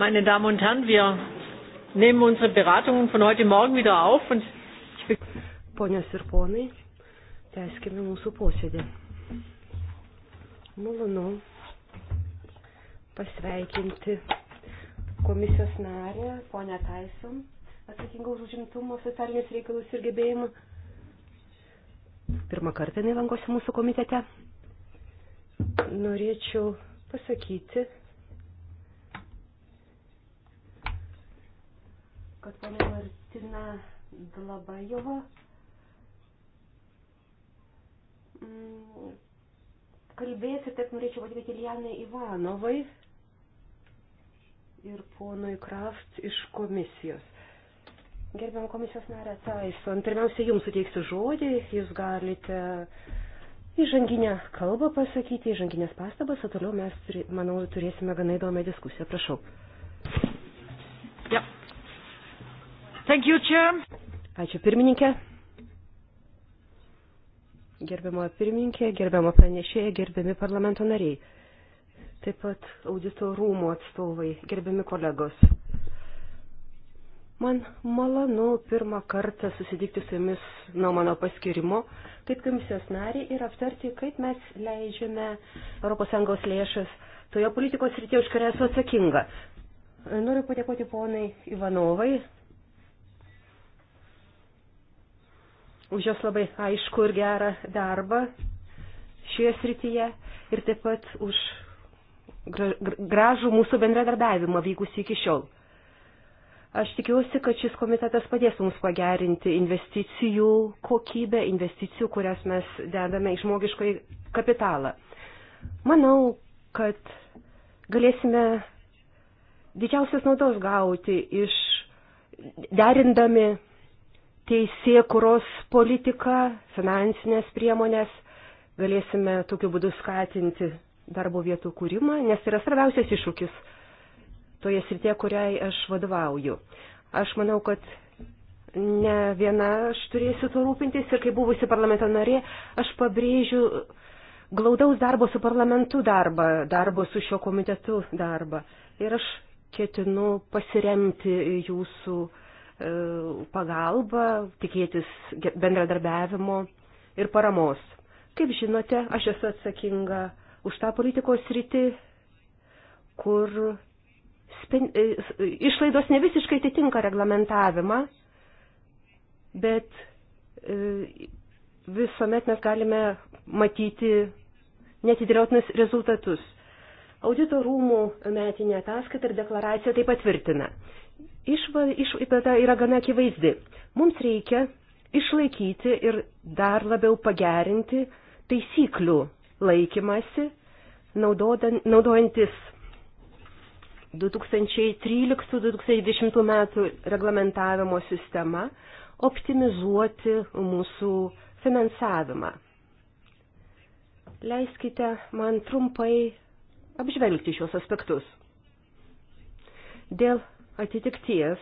meine Damen und Herren, wir nehmen unsere Beratungen von heute Morgen wieder auf und ich Ponios ir ponai, tęskime mūsų posėdį. Malonu pasveikinti komisijos narę, ponę Taisom, atsakingą už užimtumą, socialinius reikalus ir gebėjimą. Pirmą kartą nelankosi mūsų komitete. Norėčiau pasakyti, kad ponia Martina Dlabajova mm, kalbės ir taip norėčiau vadinti Lianai Ivanovai ir ponui Kraft iš komisijos. Gerbiam komisijos narė Taison, pirmiausia, jums suteiksiu žodį, jūs galite įžanginę kalbą pasakyti, įžanginės pastabas, o toliau mes, manau, turėsime gana įdomią diskusiją. Prašau. Thank you, Chair. Ačiū pirmininkė. Gerbiamo pirmininkė, gerbiamo pranešėja, gerbiami parlamento nariai. Taip pat audito rūmų atstovai, gerbiami kolegos. Man malonu pirmą kartą susitikti su jumis nuo mano paskirimo, kaip komisijos nariai, ir aptarti, kaip mes leidžiame ES lėšas toje politikos rytėje, už kurią esu atsakinga. Noriu padėkoti ponai Ivanovai, už jos labai aišku ir gerą darbą šioje srityje ir taip pat už gražų mūsų bendradarbiavimą vykusį iki šiol. Aš tikiuosi, kad šis komitetas padės mums pagerinti investicijų kokybę, investicijų, kurias mes dedame į žmogiškąjį kapitalą. Manau, kad galėsime didžiausias naudos gauti iš derindami teisėkuros politiką, finansinės priemonės, galėsime tokiu būdu skatinti darbo vietų kūrimą, nes tai yra svarbiausias iššūkis toje srityje, kuriai aš vadovauju. Aš manau, kad ne viena aš turėsiu to rūpintis ir kaip buvusi parlamento narė, aš pabrėžiu glaudaus darbo su parlamentu darbą, darbo su šio komitetu darbą. Ir aš ketinu pasiremti jūsų uh, E, pagalbą, tikėtis bendradarbiavimo ir paramos. Kaip žinote, aš esu atsakinga už tą politikos rytį, kur spen... E, e, išlaidos ne visiškai atitinka reglamentavimą, bet visuomet mes galime matyti netidėliotinus rezultatus. Audito rūmų metinė ataskaita ir deklaracija tai patvirtina. Išvada iš, tai, tai yra gana akivaizdi. Mums reikia išlaikyti ir dar labiau pagerinti taisyklių laikymasi, naudojantis 2013-2020 metų reglamentavimo sistema, optimizuoti mūsų finansavimą. Leiskite man trumpai apžvelgti šios aspektus. Dėl atitikties.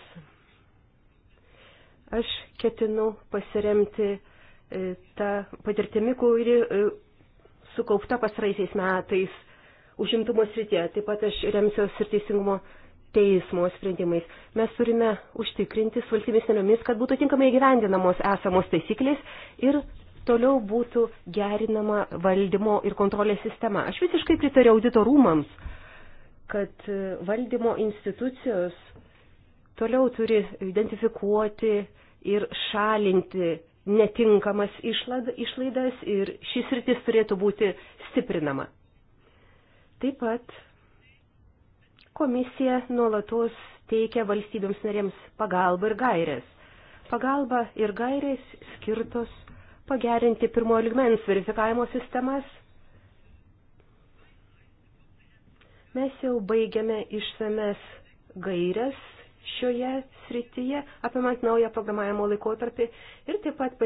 Aš ketinu pasiremti e, tą patirtimį, kuri e, sukaupta pasraisiais metais užimtumo srityje. Taip pat aš remsiuosi ir teisingumo teismo sprendimais. Mes turime užtikrinti su valstybės narėmis, kad būtų tinkamai gyvendinamos esamos taisyklės ir toliau būtų gerinama valdymo ir kontrolės sistema. Aš visiškai pritariu auditorumams, kad e, valdymo institucijos toliau turi identifikuoti ir šalinti netinkamas išlaidas ir šis rytis turėtų būti stiprinama. Taip pat komisija nuolatos teikia valstybėms narėms pagalbą ir gairės. Pagalba ir gairės skirtos pagerinti pirmojo ligmens verifikavimo sistemas. Mes jau baigiame išsames gairias šioje srityje, apimant naują programavimo laikotarpį ir taip pat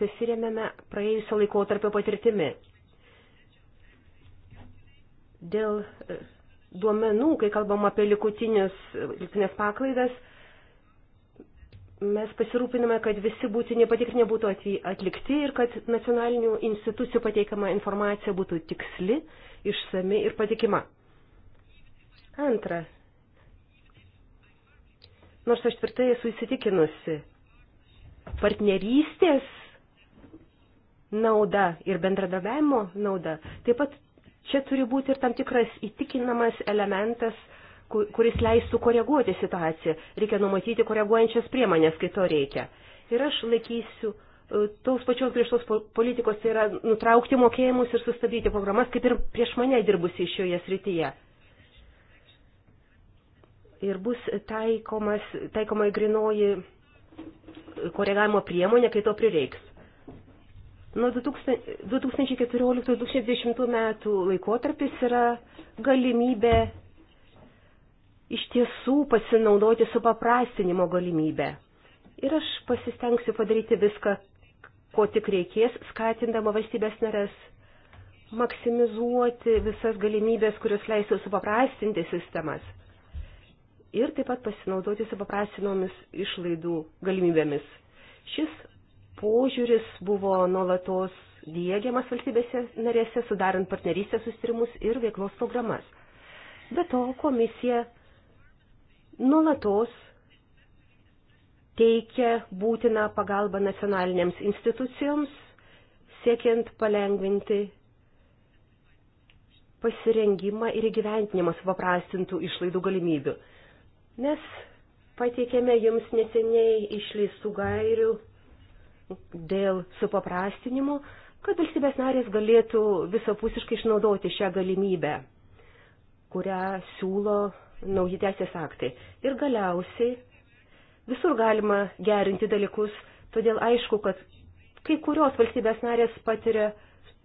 pasiremėme praėjusio laikotarpio patirtimi. Dėl e, duomenų, kai kalbam apie likutinės paklaidas, mes pasirūpiname, kad visi būtini patikrinimai būtų atlikti ir kad nacionalinių institucijų pateikiama informacija būtų tiksli, išsami ir patikima. Antra, Nors aš tvirtai esu įsitikinusi, partnerystės nauda ir bendradarbiavimo nauda, taip pat čia turi būti ir tam tikras įtikinamas elementas, kuris leistų koreguoti situaciją. Reikia numatyti koreguojančias priemonės, kai to reikia. Ir aš laikysiu e, tos pačios griežtos politikos, tai yra nutraukti mokėjimus ir sustabdyti programas, kaip ir prieš mane dirbusi šioje srityje ir bus taikomas, taikoma įgrinoji koregavimo priemonė, kai to prireiks. Nuo 2014-2020 metų laikotarpis yra galimybė iš tiesų pasinaudoti su paprastinimo galimybė. Ir aš pasistengsiu padaryti viską, ko tik reikės, skatindama valstybės narės maksimizuoti visas galimybės, kurios leistų supaprastinti sistemas ir taip pat pasinaudoti supaprastinomis išlaidų galimybėmis. Šis požiūris buvo nuolatos diegiamas valstybėse narėse, sudarant partnerystės sustarimus ir veiklos programas. Be to, komisija nuolatos teikia būtiną pagalbą nacionalinėms institucijoms, siekiant palengvinti pasirengimą ir įgyventinimą supaprastintų išlaidų galimybių. Mes pateikėme jums neseniai išleistų gairių dėl supaprastinimo, kad valstybės narės galėtų visapusiškai išnaudoti šią galimybę, kurią siūlo nauji teisės aktai. Ir galiausiai visur galima gerinti dalykus, todėl aišku, kad kai kurios valstybės narės patiria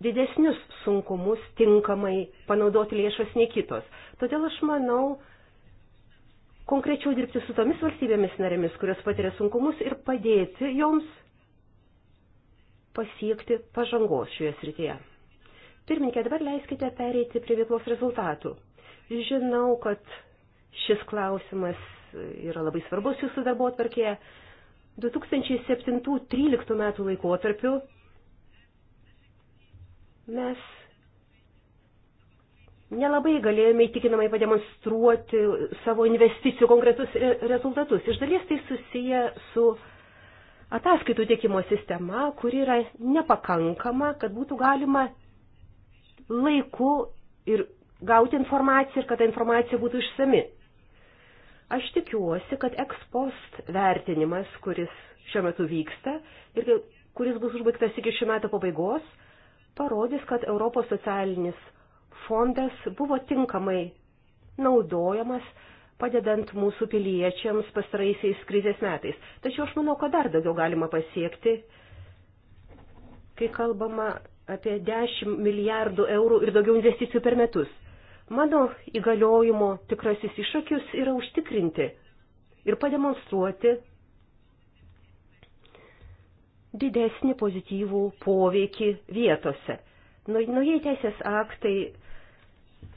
didesnius sunkumus tinkamai panaudoti lėšas nei kitos. Todėl aš manau, konkrečiau dirbti su tomis valstybėmis narėmis, kurios patiria sunkumus ir padėti joms pasiekti pažangos šioje srityje. Pirminkė, dabar leiskite pereiti prie veiklos rezultatų. Žinau, kad šis klausimas yra labai svarbus jūsų darbo atvarkėje. 2007-2013 metų laikotarpiu mes nelabai galėjome įtikinamai pademonstruoti savo investicijų konkretus re rezultatus. Iš dalies tai susiję su ataskaitų tiekimo sistema, kuri yra nepakankama, kad būtų galima laiku ir gauti informaciją ir kad ta informacija būtų išsami. Aš tikiuosi, kad ekspost vertinimas, kuris šiuo metu vyksta ir kuris bus užbaigtas iki šių metų pabaigos, parodys, kad Europos socialinis fondas buvo tinkamai naudojamas, padedant mūsų piliečiams pastaraisiais krizės metais. Tačiau aš manau, kad dar daugiau galima pasiekti, kai kalbama apie 10 milijardų eurų ir daugiau investicijų per metus. Mano įgaliojimo tikrasis iššūkis yra užtikrinti ir pademonstruoti didesnį pozityvų poveikį vietose. Naujai teisės aktai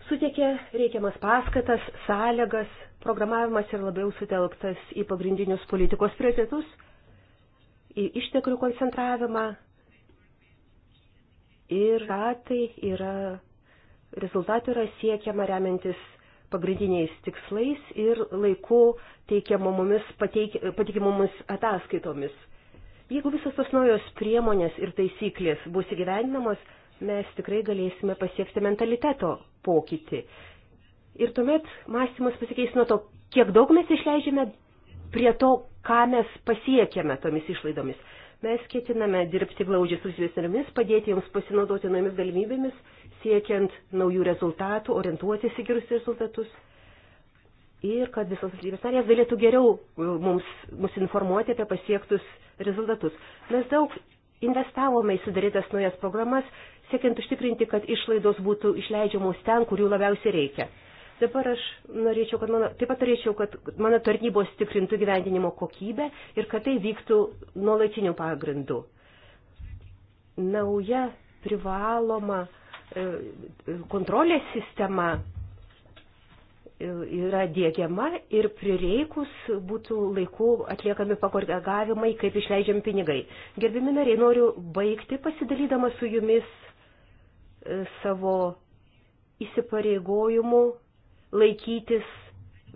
suteikė reikiamas paskatas, sąlygas, programavimas yra labiau sutelktas į pagrindinius politikos prioritetus, į išteklių koncentravimą ir ratai yra, rezultatai yra siekiama remiantis pagrindiniais tikslais ir laiku teikiamomis pateik, patikimomis ataskaitomis. Jeigu visos tos naujos priemonės ir taisyklės bus įgyvendinamos, mes tikrai galėsime pasiekti mentaliteto pokytį. Ir tuomet mąstymas pasikeis nuo to, kiek daug mes išleidžiame, prie to, ką mes pasiekėme tomis išlaidomis. Mes ketiname dirbti glaudžiai su visiemis, padėti jums pasinaudoti naujomis galimybėmis, siekiant naujų rezultatų, orientuotis į gerus rezultatus. Ir kad visos valstybės narės galėtų geriau e, mums, mus informuoti apie pasiektus rezultatus. Mes daug investavome į sudarytas naujas programas siekiant užtikrinti, kad išlaidos būtų išleidžiamos ten, kur jų labiausiai reikia. Dabar aš norėčiau, kad mano, taip pat norėčiau, kad mano tarnybos tikrintų gyvendinimo kokybę ir kad tai vyktų nuolatiniu pagrindu. Nauja privaloma e, kontrolės sistema e, yra dėgiama ir prireikus būtų laiku atliekami pakorgavimai, kaip išleidžiami pinigai. Gerbimi nariai, noriu baigti pasidalydama su jumis E, savo įsipareigojimų laikytis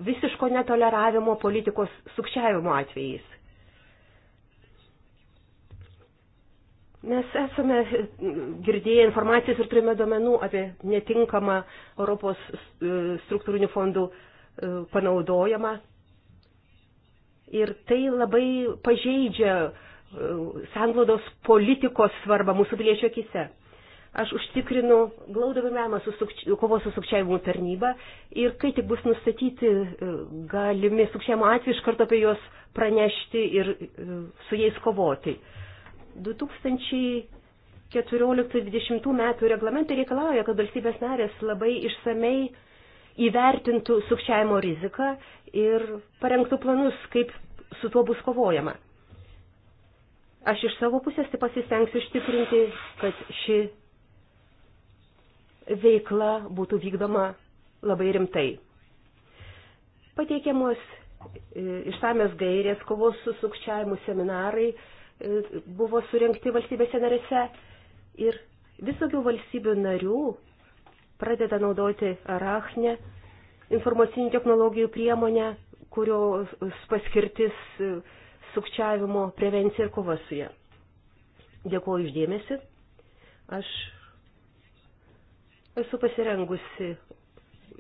visiško netoleravimo politikos sukčiavimo atvejais. Mes esame girdėję informacijos ir turime domenų apie netinkamą Europos e, struktūrinių fondų e, panaudojimą. Ir tai labai pažeidžia sanglaudos politikos svarbą mūsų piliečių akise. Aš užtikrinu glaudų bendravimą su sukč... kovos su sukčiavimu tarnyba ir kai tik bus nustatyti e, galimi sukčiavimo atvejai, iš karto apie juos pranešti ir e, su jais kovoti. 2014-2020 metų reglamentai reikalauja, kad valstybės narės labai išsamei įvertintų sukčiavimo riziką ir parengtų planus, kaip su tuo bus kovojama. Aš iš savo pusės tai pasistengsiu ištikrinti, kad ši veikla būtų vykdoma labai rimtai. Pateikiamos e, išsamės gairės, kovos su sukčiavimu seminarai e, buvo surinkti valstybėse narėse ir vis daugiau valstybių narių pradeda naudoti arachnę, informacinių technologijų priemonę, kurio paskirtis e, sukčiavimo prevencija ir kova su ja. Dėkuoju išdėmesi. Aš Esu pasirengusi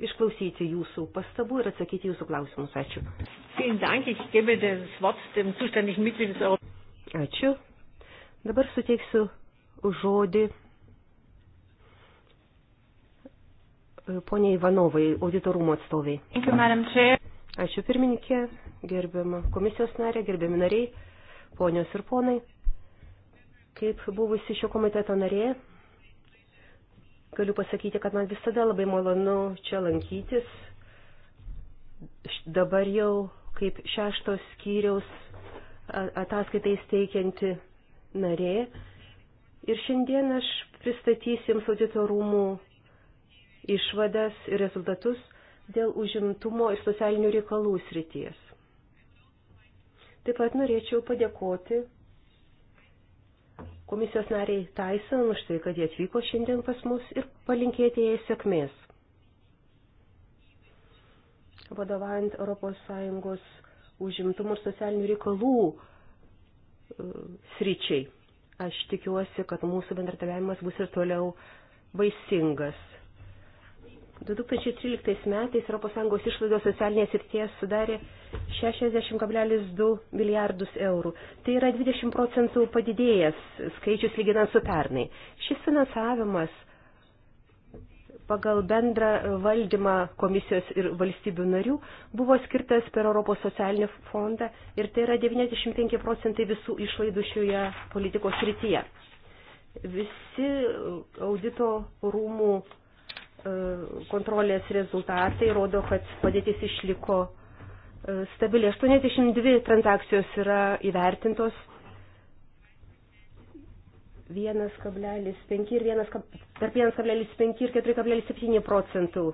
išklausyti jūsų pastabų ir atsakyti jūsų klausimus. Ačiū. Ačiū. Dabar suteiksiu žodį poniai Ivanovai, auditorumo atstoviai. Ačiū pirmininkė, gerbiama komisijos narė, gerbiami nariai, ponios ir ponai. Kaip buvusi šio komiteto narė, Galiu pasakyti, kad man visada labai malonu čia lankytis. Dabar jau kaip šeštos skyriaus ataskaitai steikianti narė. Ir šiandien aš pristatysiu Jums auditorumų išvadas ir rezultatus dėl užimtumo ir socialinių reikalų srities. Taip pat norėčiau padėkoti komisijos nariai Tyson už tai, kad jie atvyko šiandien pas mus ir palinkėti jai sėkmės. Vadovaujant ES užimtumų ir socialinių reikalų e, sryčiai, aš tikiuosi, kad mūsų bendradarbiavimas bus ir toliau vaisingas. 2013 metais ES išlaidos socialinės srities sudarė 60,2 milijardus eurų. Tai yra 20 procentų padidėjęs skaičius lyginant su pernai. Šis finansavimas pagal bendrą valdymą komisijos ir valstybių narių buvo skirtas per Europos socialinį fondą ir tai yra 95 procentai visų išlaidų šioje politikos srityje. Visi audito rūmų E, kontrolės rezultatai rodo, kad padėtis išliko e, stabili. 82 transakcijos yra įvertintos. 1,5 ir 1, tarp 1,5 ir 4,7 procentų.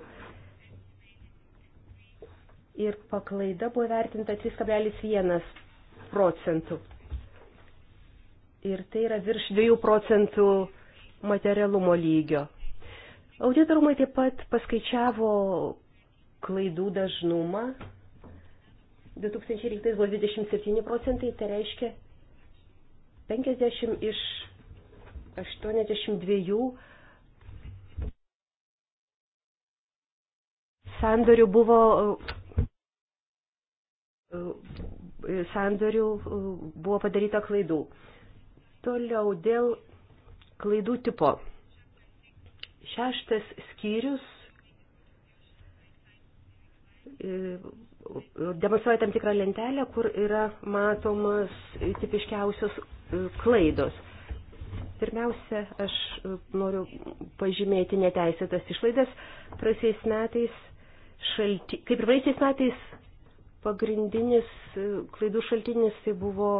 Ir paklaida buvo vertinta 3,1 procentų. Ir tai yra virš 2 procentų materialumo lygio. Auditorumai taip pat paskaičiavo klaidų dažnumą. 2013 buvo 27 procentai, tai reiškia 50 iš 82 sandorių buvo sandorių buvo padaryta klaidų. Toliau dėl klaidų tipo. Šeštas skyrius e, demonstruoja tam tikrą lentelę, kur yra matomas tipiškiausios e, klaidos. Pirmiausia, aš e, noriu pažymėti neteisėtas išlaidas. Praeisiais metais, šalti, kaip ir praeisiais metais, pagrindinis klaidų šaltinis tai buvo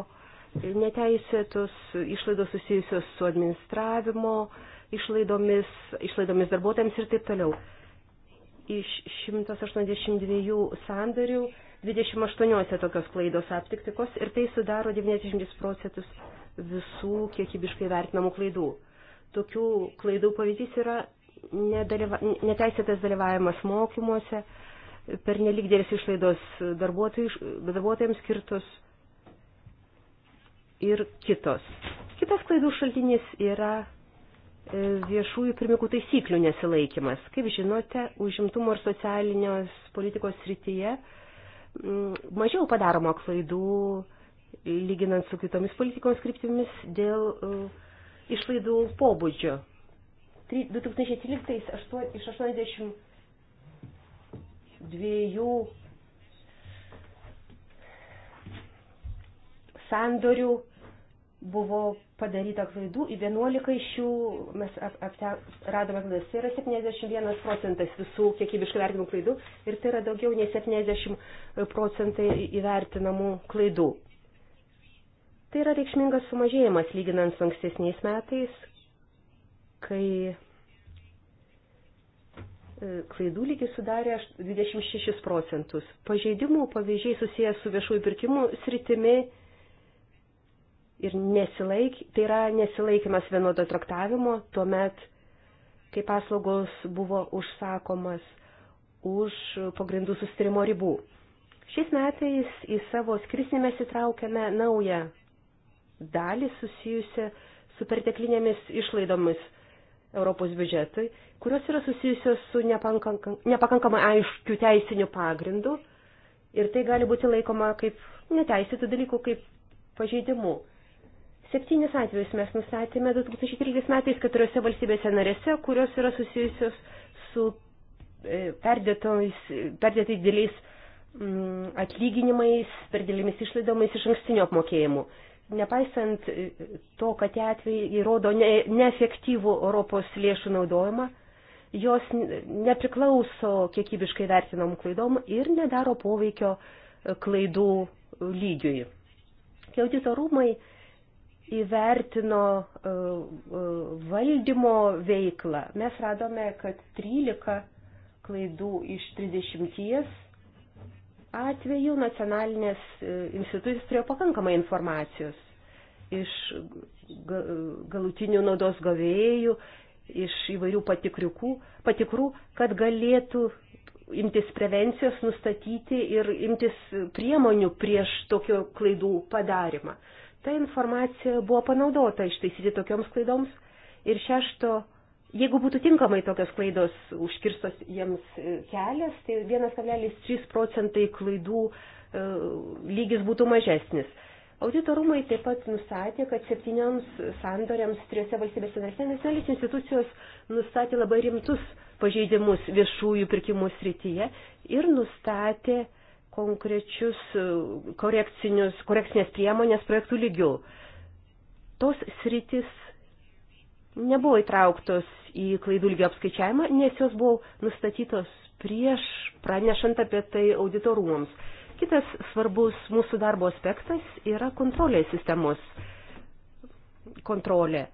neteisėtos išlaidos susijusios su administravimo, išlaidomis, išlaidomis darbuotojams ir taip toliau. Iš 182 sandarių 28 tokios klaidos aptiktikos ir tai sudaro 90 procentus visų kiekybiškai vertinamų klaidų. Tokių klaidų pavyzdys yra nedalyva, neteisėtas dalyvavimas mokymuose, per nelikdėlės išlaidos darbuotojams skirtos ir kitos. Kitas klaidų šaltinis yra viešųjų pirmikų taisyklių nesilaikimas. Kaip žinote, užimtumo ir socialinios politikos srityje mm, mažiau padaroma klaidų, lyginant su kitomis politikos kryptimis, dėl e, išlaidų pobūdžio. 2013 iš 82 sandorių buvo padaryta klaidų, į 11 iš jų mes ap, ap, radome klaidas. Tai yra 71 procentas visų kiekybiškai vertinamų klaidų ir tai yra daugiau nei 70 procentai įvertinamų klaidų. Tai yra reikšmingas sumažėjimas lyginant su ankstesniais metais, kai e, klaidų lygis sudarė 26 procentus. Pažeidimų pavyzdžiai susijęs su viešųjų pirkimų sritimi ir nesilaik, tai yra nesilaikimas vienodo traktavimo, tuomet, kai paslaugos buvo užsakomas už pagrindų sustarimo ribų. Šiais metais į savo skrisnėmės įtraukiame naują dalį susijusią su perteklinėmis išlaidomis Europos biudžetui, kurios yra susijusios su nepakankamai aiškiu teisiniu pagrindu ir tai gali būti laikoma kaip neteisėtų dalykų, kaip pažeidimu. Septynis atvejus mes nustatėme 2013 metais keturiose valstybėse narėse, kurios yra susijusios su e, perdėtai dėliais mm, atlyginimais, perdėlėmis išlaidomis iš ankstinio apmokėjimų. Nepaisant e, to, kad tie atvejai įrodo ne, neefektyvų Europos lėšų naudojimą, jos nepriklauso kiekybiškai vertinom klaidom ir nedaro poveikio e, klaidų lygiui. Kai audito rūmai įvertino e, e, valdymo veiklą, mes radome, kad 13 klaidų iš 30 atvejų nacionalinės e, institucijos turėjo pakankamai informacijos iš galutinių naudos gavėjų, iš įvairių patikriukų, patikrų, kad galėtų imtis prevencijos, nustatyti ir imtis priemonių prieš tokių klaidų padarimą. Ta informacija buvo panaudota ištaisyti tokioms klaidoms ir šešto, jeigu būtų tinkamai tokios klaidos užkirstos jiems e, kelias, tai 1,3 procentai klaidų e, lygis būtų mažesnis. Auditorumai taip pat nustatė, kad septyniams sandoriams trijose valstybės narėse nacionalinės institucijos nustatė labai rimtus pažeidimus viešųjų pirkimų srityje ir nustatė konkrečius e, korekcinės priemonės projektų lygių. Tos sritis nebuvo įtrauktos į klaidų lygio apskaičiavimą, nes jos buvo nustatytos prieš pranešant apie tai auditorumams. Kitas svarbus mūsų darbo aspektas yra kontrolės sistemos kontrolė.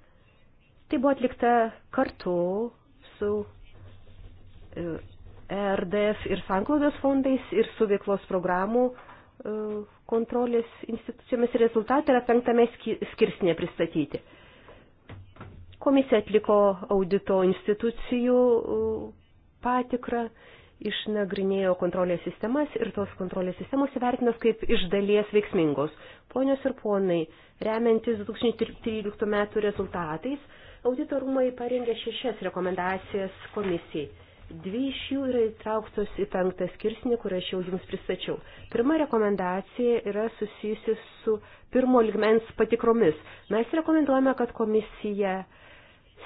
Tai buvo atlikta kartu su e, RDF ir sanklaudos fondais ir su veiklos programų e, kontrolės institucijomis rezultatai yra penktame skirsnė pristatyti. Komisija atliko audito institucijų e, patikrą, išnagrinėjo kontrolės sistemas ir tos kontrolės sistemos įvertinos kaip iš dalies veiksmingos. Ponios ir ponai, remiantis 2013 metų rezultatais, audito rūmai parengė šešias rekomendacijas komisijai Dvi iš jų yra įtrauktos į penktą skirsnį, kur aš jau jums pristačiau. Pirma rekomendacija yra susijusi su pirmo ligmens patikromis. Mes rekomenduojame, kad komisija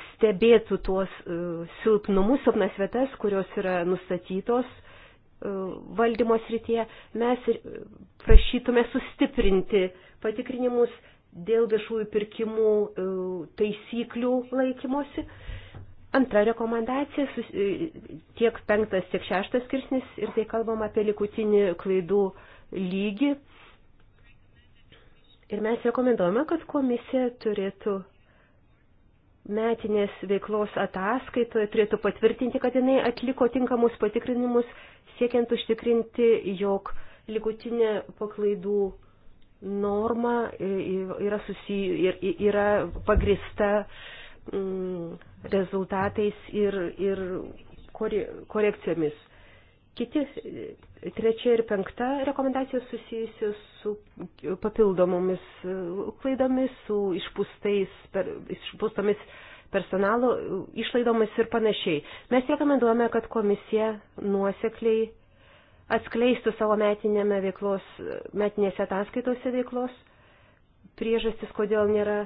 stebėtų tuos uh, silpnumus, silpnas vietas, kurios yra nustatytos uh, valdymo srityje. Mes e, prašytume sustiprinti patikrinimus dėl viešųjų pirkimų uh, taisyklių laikymosi. Uh, Antra rekomendacija, e, tiek penktas, tiek šeštas skirsnis ir tai kalbam apie likutinį klaidų lygį. Ir mes rekomenduojame, kad komisija turėtų metinės veiklos ataskaitoje turėtų patvirtinti, kad jinai atliko tinkamus patikrinimus, siekiant užtikrinti, jog likutinė paklaidų norma e, yra, susi, yra pagrista Mm, rezultatais ir, ir korekcijomis. Kiti, e, trečia ir penkta rekomendacijos susijusios su papildomomis e, klaidomis, su išpūstais, per, išpūstomis personalo e, išlaidomis ir panašiai. Mes rekomenduojame, kad komisija nuosekliai atskleistų savo metinėme veiklos, metinėse ataskaitose veiklos priežastis, kodėl nėra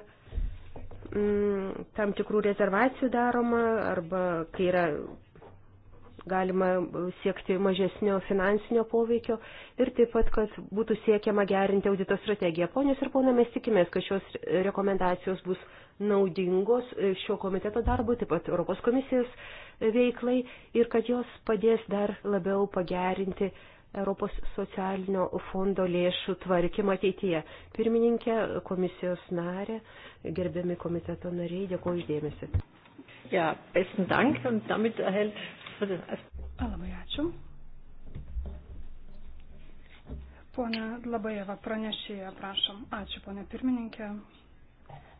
mm, tam tikrų rezervacijų daroma arba kai yra galima siekti mažesnio finansinio poveikio ir taip pat, kad būtų siekiama gerinti audito strategiją. Ponios ir ponai, mes tikimės, kad šios rekomendacijos bus naudingos šio komiteto darbui, taip pat Europos komisijos veiklai ir kad jos padės dar labiau pagerinti uh, Europos socialinio fondo lėšų tvarkymą ateityje. Pirmininkė, komisijos narė, gerbiami komiteto nariai, dėkuoju uždėmesi. Ja, besten dank und damit erhält. Labai ačiū. Pone Labajeva, pranešėja, prašom. Ačiū, pone pirmininkė.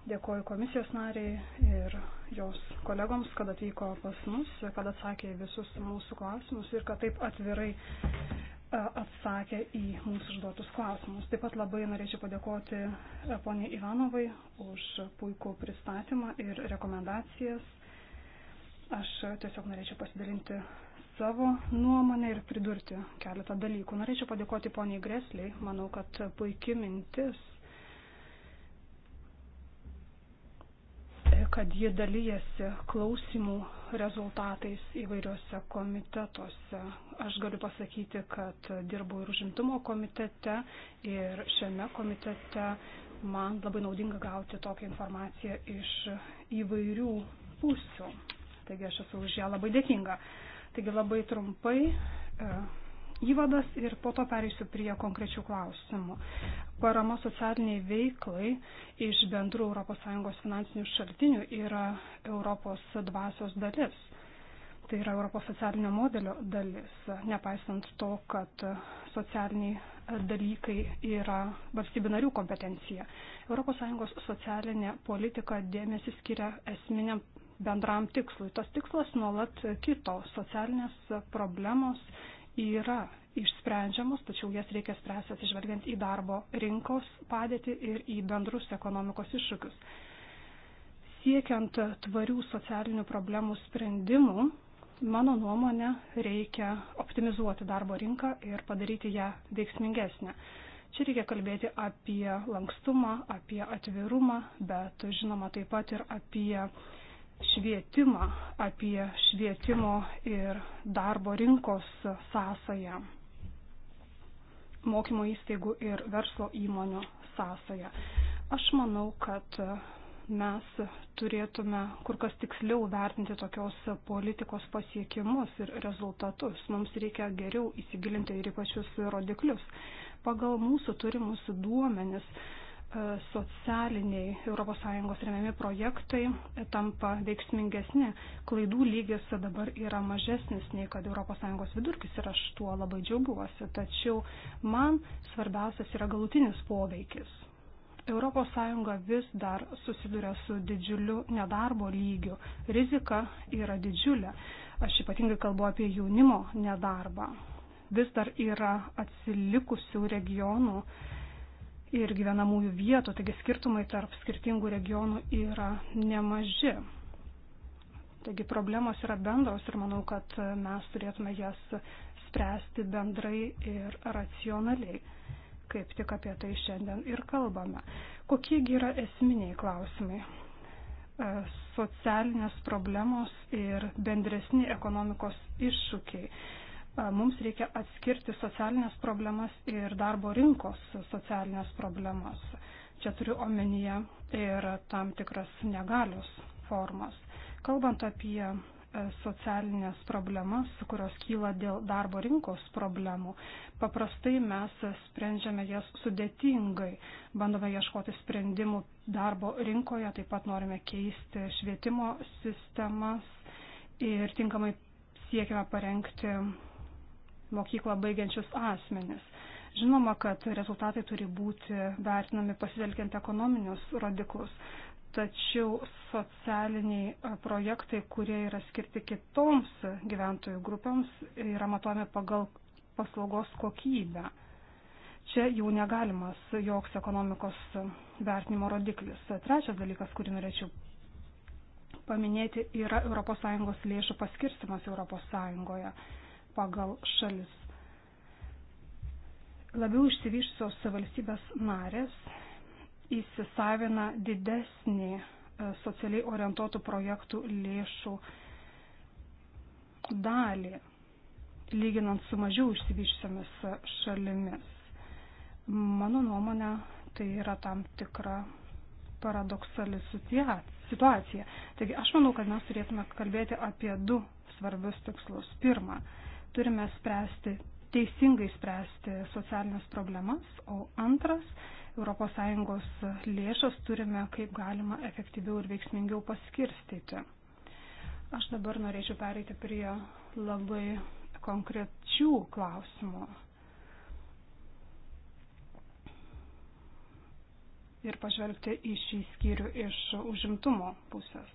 Dėkoju komisijos nariai ir jos kolegoms, kad atvyko pas mus, kad atsakė visus mūsų klausimus ir kad taip atvirai atsakė į mūsų užduotus klausimus. Taip pat labai norėčiau padėkoti poniai Ivanovai už puikų pristatymą ir rekomendacijas. Aš tiesiog norėčiau pasidalinti savo nuomonę ir pridurti keletą dalykų. Norėčiau padėkoti poniai Gresliai. Manau, kad puikia mintis kad ji dalyjasi klausimų rezultatais įvairiuose komitetuose. Aš galiu pasakyti, kad dirbu ir užimtumo komitete, ir šiame komitete man labai naudinga gauti tokią informaciją iš įvairių pusių. Taigi aš esu už ją labai dėkinga. Taigi labai trumpai e, įvadas ir po to pereisiu prie konkrečių klausimų. Parama socialiniai veiklai iš bendrų ES finansinių šaltinių yra Europos dvasios dalis. Tai yra Europos socialinio modelio dalis, nepaisant to, kad socialiniai dalykai yra valstybių narių kompetencija. ES socialinė politika dėmesį skiria esminiam bendram tikslui. Tas tikslas nuolat kito - socialinės problemos yra išsprendžiamos, tačiau jas reikia spręsti atsižvelgiant į darbo rinkos padėtį ir į bendrus ekonomikos iššūkius. Siekiant tvarių socialinių problemų sprendimų, mano nuomonė, reikia optimizuoti darbo rinką ir padaryti ją veiksmingesnę. Čia reikia kalbėti apie lankstumą, apie atvirumą, bet žinoma taip pat ir apie švietimą, apie švietimo ir darbo rinkos sąsają, mokymo įstaigų ir verslo įmonių sąsają. Aš manau, kad mes turėtume kur kas tiksliau vertinti tokios politikos pasiekimus ir rezultatus. Mums reikia geriau įsigilinti ir į pačius rodiklius. Pagal mūsų turimus duomenis E, socialiniai ES remiami projektai tampa veiksmingesni. Klaidų lygis dabar yra mažesnis nei kad ES vidurkis ir aš tuo labai džiaugiuosi. Tačiau man svarbiausias yra galutinis poveikis. ES vis dar susiduria su didžiuliu nedarbo lygiu. Rizika yra didžiulė. Aš ypatingai kalbu apie jaunimo nedarbą. Vis dar yra atsilikusių regionų ir gyvenamųjų vietų, taigi skirtumai tarp skirtingų regionų yra nemaži. Taigi problemos yra bendros ir manau, kad mes turėtume jas spręsti bendrai ir racionaliai, kaip tik apie tai šiandien ir kalbame. Kokiegi yra esminiai klausimai? E, socialinės problemos ir bendresni ekonomikos iššūkiai mums reikia atskirti socialinės problemas ir darbo rinkos socialinės problemas. Čia turiu omenyje ir tam tikras negalios formas. Kalbant apie e, socialinės problemas, kurios kyla dėl darbo rinkos problemų, paprastai mes sprendžiame jas sudėtingai, bandome ieškoti sprendimų darbo rinkoje, taip pat norime keisti švietimo sistemas ir tinkamai siekiame parengti mokyklą baigiančius asmenis. Žinoma, kad rezultatai turi būti vertinami pasitelkiant ekonominius rodiklus, tačiau socialiniai projektai, kurie yra skirti kitoms gyventojų grupėms, yra matuomi pagal paslaugos kokybę. Čia jau negalimas joks ekonomikos vertinimo rodiklis. Trečias dalykas, kurį norėčiau paminėti, yra ES lėšų paskirstimas ES pagal šalis. Labiau išsivyščios valstybės narės įsisavina didesnį e, socialiai orientuotų projektų lėšų dalį, lyginant su mažiau išsivyščiamis šalimis. Mano nuomonė, tai yra tam tikra paradoksali situacija. Taigi aš manau, kad mes turėtume kalbėti apie du svarbius tikslus. Pirma, turime spręsti, teisingai spręsti socialinės problemas, o antras, ES lėšas turime kaip galima efektyviau ir veiksmingiau paskirstyti. Aš dabar norėčiau pereiti prie labai konkrečių klausimų. Ir pažvelgti į šį skyrių iš užimtumo pusės.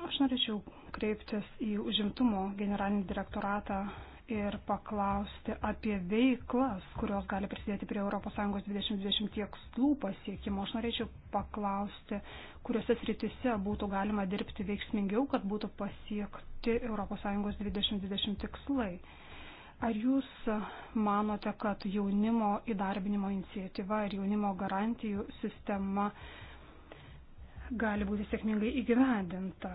Aš norėčiau kreiptis į užimtumo generalinį direktoratą ir paklausti apie veiklas, kurios gali prisidėti prie ES 2020 tikslų pasiekimo. Aš norėčiau paklausti, kuriuose sritise būtų galima dirbti veiksmingiau, kad būtų pasiekti ES 2020 tikslai. Ar jūs manote, kad jaunimo įdarbinimo iniciatyva ir jaunimo garantijų sistema gali būti sėkmingai įgyvendinta?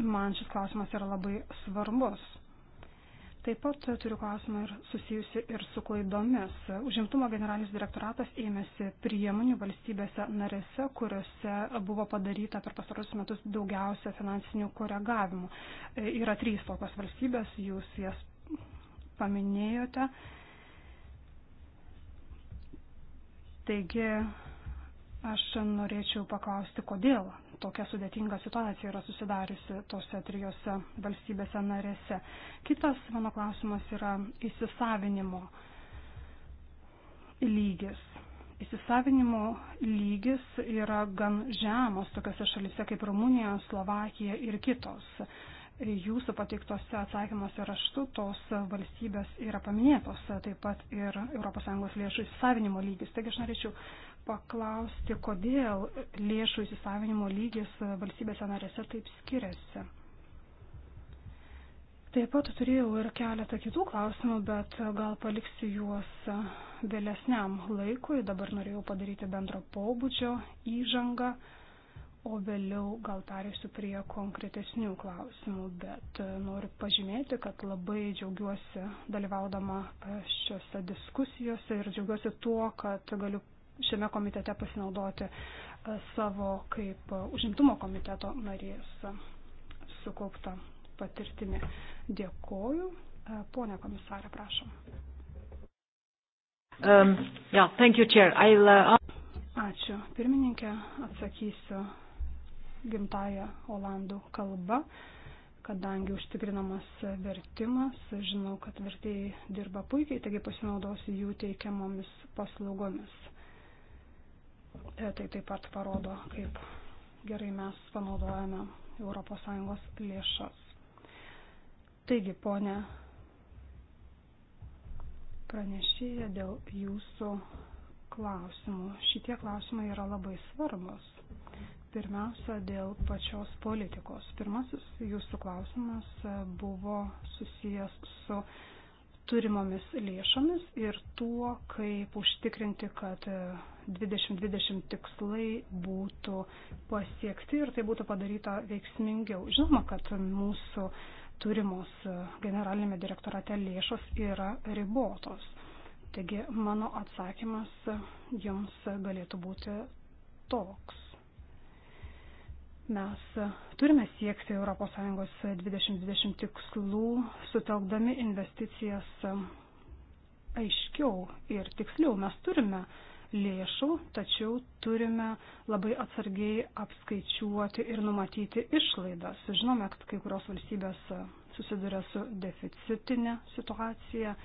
Man šis klausimas yra labai svarbus. Taip pat turiu klausimą ir susijusi ir su klaidomis. Užimtumo generalinis direktoratas ėmėsi priemonių valstybėse narėse, kuriuose buvo padaryta per pastarosius metus daugiausia finansinių koregavimų. Yra trys tokios valstybės, jūs jas paminėjote. Taigi aš norėčiau paklausti, kodėl tokia sudėtinga situacija yra susidariusi tose trijose valstybėse narėse. Kitas mano klausimas yra įsisavinimo lygis. Įsisavinimo lygis yra gan žemos tokiose šalise kaip Rumunija, Slovakija ir kitos. Jūsų pateiktose atsakymuose raštu tos valstybės yra paminėtos taip pat ir ES lėšų įsisavinimo lygis. Taigi aš norėčiau paklausti, kodėl lėšų įsisavinimo lygis valstybėse narėse taip skiriasi. Taip pat turėjau ir keletą kitų klausimų, bet gal paliksiu juos vėlesniam laikui. Dabar norėjau padaryti bendro pobūdžio įžangą, o vėliau gal perėsiu prie konkretesnių klausimų. Bet noriu pažymėti, kad labai džiaugiuosi dalyvaudama šiuose diskusijose ir džiaugiuosi tuo, kad galiu šiame komitete pasinaudoti e, savo kaip e, užimtumo komiteto narės e, sukauptą patirtimį. Dėkoju. Pone komisarė, prašom. Um, yeah, thank you, Chair. I'll, uh... Ačiū. Pirmininkė, atsakysiu gimtają olandų kalbą, kadangi užtikrinamas vertimas, žinau, kad vertėjai dirba puikiai, taigi pasinaudosiu jų teikiamomis paslaugomis. E, tai taip pat parodo, kaip gerai mes panaudojame ES lėšas. Taigi, ponė pranešėja dėl jūsų klausimų. Šitie klausimai yra labai svarbus. Pirmiausia, dėl pačios politikos. Pirmasis jūsų klausimas buvo susijęs su turimomis lėšomis ir tuo, kaip užtikrinti, kad 2020 e, tikslai būtų pasiekti ir tai būtų padaryta veiksmingiau. Žinoma, kad mūsų turimos e, generalinėme direktorate lėšos yra ribotos. Taigi mano atsakymas jums galėtų būti toks. Mes turime siekti ES 2020 tikslų, sutelkdami investicijas aiškiau ir tiksliau. Mes turime lėšų, tačiau turime labai atsargiai apskaičiuoti ir numatyti išlaidas. Žinome, kad kai kurios valstybės susiduria su deficitinė situacija,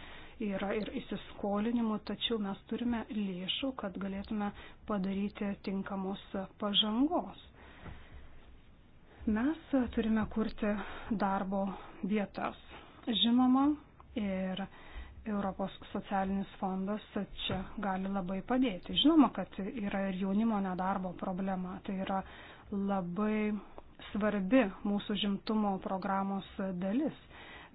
yra ir įsiskolinimu, tačiau mes turime lėšų, kad galėtume padaryti tinkamos pažangos. Mes turime kurti darbo vietas. Žinoma, ir Europos socialinis fondas čia gali labai padėti. Žinoma, kad yra ir jaunimo nedarbo problema. Tai yra labai svarbi mūsų žimtumo programos dalis.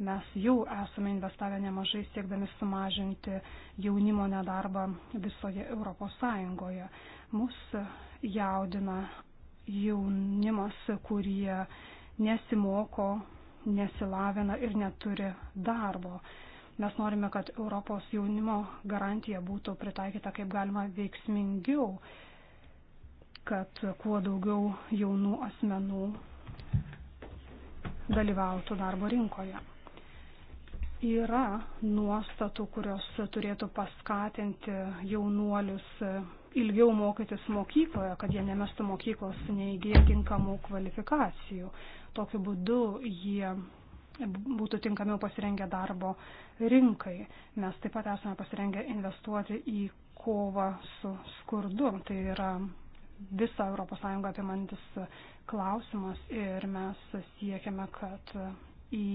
Mes jau esame investavę nemažai siekdami sumažinti jaunimo nedarbą visoje Europos Sąjungoje. Mus jaudina jaunimas, kurie nesimoko, nesilavina ir neturi darbo. Mes norime, kad Europos jaunimo garantija būtų pritaikyta kaip galima veiksmingiau, kad kuo daugiau jaunų asmenų dalyvautų darbo rinkoje. Yra nuostatų, kurios turėtų paskatinti jaunuolius ilgiau mokytis mokykloje, kad jie nemestų mokyklos neįgyję tinkamų kvalifikacijų. Tokiu būdu jie būtų tinkamiau pasirengę darbo rinkai. Mes taip pat esame pasirengę investuoti į kovą su skurdu. Tai yra visą ES apimantis klausimas ir mes siekiame, kad į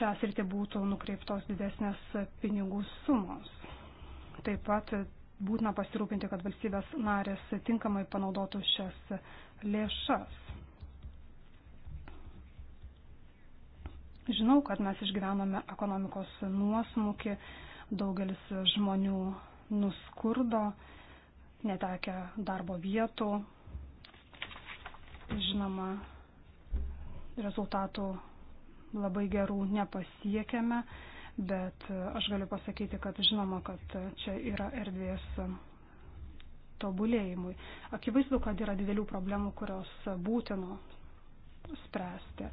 šią sritį būtų nukreiptos didesnės pinigų sumos. Taip pat būtina pasirūpinti, kad valstybės narės tinkamai panaudotų šias lėšas. Žinau, kad mes išgyvename ekonomikos nuosmukį, daugelis žmonių nuskurdo, netekia darbo vietų, žinoma, rezultatų labai gerų nepasiekiame bet e, aš galiu pasakyti, kad žinoma, kad čia yra erdvės tobulėjimui. Akivaizdu, kad yra didelių problemų, kurios būtino spręsti.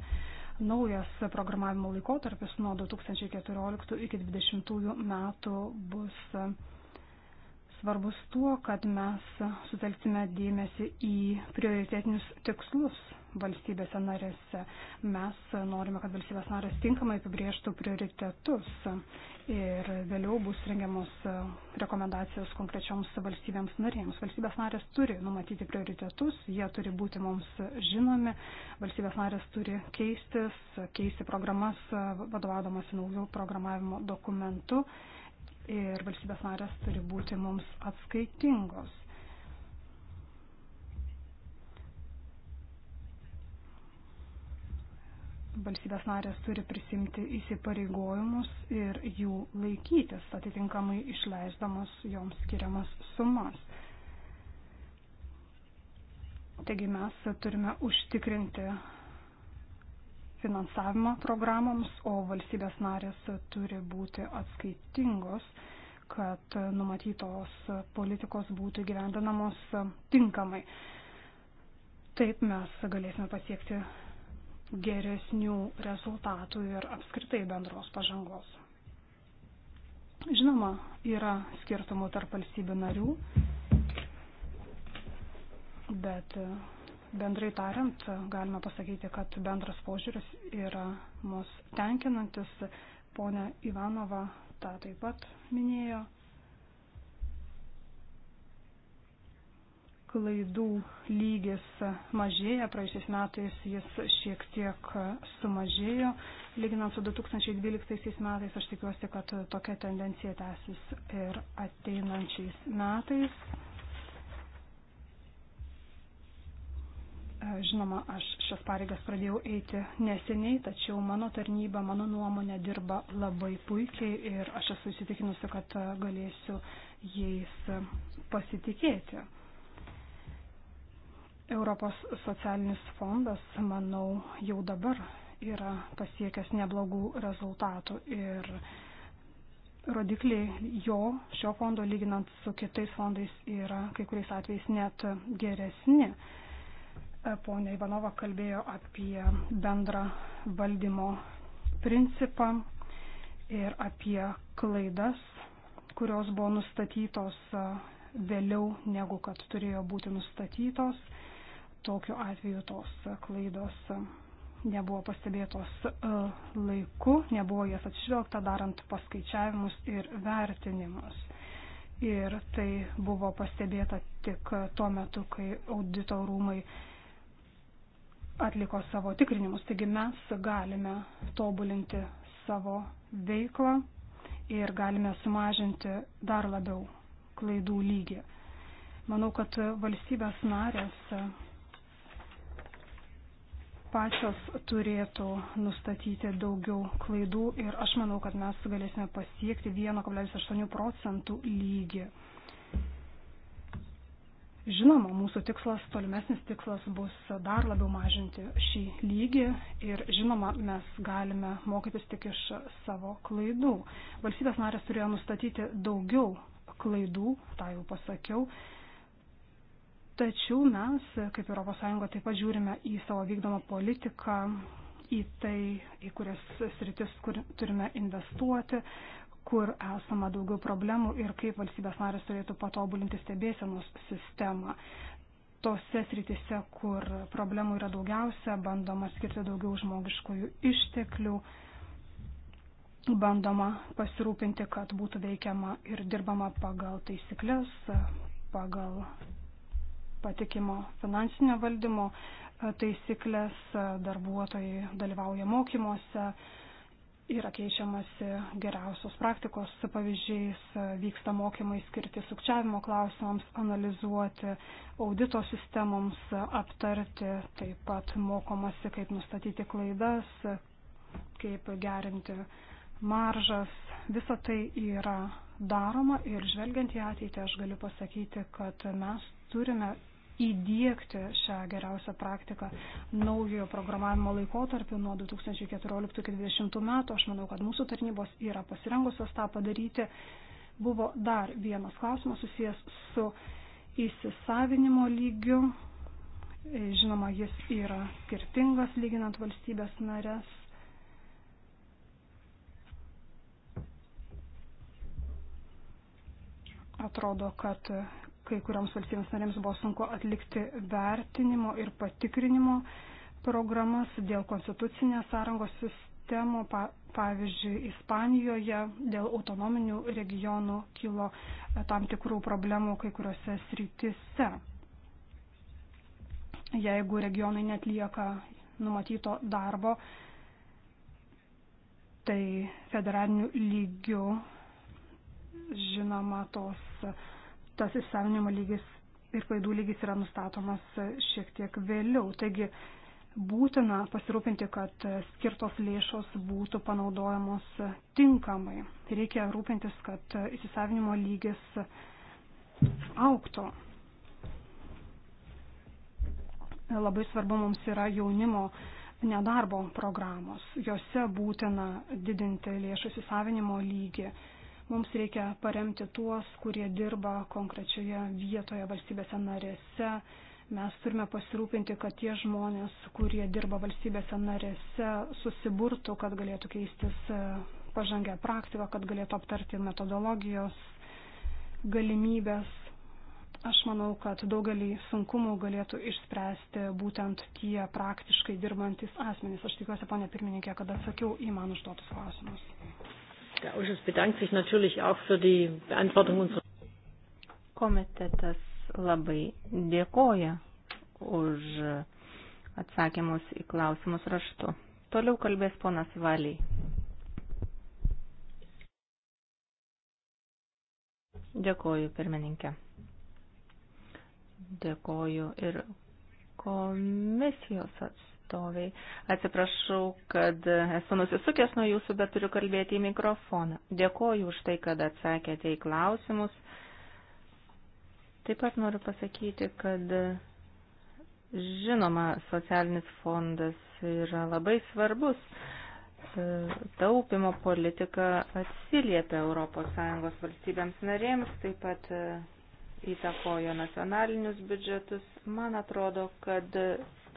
Naujas programavimo laikotarpis nuo 2014 iki 2020 metų bus svarbus tuo, kad mes sutelksime dėmesį į prioritetinius tikslus valstybėse narėse. Mes norime, kad valstybės narės tinkamai apibrieštų prioritetus ir vėliau bus rengiamos rekomendacijos konkrečioms valstybėms narėms. Valstybės narės turi numatyti prioritetus, jie turi būti mums žinomi, valstybės narės turi keistis, keisti programas, vadovaudamas naujų programavimo dokumentų ir valstybės narės turi būti mums atskaitingos. valstybės narės turi prisimti įsipareigojimus ir jų laikytis, atitinkamai išleisdamas joms skiriamas sumas. Taigi mes turime užtikrinti finansavimą programoms, o valstybės narės turi būti atskaitingos, kad numatytos politikos būtų gyvendinamos tinkamai. Taip mes galėsime pasiekti geresnių rezultatų ir apskritai bendros pažangos. Žinoma, yra skirtumų tarp valstybių narių, bet e, bendrai tariant, galima pasakyti, kad bendras požiūris yra mus tenkinantis. Pone Ivanova tą taip pat minėjo. klaidų lygis mažėja, praėjusiais metais jis šiek tiek sumažėjo, lyginant su 2012 metais, aš tikiuosi, kad tokia tendencija tęsis ir ateinančiais metais. Žinoma, aš šias pareigas pradėjau eiti neseniai, tačiau mano tarnyba, mano nuomonė dirba labai puikiai ir aš esu įsitikinusi, kad galėsiu jais pasitikėti. Europos socialinis fondas, manau, jau dabar yra pasiekęs neblogų rezultatų ir rodikliai jo, šio fondo lyginant su kitais fondais yra kai kuriais atvejais net geresni. Pone Ivanova kalbėjo apie bendrą valdymo principą ir apie klaidas, kurios buvo nustatytos vėliau negu kad turėjo būti nustatytos tokiu atveju tos klaidos nebuvo pastebėtos e, laiku, nebuvo jas atšvilgta darant paskaičiavimus ir vertinimus. Ir tai buvo pastebėta tik tuo metu, kai audito rūmai atliko savo tikrinimus. Taigi mes galime tobulinti savo veiklą ir galime sumažinti dar labiau klaidų lygį. Manau, kad valstybės narės pačios turėtų nustatyti daugiau klaidų ir aš manau, kad mes galėsime pasiekti 1,8 procentų lygį. Žinoma, mūsų tikslas, tolimesnis tikslas bus dar labiau mažinti šį lygį ir žinoma, mes galime mokytis tik iš savo klaidų. Valstybės narės turėjo nustatyti daugiau klaidų, tą jau pasakiau, Tačiau mes, kaip ES, taip pat žiūrime į savo vykdomą politiką, į tai, į kurias sritis, kur turime investuoti, kur esama daugiau problemų ir kaip valstybės narės turėtų patobulinti stebėsenos sistemą. Tose sritise, kur problemų yra daugiausia, bandoma skirti daugiau žmogiškųjų išteklių, bandoma pasirūpinti, kad būtų veikiama ir dirbama pagal taisyklės, pagal patikimo finansinio valdymo e, taisyklės, e, darbuotojai dalyvauja mokymuose, yra keičiamasi geriausios praktikos pavyzdžiais, e, vyksta mokymai skirti sukčiavimo klausimams, analizuoti audito sistemoms, aptarti, taip pat mokomasi, kaip nustatyti klaidas, kaip gerinti maržas. Visa tai yra daroma ir žvelgiant į ateitį aš galiu pasakyti, kad mes turime įdėkti šią geriausią praktiką naujojo programavimo laikotarpiu nuo 2014-2020 metų. Aš manau, kad mūsų tarnybos yra pasirengusios tą padaryti. Buvo dar vienas klausimas susijęs su įsisavinimo lygiu. Žinoma, jis yra skirtingas lyginant valstybės narės. Atrodo, kad kai kurioms valstybėms narėms buvo sunku atlikti vertinimo ir patikrinimo programas dėl konstitucinės sąrangos sistemų, pavyzdžiui, Ispanijoje dėl autonominių regionų kilo e, tam tikrų problemų kai kuriuose srityse. Jeigu regionai netlieka numatyto darbo, tai federaliniu lygiu žinoma tos tas įsisavinimo lygis ir klaidų lygis yra nustatomas šiek tiek vėliau. Taigi būtina pasirūpinti, kad skirtos lėšos būtų panaudojamos tinkamai. Reikia rūpintis, kad įsisavinimo lygis auktų. Labai svarbu mums yra jaunimo nedarbo programos. Jose būtina didinti lėšų įsisavinimo lygį Mums reikia paremti tuos, kurie dirba konkrečioje vietoje valstybėse narėse. Mes turime pasirūpinti, kad tie žmonės, kurie dirba valstybėse narėse, susiburtų, kad galėtų keistis e, pažangę praktiką, kad galėtų aptarti metodologijos galimybės. Aš manau, kad daugelį sunkumų galėtų išspręsti būtent tie praktiškai dirbantis asmenys. Aš tikiuosi, ponė pirmininkė, kad atsakiau į man užduotus klausimus. Der Ausschuss bedankt sich natürlich auch für die Beantwortung unserer. Komitetas labai dėkoja už atsakymus į klausimus raštu. Toliau kalbės ponas Valiai. Dėkoju, pirmininkė. Dėkoju ir komisijos atstovai atstoviai. Atsiprašau, kad esu nusisukęs nuo jūsų, bet turiu kalbėti į mikrofoną. Dėkoju už tai, kad atsakėte į klausimus. Taip pat noriu pasakyti, kad žinoma, socialinis fondas yra labai svarbus taupimo politika atsiliepia ES valstybėms narėms, taip pat įtakojo nacionalinius biudžetus. Man atrodo, kad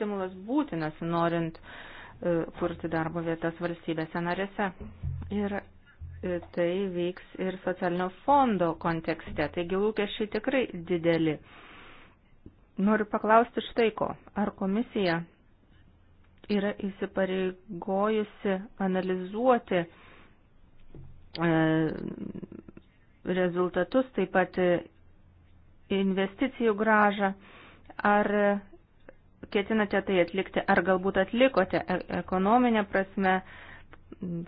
stimulas būtinas, norint e, kurti darbo vietas valstybėse narėse. Ir e, tai vyks ir socialinio fondo kontekste, taigi lūkesčiai tikrai dideli. Noriu paklausti štai ko. Ar komisija yra įsipareigojusi analizuoti e, rezultatus, taip pat investicijų gražą, ar ketinate tai atlikti, ar galbūt atlikote e-, ekonominę prasme,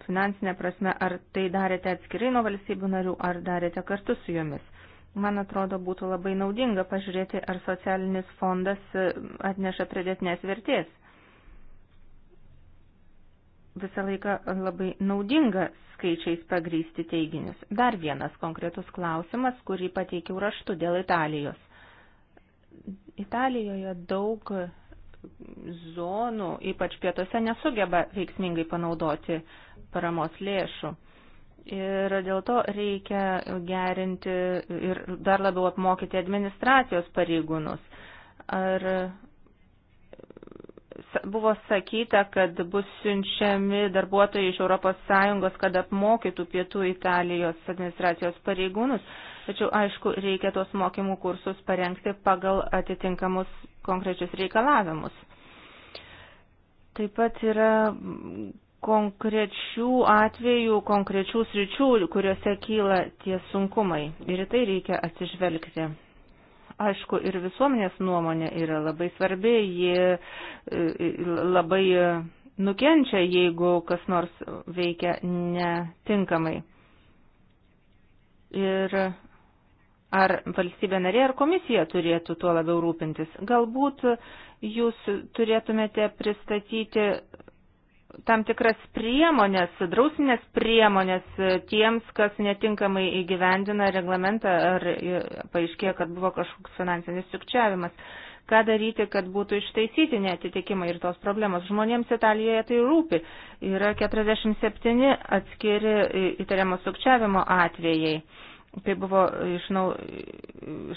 finansinę prasme, ar tai darėte atskirai nuo valstybių narių, ar darėte kartu su jomis. Man atrodo, būtų labai naudinga pažiūrėti, ar socialinis fondas e, atneša pridėtinės vertės. Visą laiką labai naudinga skaičiais pagrysti teiginius. Dar vienas konkretus klausimas, kurį pateikiau raštu dėl Italijos. Italijoje daug zonų, ypač pietuose, nesugeba veiksmingai panaudoti paramos lėšų. Ir dėl to reikia gerinti ir dar labiau apmokyti administracijos pareigūnus. Ar buvo sakyta, kad bus siunčiami darbuotojai iš ES, kad apmokytų pietų Italijos administracijos pareigūnus. Tačiau, aišku, reikia tos mokymų kursus parengti pagal atitinkamus konkrečius reikalavimus. Taip pat yra konkrečių atvejų, konkrečių sričių, kuriuose kyla tie sunkumai ir į tai reikia atsižvelgti. Aišku, ir visuomenės nuomonė yra labai svarbi, ji e, e, labai nukenčia, jeigu kas nors veikia netinkamai. Ir Ar valstybė narė ar komisija turėtų tuo labiau rūpintis? Galbūt jūs turėtumėte pristatyti tam tikras priemonės, drausinės priemonės tiems, kas netinkamai įgyvendina reglamentą ar paaiškėjo, kad buvo kažkoks finansinis sukčiavimas. Ką daryti, kad būtų ištaisyti netitikimai ir tos problemos. Žmonėms Italijoje tai rūpi. Yra 47 atskiri įtariamo sukčiavimo atvejai kaip buvo išnau,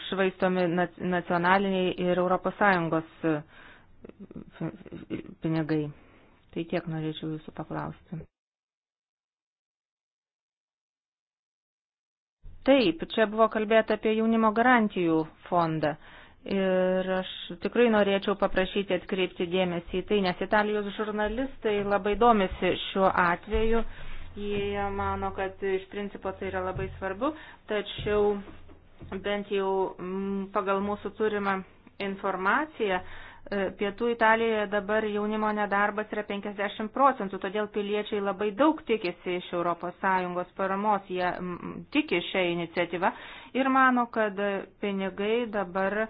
išvaistomi nacionaliniai ir ES e, pinigai. Tai tiek norėčiau jūsų paklausti. Taip, čia buvo kalbėta apie jaunimo garantijų fondą. Ir aš tikrai norėčiau paprašyti atkreipti dėmesį į tai, nes Italijos žurnalistai labai domisi šiuo atveju Jie mano, kad iš principo tai yra labai svarbu, tačiau bent jau mm, pagal mūsų turimą informaciją, e, Pietų Italijoje dabar jaunimo nedarbas yra 50 procentų, todėl piliečiai labai daug tikisi iš ES paramos, jie tiki šią iniciatyvą ir mano, kad pinigai dabar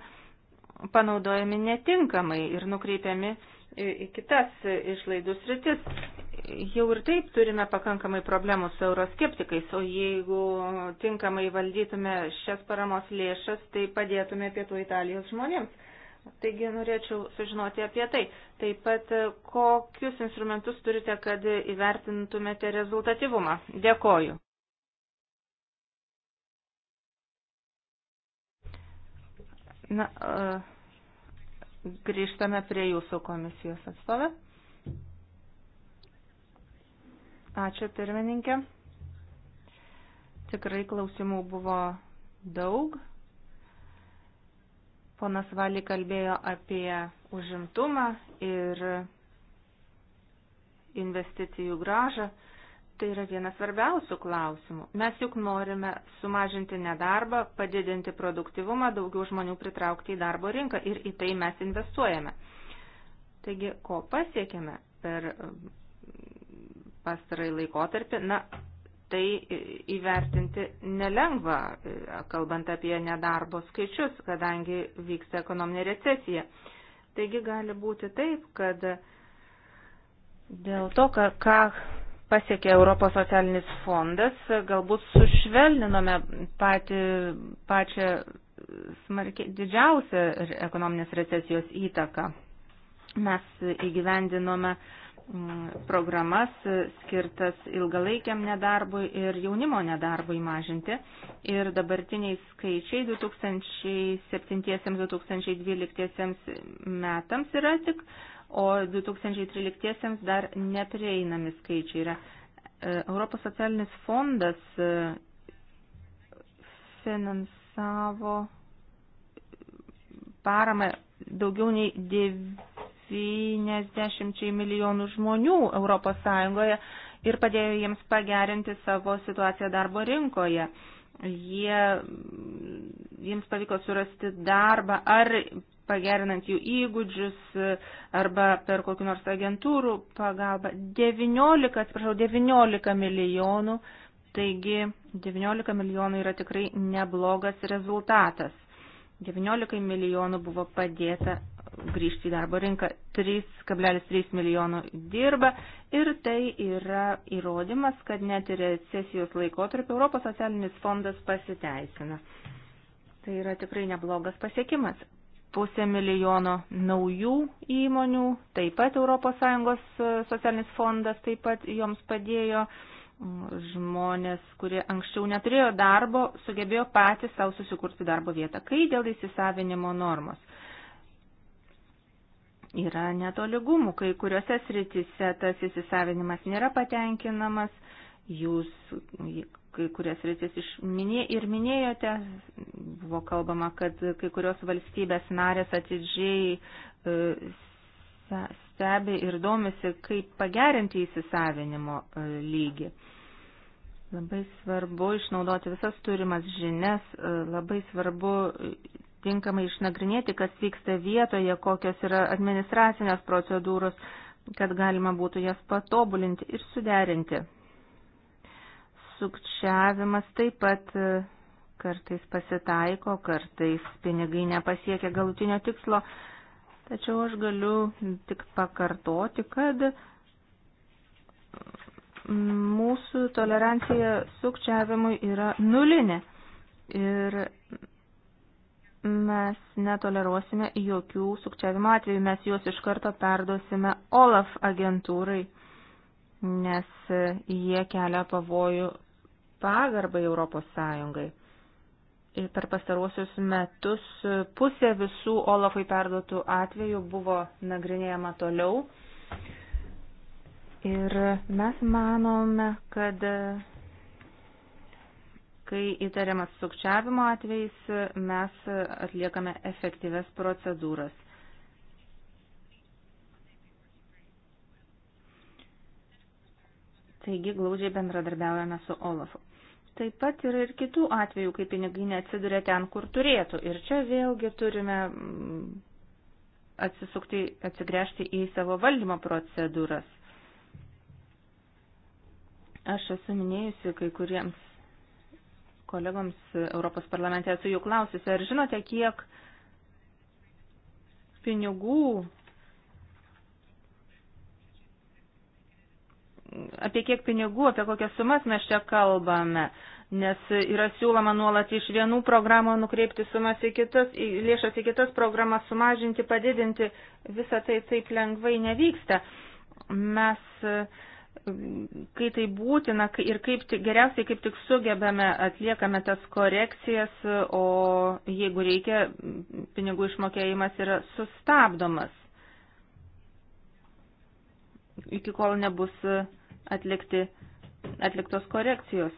panaudojami netinkamai ir nukreipiami uh, į kitas išlaidų sritis. Jau ir taip turime pakankamai problemų su euroskeptikais, o jeigu tinkamai valdytume šias paramos lėšas, tai padėtume pietų Italijos žmonėms. Taigi norėčiau sužinoti apie tai. Taip pat kokius instrumentus turite, kad įvertintumėte rezultatyvumą. Dėkoju. Na, uh... Grįžtame prie jūsų komisijos atstovę. Ačiū pirmininkė. Tikrai klausimų buvo daug. Ponas Valį kalbėjo apie užimtumą ir investicijų gražą. Tai yra vienas svarbiausių klausimų. Mes juk norime sumažinti nedarbą, padidinti produktivumą, daugiau žmonių pritraukti į darbo rinką ir į tai mes investuojame. Taigi, ko pasiekėme per mm, pastarai laikotarpį? Na, tai įvertinti nelengva, e, kalbant apie nedarbo skaičius, kadangi vyksta ekonominė recesija. Taigi, gali būti taip, kad dėl to, ką pasiekė Europos socialinis fondas, galbūt sušvelninome patį, pačią smarkiai didžiausią ekonominės recesijos įtaką. Mes įgyvendinome mm, programas skirtas ilgalaikiam nedarbui ir jaunimo nedarbui mažinti. Ir dabartiniai skaičiai 2007-2012 metams yra tik o 2013 dar neprieinami skaičiai yra. E, Europos socialinis fondas e, finansavo paramą daugiau nei 90 milijonų žmonių Europos Sąjungoje ir padėjo jiems pagerinti savo situaciją darbo rinkoje. Jie, jiems pavyko surasti darbą ar pagerinant jų įgūdžius e, arba per kokiu nors agentūrų pagalbą. 19, atsiprašau, 19 milijonų, taigi 19 milijonų yra tikrai neblogas rezultatas. 19 milijonų buvo padėta grįžti į darbo rinką, 3,3 milijonų dirba ir tai yra įrodymas, kad net ir recesijos laikotarpį Europos socialinis fondas pasiteisina. Tai yra tikrai neblogas pasiekimas pusė milijono naujų įmonių, taip pat ES e, socialinis fondas taip pat joms padėjo. Mm, žmonės, kurie anksčiau neturėjo darbo, sugebėjo patys savo susikurti darbo vietą. Kai dėl įsisavinimo normos yra netoligumų, kai kuriuose sritise tas įsisavinimas nėra patenkinamas, Jūs kai kurias rytis minė, ir minėjote, buvo kalbama, kad kai kurios valstybės narės atidžiai e, stebi ir domisi, kaip pagerinti įsisavinimo e, lygį. Labai svarbu išnaudoti visas turimas žinias, e, labai svarbu tinkamai išnagrinėti, kas vyksta vietoje, kokios yra administracinės procedūros, kad galima būtų jas patobulinti ir suderinti Sukčiavimas taip pat e, kartais pasitaiko, kartais pinigai nepasiekia galutinio tikslo, tačiau aš galiu tik pakartoti, kad mūsų tolerancija sukčiavimui yra nulinė ir mes netoleruosime jokių sukčiavimo atvejų, mes juos iš karto perduosime OLAF agentūrai, nes jie kelia pavojų pagarbai Europos Sąjungai. Ir per pastaruosius metus pusė visų Olafui perduotų atvejų buvo nagrinėjama toliau. Ir mes manome, kad kai įtariamas sukčiavimo atvejais, mes atliekame efektyves procedūras. Taigi glaudžiai bendradarbiaujame su Olafu. Taip pat yra ir kitų atvejų, kai pinigai neatsiduria ten, kur turėtų. Ir čia vėlgi turime mm, atsisukti, atsigręžti į savo valdymo procedūras. Aš esu minėjusi kai kuriems kolegoms Europos parlamente, esu jų klausiusi, ar žinote, kiek pinigų apie kiek pinigų, apie kokias sumas mes čia kalbame, nes yra siūloma nuolat iš vienų programų nukreipti sumas į kitas, į lėšas į kitas programas sumažinti, padidinti, visa tai taip lengvai nevyksta. Mes kai tai būtina ir kaip geriausiai kaip tik sugebame atliekame tas korekcijas, o jeigu reikia, pinigų išmokėjimas yra sustabdomas iki kol nebus e, atlikti, atliktos korekcijos.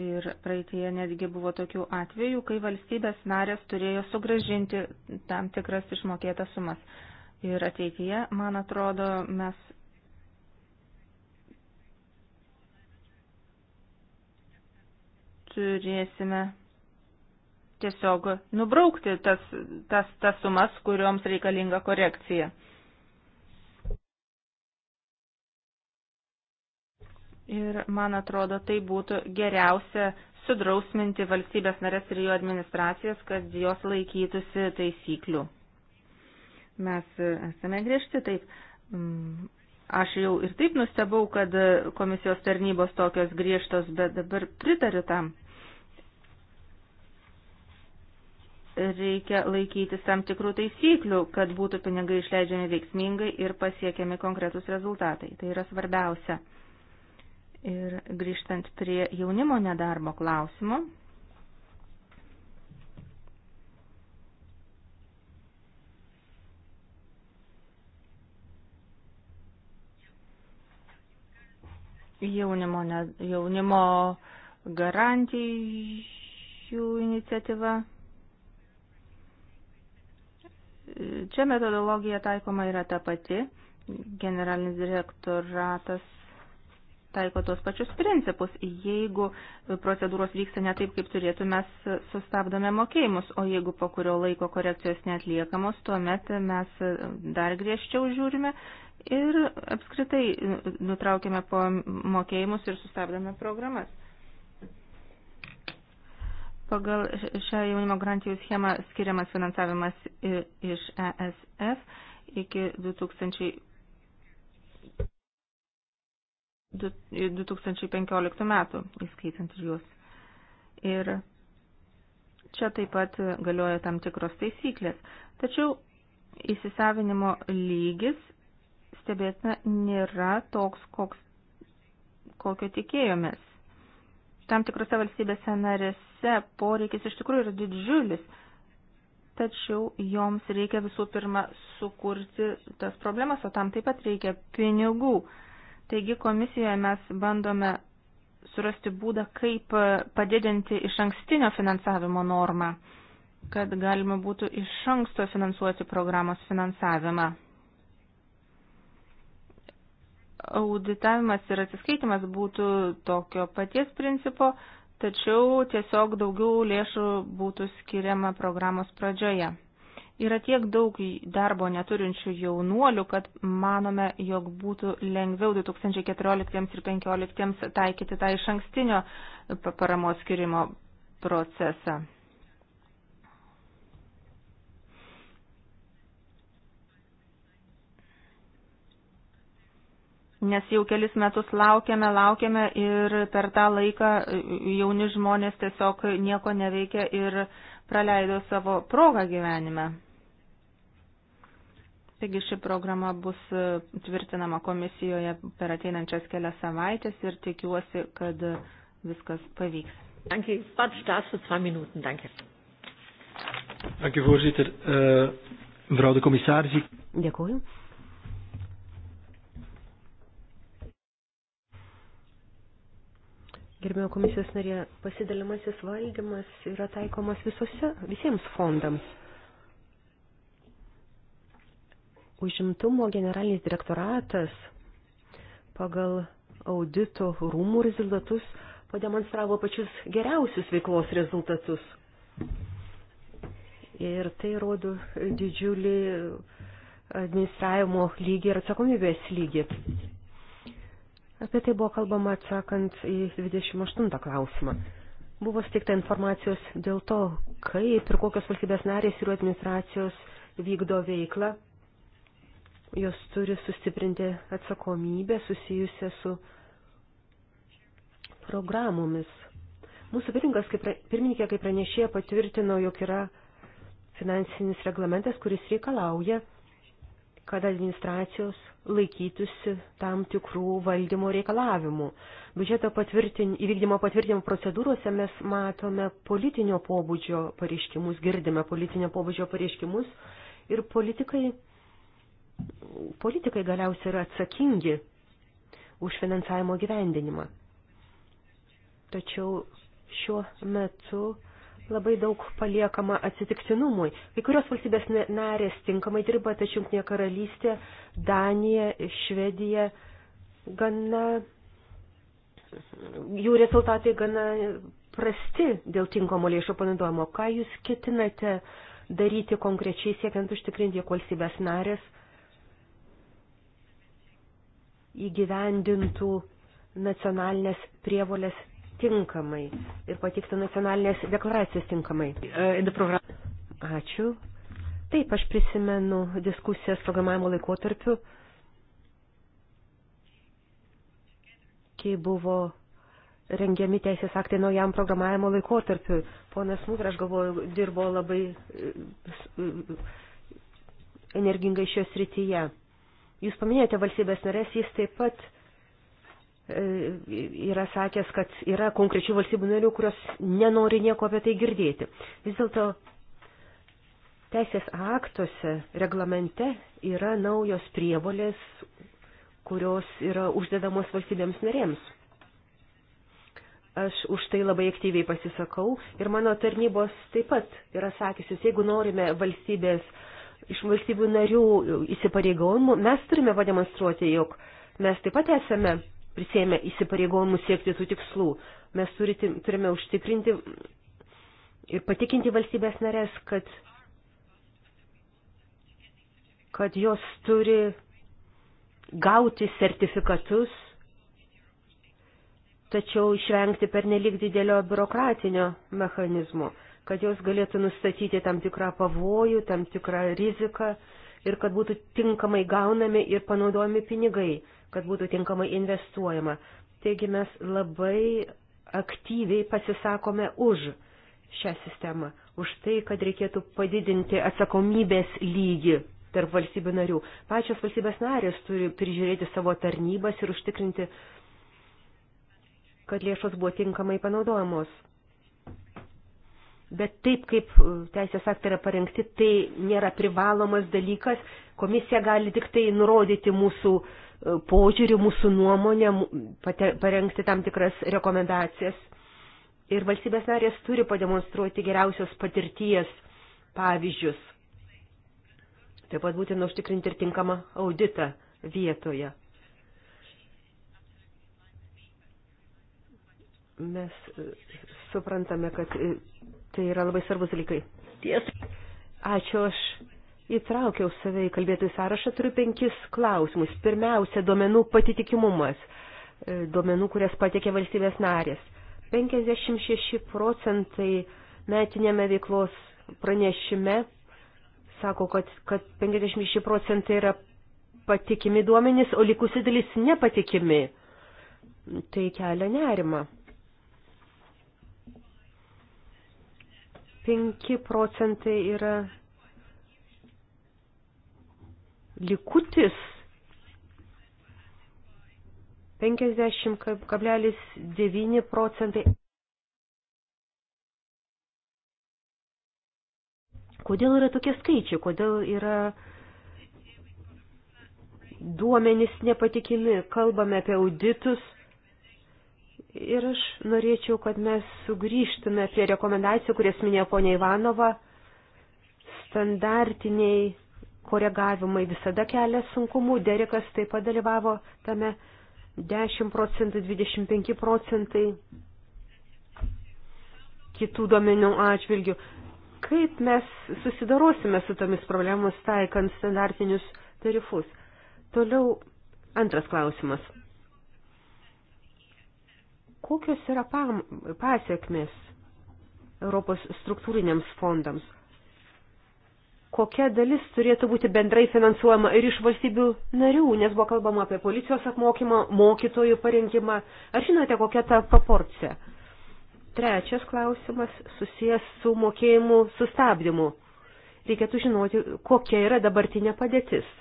Ir praeitėje netgi buvo tokių atvejų, kai valstybės narės turėjo sugražinti tam tikras išmokėtas sumas. Ir ateityje, man atrodo, mes turėsime tiesiog nubraukti tas, tas, tas sumas, kurioms reikalinga korekcija. Ir man atrodo, tai būtų geriausia sudrausminti valstybės narės ir jų administracijas, kad jos laikytųsi taisyklių. Mes esame griežti, taip. Mm, aš jau ir taip nustebau, kad komisijos tarnybos tokios griežtos, bet dabar pritariu tam. Reikia laikytis tam tikrų taisyklių, kad būtų pinigai išleidžiami veiksmingai ir pasiekiami konkretus rezultatai. Tai yra svarbiausia. Ir grįžtant prie jaunimo nedarbo klausimo. Jaunimo, ne, jaunimo garantijų iniciatyva. Čia metodologija taikoma yra ta pati. Generalinis direktoratas taiko tuos pačius principus. Jeigu procedūros vyksta ne taip, kaip turėtų, mes sustabdome mokėjimus, o jeigu po kurio laiko korekcijos netliekamos, tuomet mes dar griežčiau žiūrime ir apskritai nutraukėme po mokėjimus ir sustabdome programas. Pagal šią jaunimo garantijų schemą skiriamas finansavimas iš ESF iki 2000. 2015 metų, įskaitant ir juos. Ir čia taip pat galioja tam tikros taisyklės. Tačiau įsisavinimo lygis stebėtina nėra toks, koks, kokio tikėjomės. Tam tikrose valstybėse narėse poreikis iš tikrųjų yra didžiulis, tačiau joms reikia visų pirma sukurti tas problemas, o tam taip pat reikia pinigų. Taigi komisijoje mes bandome surasti būdą, kaip padidinti iš ankstinio finansavimo normą, kad galima būtų iš anksto finansuoti programos finansavimą. Auditavimas ir atsiskaitimas būtų tokio paties principo, tačiau tiesiog daugiau lėšų būtų skiriama programos pradžioje. Yra tiek daug darbo neturinčių jaunuolių, kad manome, jog būtų lengviau 2014 ir 2015 taikyti tą iš ankstinio paramos skirimo procesą. Nes jau kelis metus laukiame, laukiame ir per tą laiką e, e, jauni žmonės tiesiog nieko neveikia ir praleido savo progą gyvenime. Taigi ši programa bus e, tvirtinama komisijoje per ateinančias kelias savaitės ir tikiuosi, kad viskas pavyks. Danke, Bart Staats für zwei Minuten, danke. Danke, voorzitter. Uh, mevrouw de commissaris. Dėkuoju. Gerbėjo komisijos narė, pasidalimasis valdymas yra taikomas visose, visiems fondams. Užimtumo generalinis direktoratas pagal audito rūmų rezultatus pademonstravo pačius geriausius veiklos rezultatus. Ir tai rodo didžiulį administravimo lygį ir atsakomybės lygį. Apie tai buvo kalbama atsakant į 28 klausimą buvo stikta informacijos dėl to, kaip ir kokios valstybės narės ir administracijos vykdo veiklą jos turi sustiprinti atsakomybę susijusią su programomis. Mūsų pirmininkas, kaip, pirmininkė, kaip pranešėja, patvirtino, jog yra finansinis reglamentas, kuris reikalauja, kad administracijos laikytųsi tam tikrų valdymo reikalavimų. Biudžeto patvirtin, įvykdymo patvirtinimo procedūrose mes matome politinio pobūdžio pareiškimus, girdime politinio pobūdžio pareiškimus ir politikai politikai galiausiai yra atsakingi už finansavimo gyvendinimą. Tačiau šiuo metu labai daug paliekama atsitiktinumui. Kai kurios valstybės narės tinkamai dirba, tačiau Junktinė karalystė, Danija, Švedija gana, jų rezultatai gana prasti dėl tinkamo lėšų panaudojimo. Ką jūs ketinate daryti konkrečiai siekiant užtikrinti, jog valstybės narės įgyvendintų nacionalinės prievolės tinkamai ir patiktų nacionalinės deklaracijas tinkamai. Ačiū. Taip, aš prisimenu diskusijas programavimo laikotarpiu, kai buvo rengiami teisės aktai naujam programavimo laikotarpiu. Ponas Mūgras, galvoju, dirbo labai e, e, e, energingai šios rytyje. Jūs paminėjote valstybės narės, jis taip pat e, yra sakęs, kad yra konkrečių valstybių narių, kurios nenori nieko apie tai girdėti. Vis dėlto teisės aktuose, reglamente yra naujos prievolės, kurios yra uždedamos valstybėms narėms. Aš už tai labai aktyviai pasisakau ir mano tarnybos taip pat yra sakysius, jeigu norime valstybės uh, iš valstybių narių įsipareigojimų, mes turime pademonstruoti, jog mes taip pat esame prisėmę įsipareigojimų siekti tų tikslų. Mes turite, turime užtikrinti ir patikinti valstybės narės, kad, kad jos turi gauti sertifikatus, tačiau išvengti per nelik didelio biurokratinio mechanizmo kad jos galėtų nustatyti tam tikrą pavojų, tam tikrą riziką ir kad būtų tinkamai gaunami ir panaudojami pinigai, kad būtų tinkamai investuojama. Taigi mes labai aktyviai pasisakome už šią sistemą, už tai, kad reikėtų padidinti atsakomybės lygį tarp valstybių narių. Pačios valstybės narės turi prižiūrėti savo tarnybas ir užtikrinti, kad lėšos buvo tinkamai panaudojamos bet taip kaip e, teisės aktai yra parengti, tai nėra privalomas dalykas. Komisija gali tik tai nurodyti mūsų e, požiūrį, mūsų nuomonę, parengti tam tikras rekomendacijas. Ir valstybės narės turi pademonstruoti geriausios patirties pavyzdžius. Taip pat būtina užtikrinti ir tinkamą auditą vietoje. Mes e, suprantame, kad Tai yra labai svarbus dalykai. Ačiū, aš įtraukiau save į kalbėtojų sąrašą, turiu penkis klausimus. Pirmiausia, duomenų patitikimumas, e, duomenų, kurias patiekė valstybės narės. 56 procentai metinėme veiklos pranešime sako, kad, kad 56 procentai yra patikimi duomenys, o likusi dalis nepatikimi. Tai kelia nerima. 5 procentai yra likutis 50,9 procentai. Kodėl yra tokie skaičiai, kodėl yra duomenys nepatikimi, kalbame apie auditus – Ir aš norėčiau, kad mes sugrįžtume prie rekomendacijų, kurias minėjo ponia Ivanova. Standartiniai koregavimai visada kelia sunkumų. Derekas taip pat dalyvavo tame 10 procentų, 25 procentai kitų duomenų atžvilgių. Kaip mes susidarosime su tomis problemus taikant standartinius tarifus? Toliau antras klausimas Kokios yra pam, pasiekmes Europos struktūriniams fondams? Kokia dalis turėtų būti bendrai finansuojama ir iš valstybių narių, nes buvo kalbama apie policijos apmokymą, mokytojų parengimą. Ar žinote, kokia ta proporcija? Trečias klausimas susijęs su mokėjimu sustabdymu. Reikėtų žinoti, kokia yra dabartinė padėtis.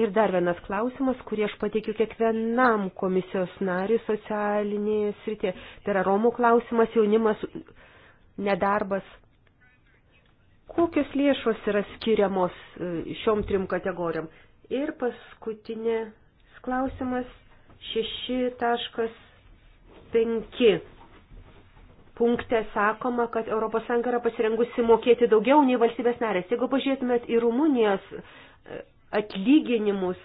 Ir dar vienas klausimas, kurį aš pateikiu kiekvienam komisijos nariui socialinėje srityje. Tai yra Romų klausimas, jaunimas, nedarbas. Kokios lėšos yra skiriamos e, šiom trim kategorijom? Ir paskutinė klausimas 6.5. Punkte sakoma, kad ES yra pasirengusi mokėti daugiau nei valstybės narės. Jeigu pažiūrėtumėt į Rumunijos e, atlyginimus.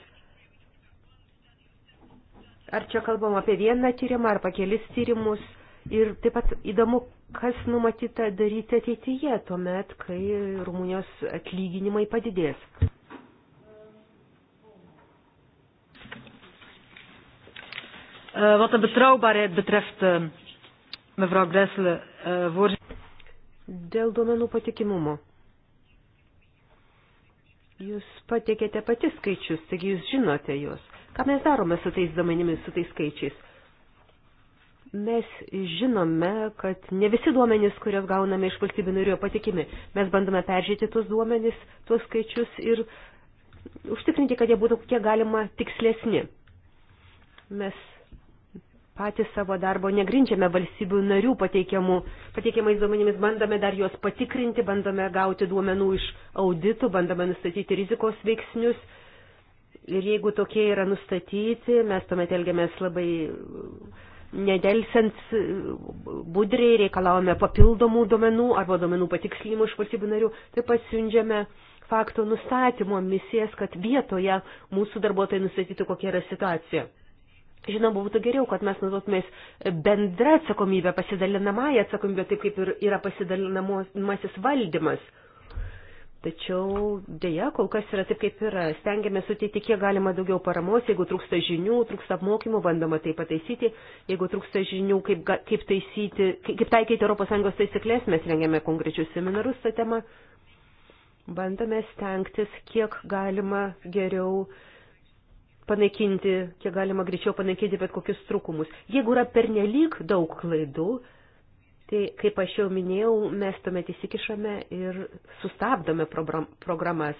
Ar čia kalbam apie vieną tyrimą ar pakelis tyrimus? Ir taip pat įdomu, kas numatyta daryti ateityje, tuomet, kai Rumunijos atlyginimai padidės. E, wat de betrouwbaarheid betreft, e, mevrouw Gressle, e, voorzitter. Dėl duomenų patikimumo. Jūs patiekėte pati skaičius, taigi jūs žinote juos. Ką mes darome su tais duomenimis, su tais skaičiais? Mes žinome, kad ne visi duomenys, kurios gauname iš valstybių narių, patikimi. Mes bandome peržiūrėti tuos duomenys, tuos skaičius ir užtikrinti, kad jie būtų kiek galima tikslesni. Mes patys savo darbo negrindžiame valstybių narių pateikiamais duomenimis, bandome dar juos patikrinti, bandome gauti duomenų iš auditų, bandome nustatyti rizikos veiksnius. Ir jeigu tokie yra nustatyti, mes tuomet elgiamės labai nedelsiant budriai, reikalavome papildomų duomenų arba duomenų patikslinimų iš valstybių narių, taip pat siunčiame fakto nustatymo misijas, kad vietoje mūsų darbuotojai nustatytų, kokia yra situacija. Žinoma, būtų geriau, kad mes naudotumės bendrą atsakomybę, pasidalinamąją atsakomybę, taip kaip ir yra pasidalinamasis valdymas. Tačiau dėja, kol kas yra taip, kaip yra. Stengiamės suteikti kiek galima daugiau paramos, jeigu trūksta žinių, trūksta apmokymų, bandoma tai pataisyti. Jeigu trūksta žinių, kaip, kaip, taisyti, kaip taikyti ES taisyklės, mes rengiame konkrečius seminarus tą temą. Bandome stengtis kiek galima geriau uh, panaikinti, kiek galima greičiau panaikinti bet kokius trūkumus. Jeigu yra pernelyg daug klaidų, tai, kaip aš jau minėjau, mes tuomet įsikišame ir sustabdome programas.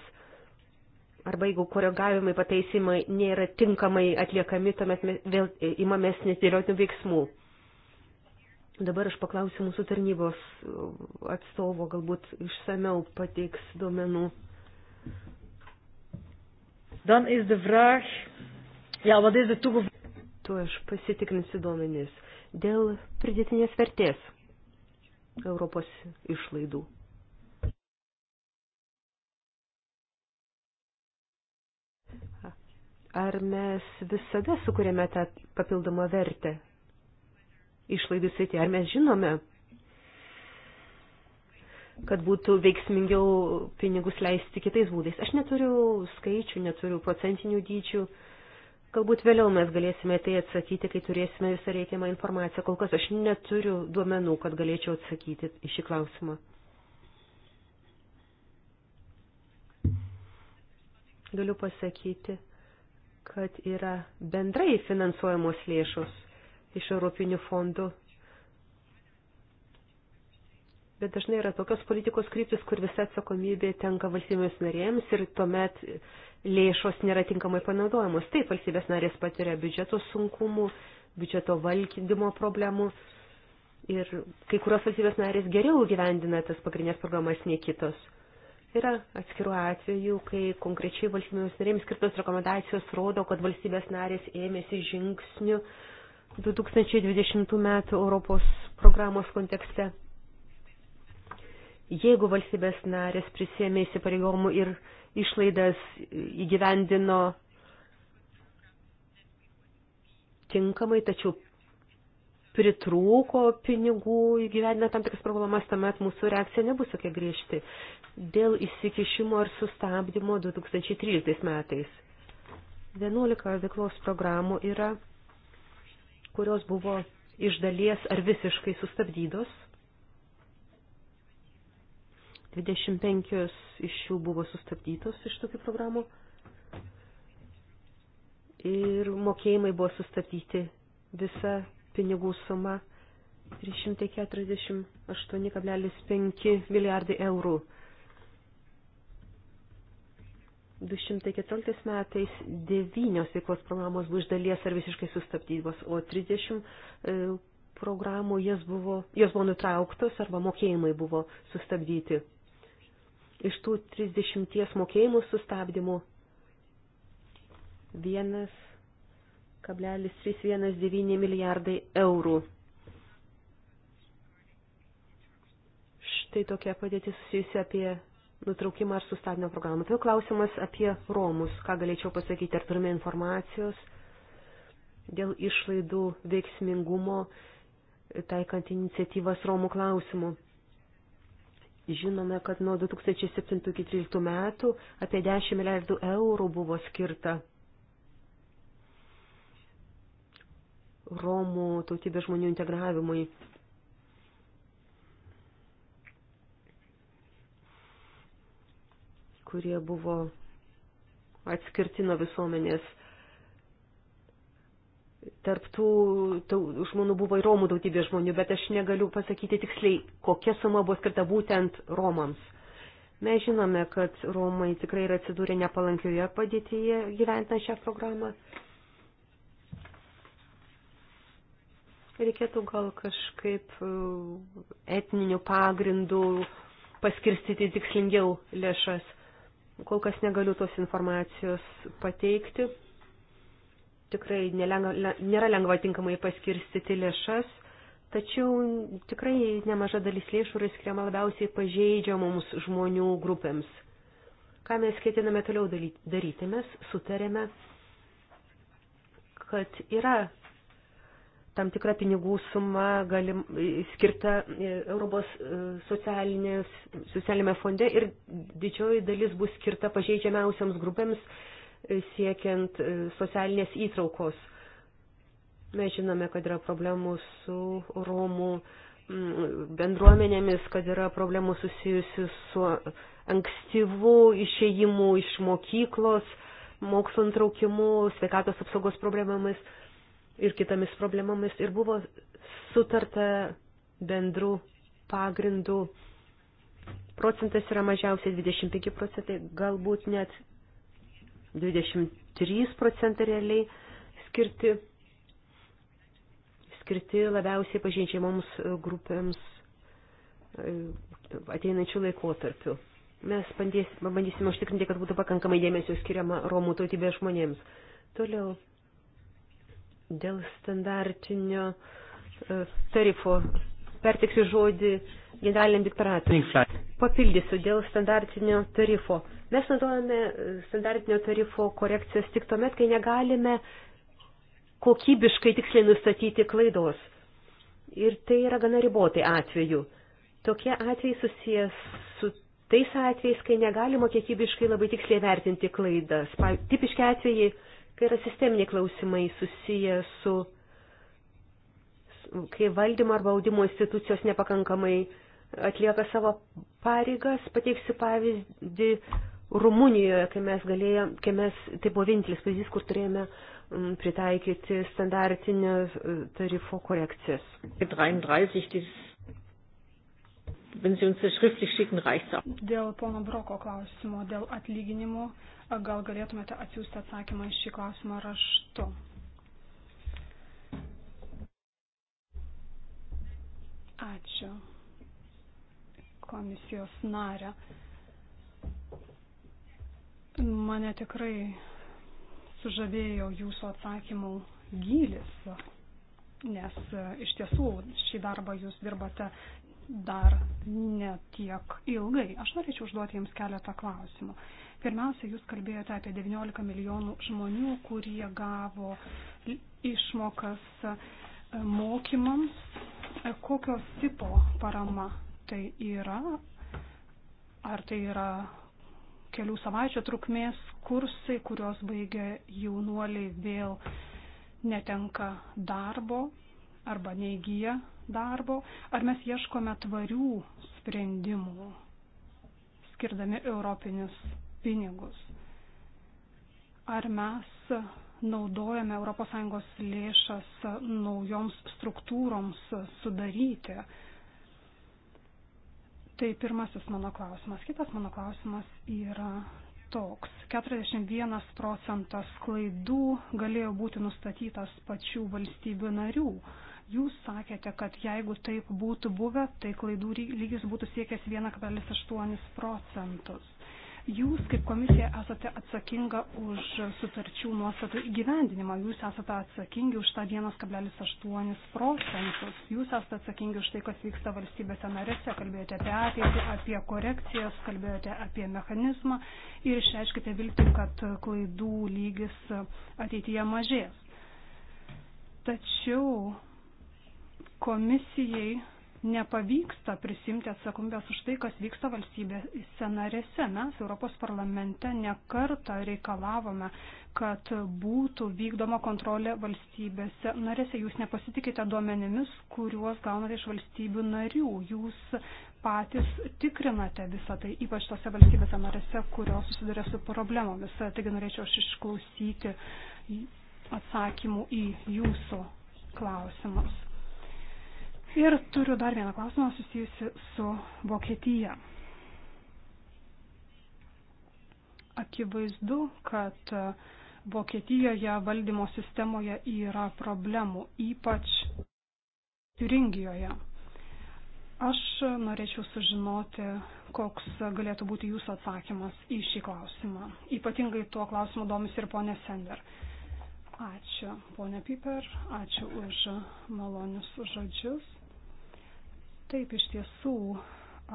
Arba jeigu koregavimai, pataisimai nėra tinkamai atliekami, tuomet mes vėl imamės netėliotinių veiksmų. Dabar aš paklausiu mūsų tarnybos uh, atstovo, galbūt išsameu pateiks duomenų. Dan is de vraag, ja, wat is de toegevoegde... Tu aš pasitikrinsiu duomenis dėl pridėtinės vertės Europos išlaidų. Ar mes visada sukūrėme tą papildomą vertę išlaidų srityje? Ar mes žinome, kad būtų veiksmingiau pinigus leisti kitais būdais. Aš neturiu skaičių, neturiu procentinių dydžių. Galbūt vėliau mes galėsime tai atsakyti, kai turėsime visą reikiamą informaciją. Kol kas aš neturiu duomenų, kad galėčiau atsakyti į šį klausimą. Galiu pasakyti, kad yra bendrai finansuojamos lėšos iš Europinių fondų Bet dažnai yra tokios politikos kryptis, kur visa atsakomybė tenka valstybės narėms ir tuomet lėšos nėra tinkamai panaudojamos. Taip, valstybės narės patiria biudžeto sunkumų, biudžeto valdymo problemų ir kai kurios valstybės narės geriau gyvendina tas pagrindinės programas nei kitos. Yra atskirų atvejų, kai konkrečiai valstybės narėms skirtos rekomendacijos rodo, kad valstybės narės ėmėsi žingsnių 2020 metų Europos programos kontekste Jeigu valstybės narės prisėmė įsipareigomų ir išlaidas įgyvendino tinkamai, tačiau pritrūko pinigų įgyvendinę tam tikras problemas, tuomet mūsų reakcija nebus tokia griežti. Dėl įsikišimo ir sustabdymo 2013 metais 11 veiklos programų yra, kurios buvo iš dalies ar visiškai sustabdydos 25 iš jų buvo sustabdytos iš tokių programų ir mokėjimai buvo sustabdyti visa pinigų suma 348,5 milijardai eurų. 214 metais devynios veiklos programos buvo iš dalies ar visiškai sustabdytos, o 30 e, programų jas buvo, jos buvo nutrauktos arba mokėjimai buvo sustabdyti iš tų 30 mokėjimų sustabdymų 1,319 milijardai eurų. Štai tokia padėtis susijusi apie nutraukimą ar sustabdymą programą. Tai klausimas apie Romus. Ką galėčiau pasakyti, ar turime informacijos dėl išlaidų veiksmingumo taikant iniciatyvas Romų klausimų? Žinome, kad nuo 2007 iki 2013 metų apie 10 milijardų eurų buvo skirta Romų tautybės žmonių integravimui. kurie buvo atskirti nuo visuomenės tarptų žmonių buvo ir Romų daugybė žmonių, bet aš negaliu pasakyti tiksliai, kokia suma buvo skirta būtent Romams. Mes žinome, kad Romai tikrai yra atsidūrę nepalankioje padėtyje gyventant šią programą. Reikėtų gal kažkaip uh, etninių pagrindų paskirstyti tikslingiau lėšas. Kol kas negaliu tos informacijos pateikti tikrai nelengva, nėra lengva tinkamai paskirstyti lėšas, tačiau tikrai nemaža dalis lėšų yra skiriama labiausiai pažeidžiamoms žmonių grupėms. Ką mes ketiname toliau daryti? Mes sutarėme, kad yra tam tikra pinigų suma galim, skirta e, Europos e, socialinėme fonde ir didžioji dalis bus skirta pažeidžiamiausiams grupėms siekiant e, socialinės įtraukos. Mes žinome, kad yra problemų su Romų mm, bendruomenėmis, kad yra problemų susijusių su ankstyvu išėjimu iš mokyklos, mokslo antraukimu, sveikatos apsaugos problemomis ir kitomis problemomis. Ir buvo sutarta bendrų pagrindų. Procentas yra mažiausiai 25 procentai, galbūt net 23 procentai realiai skirti, skirti labiausiai pažeidžiamoms e, grupėms e, ateinančių laikotarpių. Mes bandysime užtikrinti, kad būtų pakankamai dėmesio skiriama Romų tautybės žmonėms. Toliau, dėl standartinio e, tarifo pertiksiu žodį generaliniam diktoratui. Papildysiu dėl standartinio tarifo. Mes naudojame e, standartinio tarifo korekcijas tik tuomet, kai negalime kokybiškai tiksliai nustatyti klaidos. Ir tai yra gana ribotai atveju. Tokie atvejai susijęs su tais atvejais, kai negalima kiekybiškai labai tiksliai vertinti klaidas. Tipiški atvejai, kai yra sisteminiai klausimai susiję su, kai valdymo arba audimo institucijos nepakankamai atlieka savo pareigas. Pateiksiu pavyzdį Rumunijoje, kai mes galėjome, kai mes, tai buvo vienintelis pavyzdys, kur turėjome mm, pritaikyti standartinio e, tarifo korekcijas. 33, wenn Sie uns das schriftlich schicken, reicht auch. Dėl pono Broko klausimo, dėl atlyginimų, gal galėtumėte atsiųsti atsakymą iš šį klausimą raštu. Ačiū komisijos narę. Mane tikrai sužavėjo jūsų atsakymų gylis, nes e, iš tiesų šį darbą jūs dirbate dar netiek ilgai. Aš norėčiau užduoti Jums keletą klausimų. Pirmiausia, Jūs kalbėjote apie 19 milijonų žmonių, kurie gavo išmokas e, mokymams. E, Kokios tipo parama tai yra? Ar tai yra kelių savaičių trukmės kursai, kuriuos baigia jaunuoliai vėl netenka darbo arba neįgyja darbo, ar mes ieškome tvarių sprendimų, skirdami europinius pinigus. Ar mes naudojame ES lėšas naujoms struktūroms sudaryti Tai pirmasis mano klausimas. Kitas mano klausimas yra toks. 41 procentas klaidų galėjo būti nustatytas pačių valstybių narių. Jūs sakėte, kad jeigu taip būtų buvę, tai klaidų lygis būtų siekęs 1,8 procentus. Jūs kaip komisija esate atsakinga už sutarčių nuostatų įgyvendinimą, jūs esate atsakingi už tą 1,8 procentus, jūs esate atsakingi už tai, kas vyksta valstybėse narėse, kalbėjote apie ateitį, apie korekcijas, kalbėjote apie mechanizmą ir išreiškite viltį, kad klaidų lygis ateityje mažės. Tačiau komisijai nepavyksta prisimti atsakomybės už tai, kas vyksta valstybėse narėse. Mes Europos parlamente nekartą reikalavome, kad būtų vykdoma kontrolė valstybėse narėse. Jūs nepasitikite duomenimis, kuriuos gaunate iš valstybių narių. Jūs patys tikrinate visą tai, ypač tose valstybėse narėse, kurios susiduria su problemomis. Taigi norėčiau aš išklausyti atsakymų į jūsų klausimus. Ir turiu dar vieną klausimą susijusi su Vokietija. Akivaizdu, kad Vokietijoje valdymo sistemoje yra problemų, ypač Turingijoje. Aš norėčiau sužinoti, koks galėtų būti jūsų atsakymas į šį klausimą. Ypatingai tuo klausimu domis ir ponė Sender. Ačiū, ponė Piper, ačiū už malonius žodžius. Taip, iš tiesų,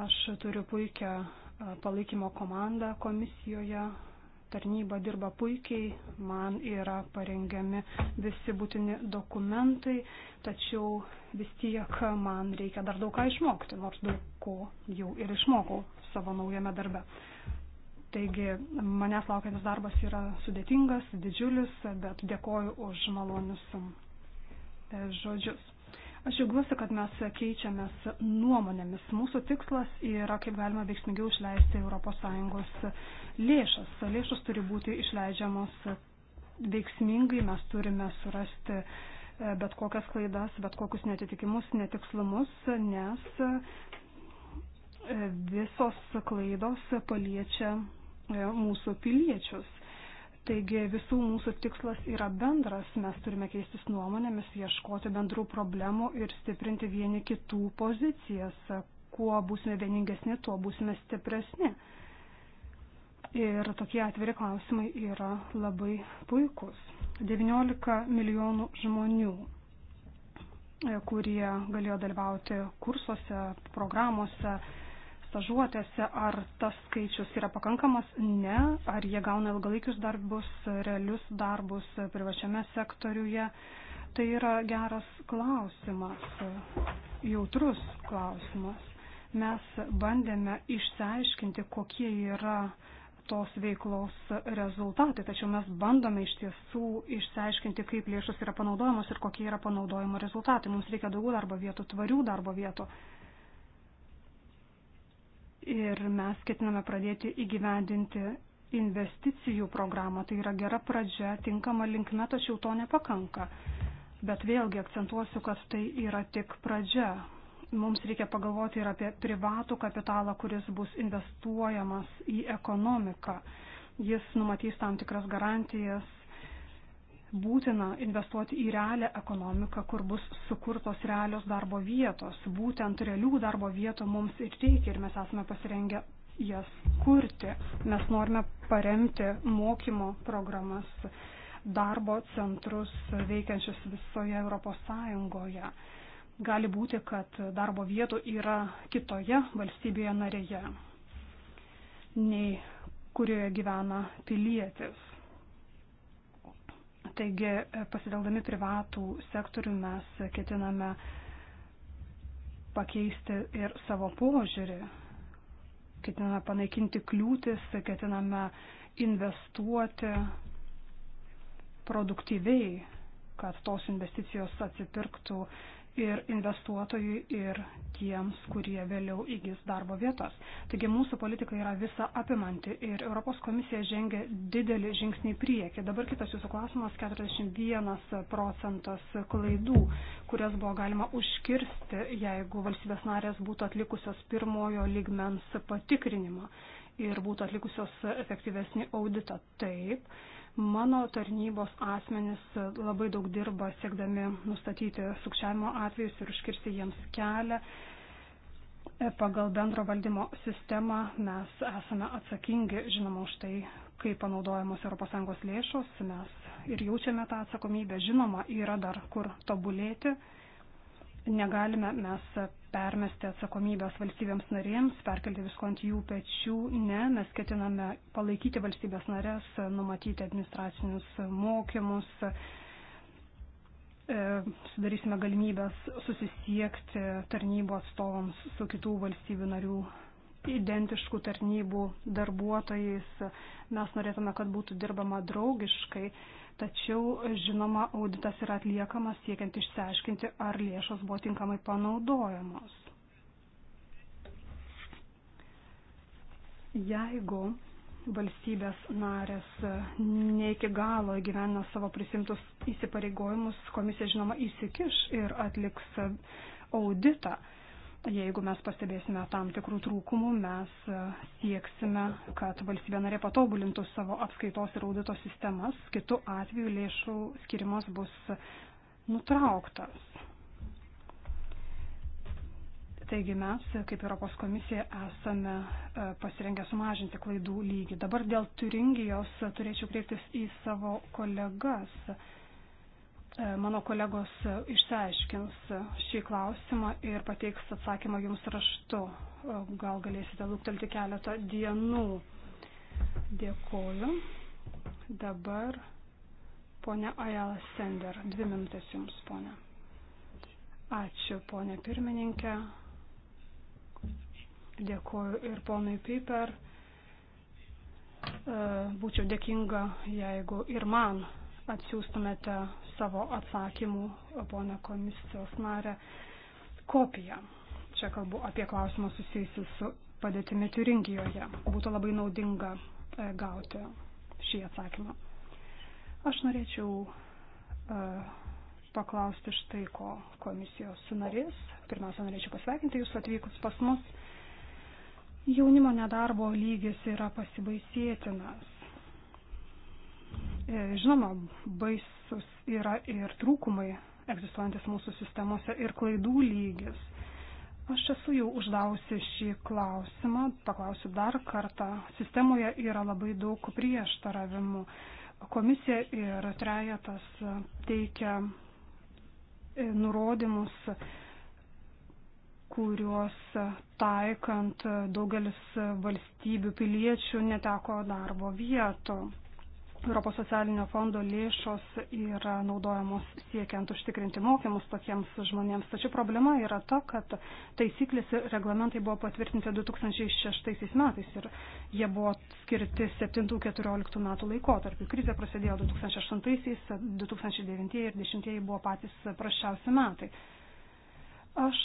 aš turiu puikią e, palaikymo komandą komisijoje, tarnyba dirba puikiai, man yra parengiami visi būtini dokumentai, tačiau vis tiek man reikia dar daug ką išmokti, nors daug ko jau ir išmokau savo naujame darbe. Taigi manęs laukiantis darbas yra sudėtingas, didžiulis, bet dėkoju už malonius e, žodžius. Aš džiaugiuosi, kad mes keičiamės nuomonėmis. Mūsų tikslas yra, kaip galima veiksmingiau išleisti ES lėšas. Lėšas turi būti išleidžiamos veiksmingai, mes turime surasti e, bet kokias klaidas, bet kokius netitikimus, netikslumus, nes e, visos klaidos paliečia e, mūsų piliečius. Taigi visų mūsų tikslas yra bendras, mes turime keistis nuomonėmis, ieškoti bendrų problemų ir stiprinti vieni kitų pozicijas. Kuo būsime vieningesni, tuo būsime stipresni. Ir tokie atviri klausimai yra labai puikus. 19 milijonų žmonių, kurie galėjo dalyvauti kursuose, programuose, stažuotėse, ar tas skaičius yra pakankamas? Ne. Ar jie gauna ilgalaikius darbus, realius darbus privačiame sektoriuje? Tai yra geras klausimas, jautrus klausimas. Mes bandėme išsiaiškinti, kokie yra tos veiklos rezultatai, tačiau mes bandome iš tiesų išsiaiškinti, kaip lėšos yra panaudojamos ir kokie yra panaudojimo rezultatai. Mums reikia daugiau darbo vietų, tvarių darbo vietų ir mes ketiname pradėti įgyvendinti investicijų programą. Tai yra gera pradžia, tinkama linkme, tačiau to nepakanka. Bet vėlgi akcentuosiu, kad tai yra tik pradžia. Mums reikia pagalvoti ir apie privatų kapitalą, kuris bus investuojamas į ekonomiką. Jis numatys tam tikras garantijas Būtina investuoti į realią ekonomiką, kur bus sukurtos realios darbo vietos. Būtent realių darbo vietų mums ir reikia ir mes esame pasirengę jas kurti. Mes norime paremti mokymo programas, darbo centrus veikiančius visoje Europos Sąjungoje. Gali būti, kad darbo vietų yra kitoje valstybėje narėje, nei kurioje gyvena pilietis Taigi, e, pasideldami privatų sektorių mes ketiname pakeisti ir savo požiūrį, ketiname panaikinti kliūtis, ketiname investuoti produktyviai, kad tos investicijos atsipirktų ir investuotojui, ir tiems, kurie vėliau įgis darbo vietas. Taigi mūsų politika yra visa apimanti ir Europos komisija žengia didelį žingsnį į priekį. Dabar kitas jūsų klausimas - 41 procentas klaidų, kurias buvo galima užkirsti, jeigu valstybės narės būtų atlikusios pirmojo lygmens patikrinimą ir būtų atlikusios efektyvesnį auditą. Taip Mano tarnybos asmenys labai daug dirba siekdami nustatyti sukčiavimo atvejus ir užkirsti jiems kelią. E, pagal bendro valdymo sistemą mes esame atsakingi, žinoma, už tai, kaip panaudojamos ES lėšos, mes ir jaučiame tą atsakomybę, žinoma, yra dar kur tobulėti. Negalime mes permesti atsakomybės valstybėms narėms, perkelti visko ant jų pečių. Ne, mes ketiname palaikyti valstybės narės, numatyti administracinius mokymus, e, sudarysime galimybės susisiekti tarnybų atstovams su kitų valstybių narių identiškų tarnybų darbuotojais. Mes norėtume, kad būtų dirbama draugiškai Tačiau, žinoma, auditas yra atliekamas siekiant išsiaiškinti, ar lėšos buvo tinkamai panaudojamos. Jeigu valstybės narės ne iki galo gyvena savo prisimtus įsipareigojimus, komisija žinoma įsikiš ir atliks auditą. Jeigu mes pastebėsime tam tikrų trūkumų, mes e, sieksime, kad valstybė narė patobulintų savo apskaitos ir audito sistemas, kitu atveju lėšų skirimas bus nutrauktas. Taigi mes, kaip Europos komisija, esame e, pasirengę sumažinti klaidų lygį. Dabar dėl Turingijos turėčiau kreiptis į savo kolegas E, mano kolegos išsiaiškins šį klausimą ir pateiks atsakymą jums raštu. E, gal galėsite lūktelti keletą dienų. Dėkoju. Dabar ponia Ajala Sender. Dvi minutės jums, ponia. Ačiū, ponia pirmininkė. Dėkoju ir ponui Piper. E, būčiau dėkinga, jeigu ir man atsiųstumėte savo atsakymų, ponė komisijos narė, kopiją. Čia kalbu apie klausimą susijusiu su padėtimi Turingijoje. Būtų labai naudinga e, gauti šį atsakymą. Aš norėčiau e, paklausti štai ko komisijos narės. Pirmiausia, norėčiau pasveikinti Jūs atvykus pas mus. Jaunimo nedarbo lygis yra pasibaisėtinas. E, žinoma, baisus yra ir trūkumai egzistuojantis mūsų sistemose ir klaidų lygis. Aš esu jau uždavusi šį klausimą, paklausiu dar kartą. Sistemoje yra labai daug prieštaravimų. Komisija ir trejatas teikia e, nurodymus, kuriuos taikant daugelis valstybių piliečių neteko darbo vietų Europos socialinio fondo lėšos yra naudojamos siekiant užtikrinti mokymus tokiems žmonėms. Tačiau problema yra ta, kad taisyklės ir reglamentai buvo patvirtinti 2006 metais ir jie buvo skirti 7-14 metų laikotarpiu. Krizė prasidėjo 2008, 2009 ir 2010 buvo patys praščiausi metai. Aš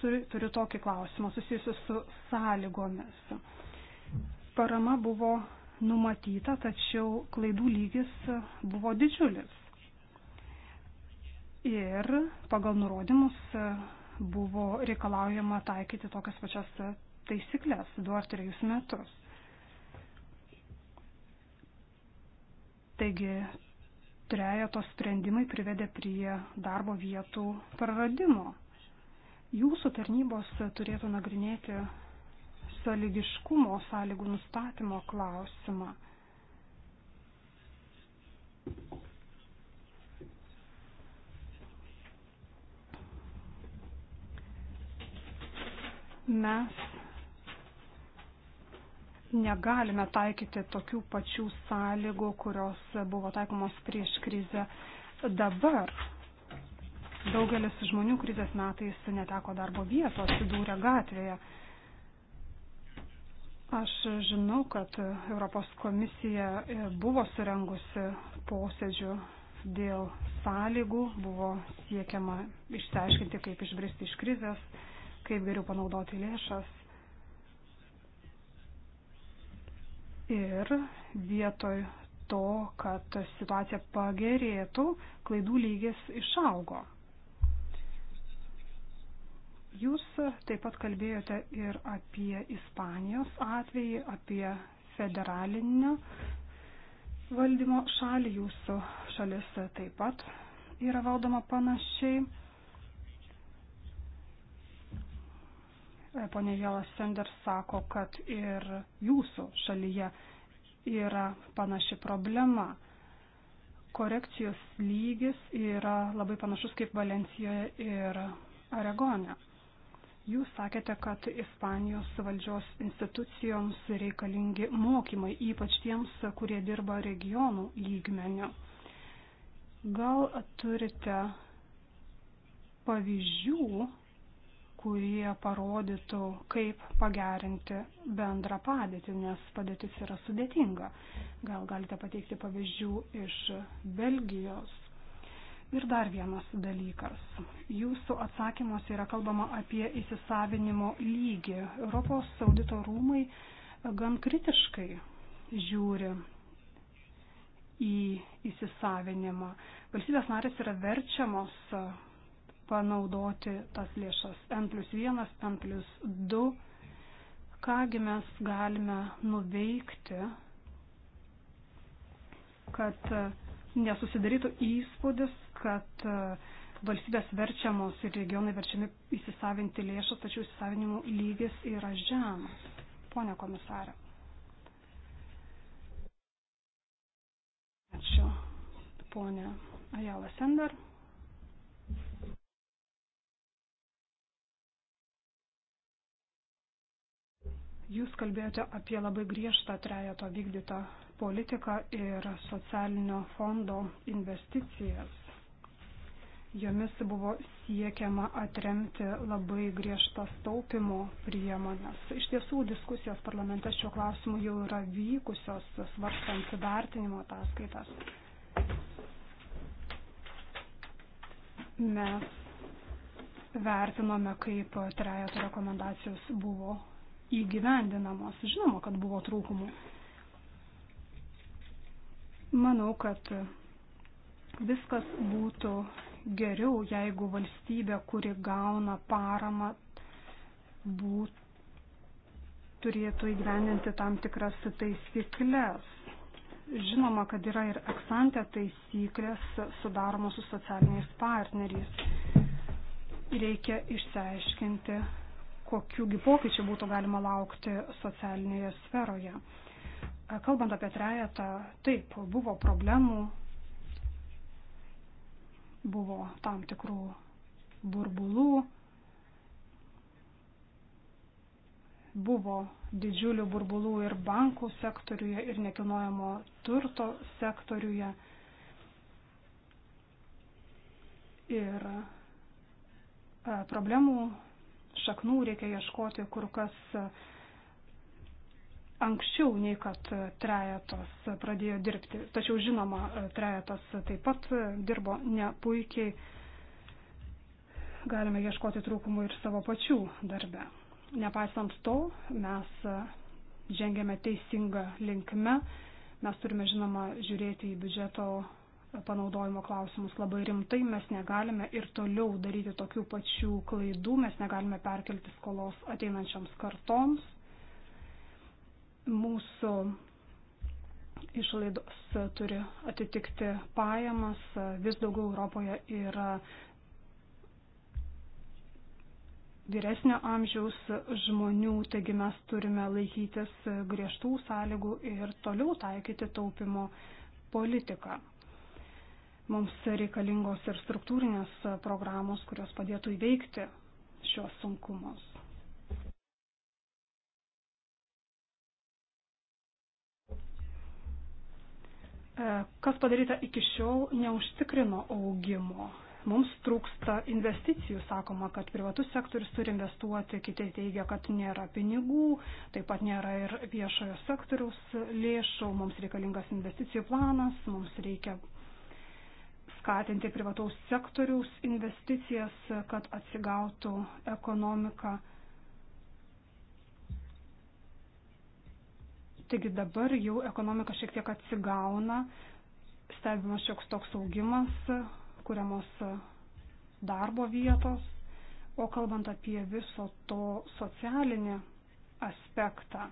turiu, turiu tokį klausimą susijusiu su sąlygomis. Parama buvo numatyta, tačiau klaidų lygis buvo didžiulis. Ir pagal nurodymus buvo reikalaujama taikyti tokias pačias taisyklės du ar trejus metus. Taigi trejato sprendimai privedė prie darbo vietų praradimo. Jūsų tarnybos turėtų nagrinėti sąlygiškumo sąlygų nustatymo klausimą. Mes negalime taikyti tokių pačių sąlygų, kurios buvo taikomos prieš krizę dabar. Daugelis žmonių krizės metais neteko darbo vietos, atsidūrė gatvėje. Aš žinau, kad Europos komisija e, buvo surengusi posėdžių dėl sąlygų, buvo siekiama išsiaiškinti, kaip išbristi iš krizės, kaip geriau panaudoti lėšas. Ir vietoj to, kad situacija pagerėtų, klaidų lygis išaugo. Jūs taip pat kalbėjote ir apie Ispanijos atvejį, apie federalinio valdymo šalį. Jūsų šalis taip pat yra valdoma panašiai. Pone Jelas Sender sako, kad ir jūsų šalyje yra panaši problema korekcijos lygis yra labai panašus kaip Valencijoje ir Oregone. Jūs sakėte, kad Ispanijos valdžios institucijoms reikalingi mokymai, ypač tiems, kurie dirba regionų lygmeniu. Gal turite pavyzdžių, kurie parodytų, kaip pagerinti bendrą padėtį, nes padėtis yra sudėtinga. Gal galite pateikti pavyzdžių iš Belgijos, Ir dar vienas dalykas. Jūsų atsakymuose yra kalbama apie įsisavinimo lygį. Europos audito rūmai gan kritiškai žiūri į įsisavinimą. Valstybės narės yra verčiamos panaudoti tas lėšas N plus 1, N plus 2. Kągi mes galime nuveikti, kad nesusidarytų įspūdis, kad e, valstybės verčiamos ir regionai verčiami įsisavinti lėšas, tačiau įsisavinimų lygis yra žemas. Pone komisarė. Ačiū, ponė Ajala Sender. Jūs kalbėjote apie labai griežtą trejato vykdytą politiką ir socialinio fondo investicijas. Jomis buvo siekiama atremti labai griežtas taupimo priemonės. Iš tiesų, diskusijos parlamente šiuo klausimu jau yra vykusios, svarstant vertinimo ataskaitas. Mes vertinome, kaip trejato rekomendacijos buvo įgyvendinamos. Žinoma, kad buvo trūkumų. Manau, kad viskas būtų geriau, jeigu valstybė, kuri gauna paramą, būtų turėtų įgyveninti tam tikras taisyklės. Žinoma, kad yra ir eksantė taisyklės sudaromos su socialiniais partneriais. Reikia išsiaiškinti, kokiųgi pokyčių būtų galima laukti socialinėje sferoje. Kalbant apie trejetą, taip, buvo problemų, buvo tam tikrų burbulų, buvo didžiulių burbulų ir bankų sektoriuje, ir nekilnojamo turto sektoriuje. Ir e, problemų šaknų reikia ieškoti kur kas anksčiau nei kad trejetos pradėjo dirbti. Tačiau žinoma, trejetas taip pat dirbo ne puikiai. Galime ieškoti trūkumų ir savo pačių darbe. Nepaisant to, mes žengėme teisingą linkme. Mes turime, žinoma, žiūrėti į biudžeto panaudojimo klausimus labai rimtai. Mes negalime ir toliau daryti tokių pačių klaidų. Mes negalime perkelti skolos ateinančioms kartoms Mūsų išlaidos turi atitikti pajamas, vis daugiau Europoje yra vyresnio amžiaus žmonių, taigi mes turime laikytis griežtų sąlygų ir toliau taikyti taupimo politiką. Mums reikalingos ir struktūrinės programos, kurios padėtų įveikti šios sunkumus. E, kas padaryta iki šiol, neužtikrino augimo. Mums trūksta investicijų, sakoma, kad privatus sektorius turi investuoti, kiti teigia, kad nėra pinigų, taip pat nėra ir viešojo sektoriaus lėšų, mums reikalingas investicijų planas, mums reikia skatinti privataus sektoriaus investicijas, kad atsigautų ekonomika. Taigi dabar jau ekonomika šiek tiek atsigauna, stebimas šioks toks augimas, kuriamos darbo vietos, o kalbant apie viso to socialinį aspektą,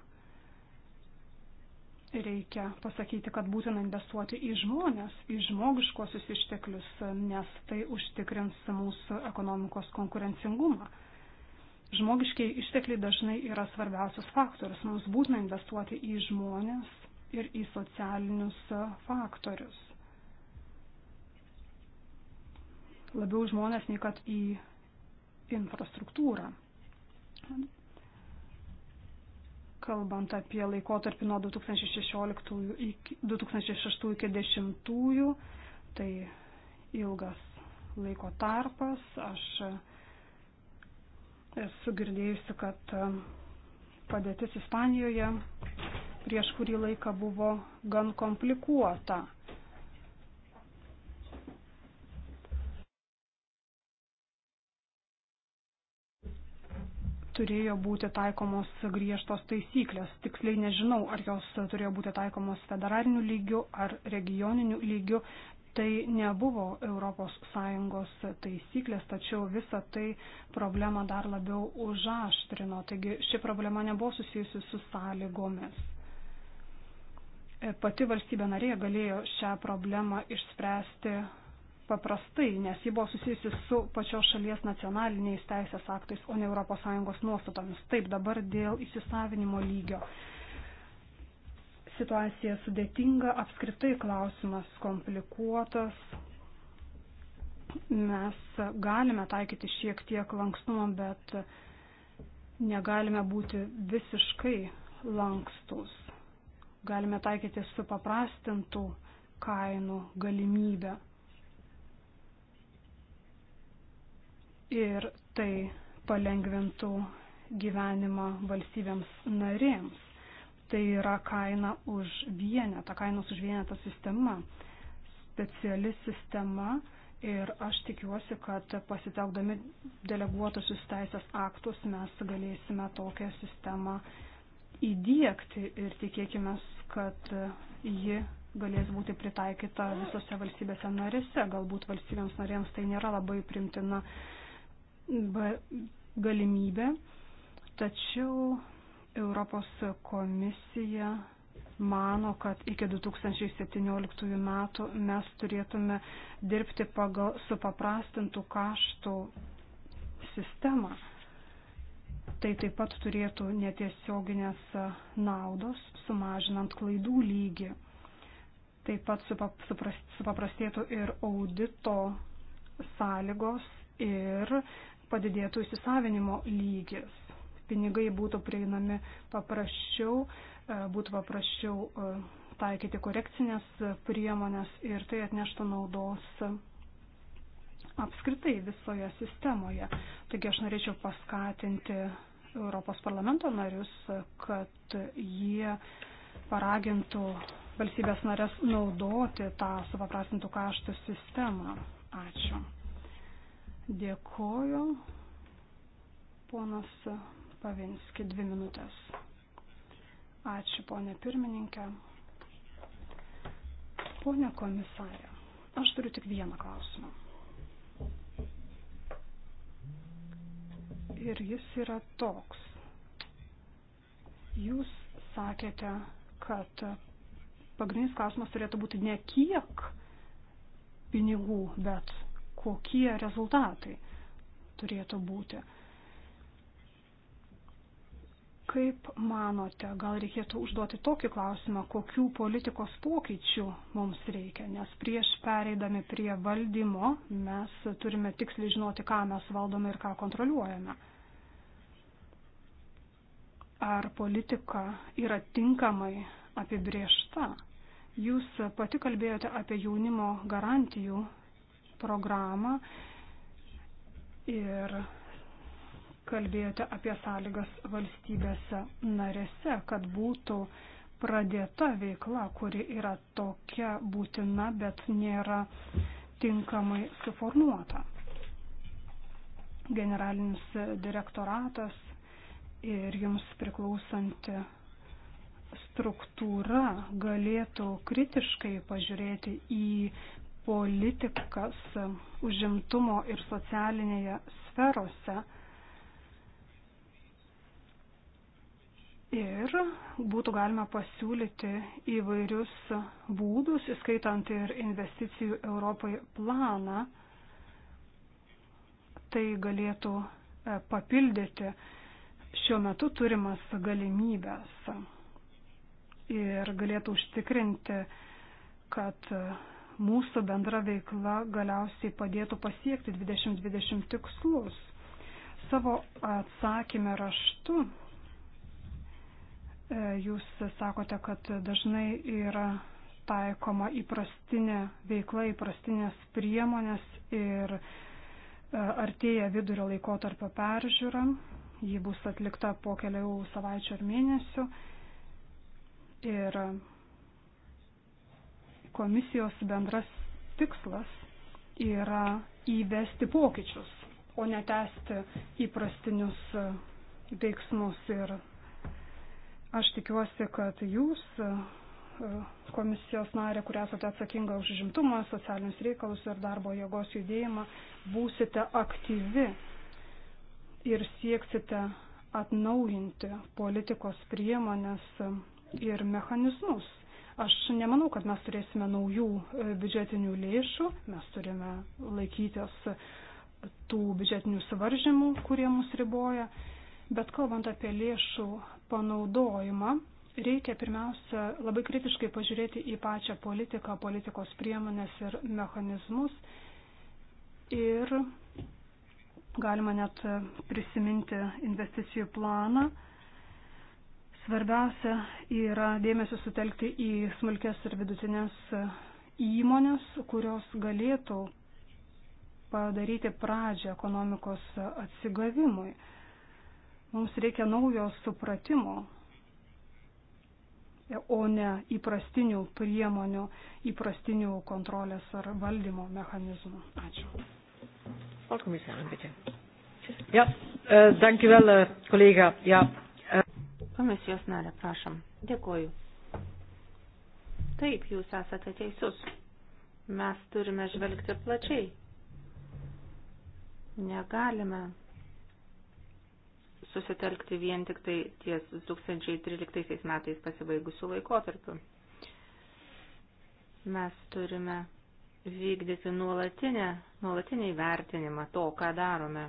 reikia pasakyti, kad būtina investuoti į žmonės, į žmogiškosius išteklius, nes tai užtikrins mūsų ekonomikos konkurencingumą. Žmogiškiai ištekliai dažnai yra svarbiausias faktorius. Mums būtina investuoti į žmonės ir į socialinius faktorius. Labiau žmonės nei kad į infrastruktūrą. Kalbant apie laikotarpį nuo 2016 iki 2010, tai ilgas laiko tarpas. Aš Esu girdėjusi, kad e, padėtis Ispanijoje prieš kurį laiką buvo gan komplikuota. turėjo būti taikomos griežtos taisyklės. Tiksliai nežinau, ar jos turėjo būti taikomos federaliniu lygiu ar regioniniu lygiu, Tai nebuvo ES taisyklės, tačiau visa tai problema dar labiau užaštrino. Taigi ši problema nebuvo susijusi su sąlygomis. E, pati valstybė narė galėjo šią problemą išspręsti paprastai, nes ji buvo susijusi su pačios šalies nacionaliniais teisės aktais, o ne ES nuostatomis. Taip dabar dėl įsisavinimo lygio situacija sudėtinga, apskritai klausimas komplikuotas. Mes galime taikyti šiek tiek lankstumą, bet negalime būti visiškai lankstus. Galime taikyti supaprastintų kainų galimybę. Ir tai palengvintų gyvenimą valstybėms narėms tai yra kaina už vienetą, kainos už vienetą sistema, speciali sistema ir aš tikiuosi, kad pasitelkdami deleguotusius teisės aktus mes galėsime tokią sistemą įdėkti ir tikėkime, kad ji galės būti pritaikyta visose valstybėse narėse. Galbūt valstybėms narėms tai nėra labai primtina galimybė, tačiau Europos komisija mano, kad iki 2017 metų mes turėtume dirbti pagal supaprastintų kaštų sistemą. Tai taip pat turėtų netiesioginės naudos, sumažinant klaidų lygį. Taip pat supaprastėtų ir audito sąlygos ir padidėtų įsisavinimo lygis pinigai būtų prieinami paprasčiau, e, būtų paprasčiau e, taikyti korekcinės priemonės ir tai atneštų naudos apskritai visoje sistemoje. Taigi aš norėčiau paskatinti Europos parlamento narius, kad jie paragintų valstybės narės naudoti tą supaprastintų kaštų sistemą. Ačiū. Dėkoju, ponas Pavinski dvi minutės. Ačiū, ponė pirmininkė. Pone komisarė, aš turiu tik vieną klausimą. Ir jis yra toks. Jūs sakėte, kad pagrindinis klausimas turėtų būti ne kiek pinigų, bet kokie rezultatai turėtų būti. Kaip manote, gal reikėtų užduoti tokį klausimą, kokių politikos pokyčių mums reikia, nes prieš pereidami prie valdymo mes turime tiksliai žinoti, ką mes valdome ir ką kontroliuojame. Ar politika yra tinkamai apibriešta? Jūs pati kalbėjote apie jaunimo garantijų programą ir kalbėjote apie sąlygas valstybėse narėse, kad būtų pradėta veikla, kuri yra tokia būtina, bet nėra tinkamai suformuota. Generalinis direktoratas ir jums priklausanti struktūra galėtų kritiškai pažiūrėti į politikas užimtumo ir socialinėje sferose Ir būtų galima pasiūlyti įvairius būdus, įskaitant ir investicijų Europai planą. Tai galėtų e, papildyti šiuo metu turimas galimybės ir galėtų užtikrinti, kad e, mūsų bendra veikla galiausiai padėtų pasiekti 2020 tikslus. Savo atsakymę raštu E, jūs sakote, kad dažnai yra taikoma įprastinė veikla, įprastinės priemonės ir e, artėja vidurio laikotarpio peržiūra. Ji bus atlikta po kelių savaičių ar mėnesių. Ir komisijos bendras tikslas yra įvesti pokyčius, o netesti įprastinius veiksmus ir Aš tikiuosi, kad jūs, e, komisijos narė, kur esate atsakinga už žimtumą, socialinius reikalus ir darbo jėgos judėjimą, būsite aktyvi ir sieksite atnaujinti politikos priemonės ir mechanizmus. Aš nemanau, kad mes turėsime naujų e, biudžetinių lėšų, mes turime laikytis tų biudžetinių suvaržymų, kurie mus riboja, bet kalbant apie lėšų panaudojimą, reikia pirmiausia labai kritiškai pažiūrėti į pačią politiką, politikos priemonės ir mechanizmus. Ir galima net prisiminti investicijų planą. Svarbiausia yra dėmesį sutelkti į smulkės ir vidutinės įmonės, kurios galėtų padaryti pradžią ekonomikos atsigavimui. Mums reikia naujo supratimo, o ne įprastinių priemonių, įprastinių kontrolės ar valdymo mechanizmų. Ačiū. Valkomisaran, bitte. Ja, uh, e, dankjewel, uh, e, collega. Ja. Uh. Komisijos narė, prašom. Dėkuoju. Taip, jūs esate teisus. Mes turime žvelgti plačiai. Negalime susitelkti vien tik tai ties 2013 metais pasibaigusių laikotarpių. Mes turime vykdyti nuolatinę, nuolatinį įvertinimą to, ką darome,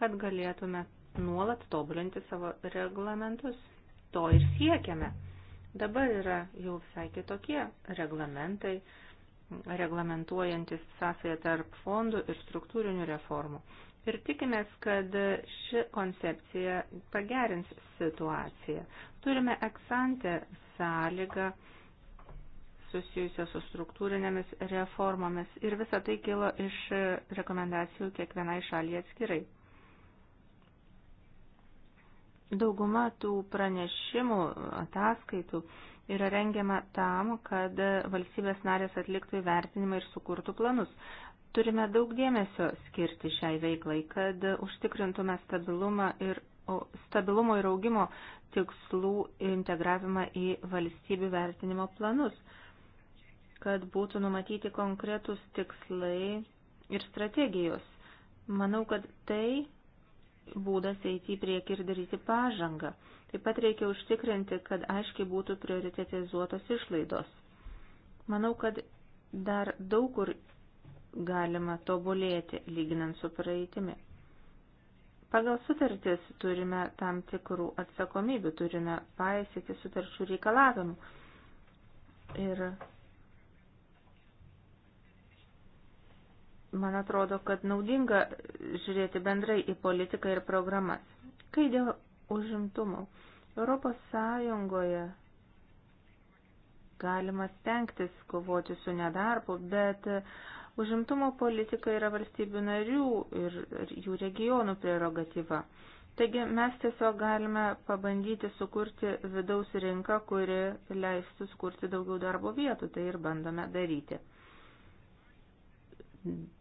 kad galėtume nuolat tobulinti savo reglamentus. To ir siekiame. Dabar yra jau visai kitokie reglamentai, reglamentuojantis sąsąją tarp fondų ir struktūrinių reformų ir tikimės, kad ši koncepcija pagerins situaciją. Turime eksantę sąlygą susijusią su struktūrinėmis reformomis ir visa tai kilo iš rekomendacijų kiekvienai šaliai atskirai. Dauguma tų pranešimų, ataskaitų yra rengiama tam, kad valstybės narės atliktų įvertinimą ir sukurtų planus. Turime daug dėmesio skirti šiai veiklai, kad užtikrintume stabilumą ir stabilumo ir augimo tikslų integravimą į valstybių vertinimo planus, kad būtų numatyti konkretus tikslai ir strategijos. Manau, kad tai būdas eiti į priekį ir daryti pažangą. Taip pat reikia užtikrinti, kad aiškiai būtų prioritetizuotos išlaidos. Manau, kad dar daug kur galima tobulėti, lyginant su praeitimi. Pagal sutartis turime tam tikrų atsakomybių, turime paisyti sutarčių reikalavimų. Ir man atrodo, kad naudinga žiūrėti bendrai į politiką ir programas. Kai dėl užimtumo Europos Sąjungoje galima stengtis kovoti su nedarbu, bet Užimtumo politika yra valstybių narių ir jų regionų prerogatyva. Taigi mes tiesiog galime pabandyti sukurti vidaus rinką, kuri leistų skurti daugiau darbo vietų, tai ir bandome daryti.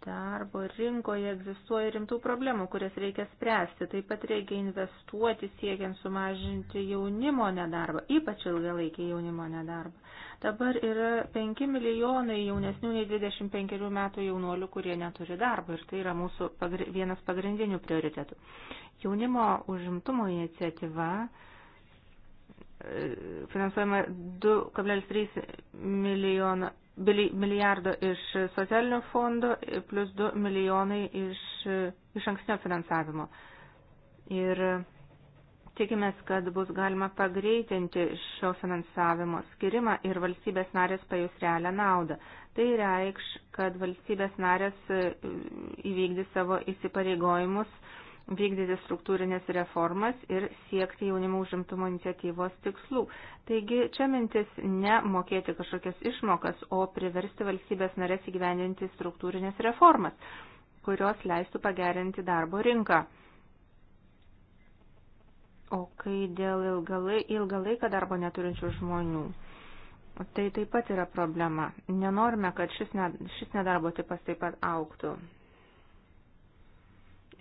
Darbo rinkoje egzistuoja rimtų problemų, kurias reikia spręsti. Taip pat reikia investuoti siekiant sumažinti jaunimo nedarbą, ypač ilgalaikį jaunimo nedarbą. Dabar yra 5 milijonai jaunesnių nei 25 metų jaunuolių, kurie neturi darbo ir tai yra mūsų pagri vienas pagrindinių prioritetų. Jaunimo užimtumo iniciatyva e, finansuojama 2,3 milijono milijardo iš socialinio fondo plus 2 milijonai iš, iš ankstinio finansavimo. Ir tikimės, kad bus galima pagreitinti šio finansavimo skirimą ir valstybės narės pajus realią naudą. Tai reikš, kad valstybės narės e, įvykdys savo įsipareigojimus vykdyti struktūrinės reformas ir siekti jaunimo užimtumo iniciatyvos tikslų. Taigi čia mintis ne mokėti kažkokias išmokas, o priversti valstybės narės įgyvendinti struktūrinės reformas, kurios leistų pagerinti darbo rinką. O kai dėl ilgalai, ilgalaiką darbo neturinčių žmonių, tai taip pat yra problema. Nenorime, kad šis, ne, šis nedarbo tipas taip pat auktų.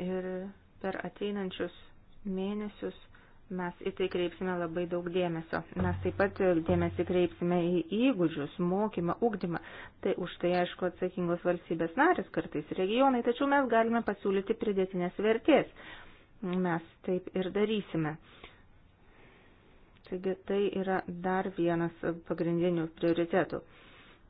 Ir per ateinančius mėnesius mes į tai kreipsime labai daug dėmesio. Mes taip pat dėmesį kreipsime į įgūdžius, mokymą, ugdymą. Tai už tai, aišku, atsakingos valstybės narės, kartais regionai, tačiau mes galime pasiūlyti pridėtinės vertės. Mes taip ir darysime. Taigi tai yra dar vienas pagrindinių prioritetų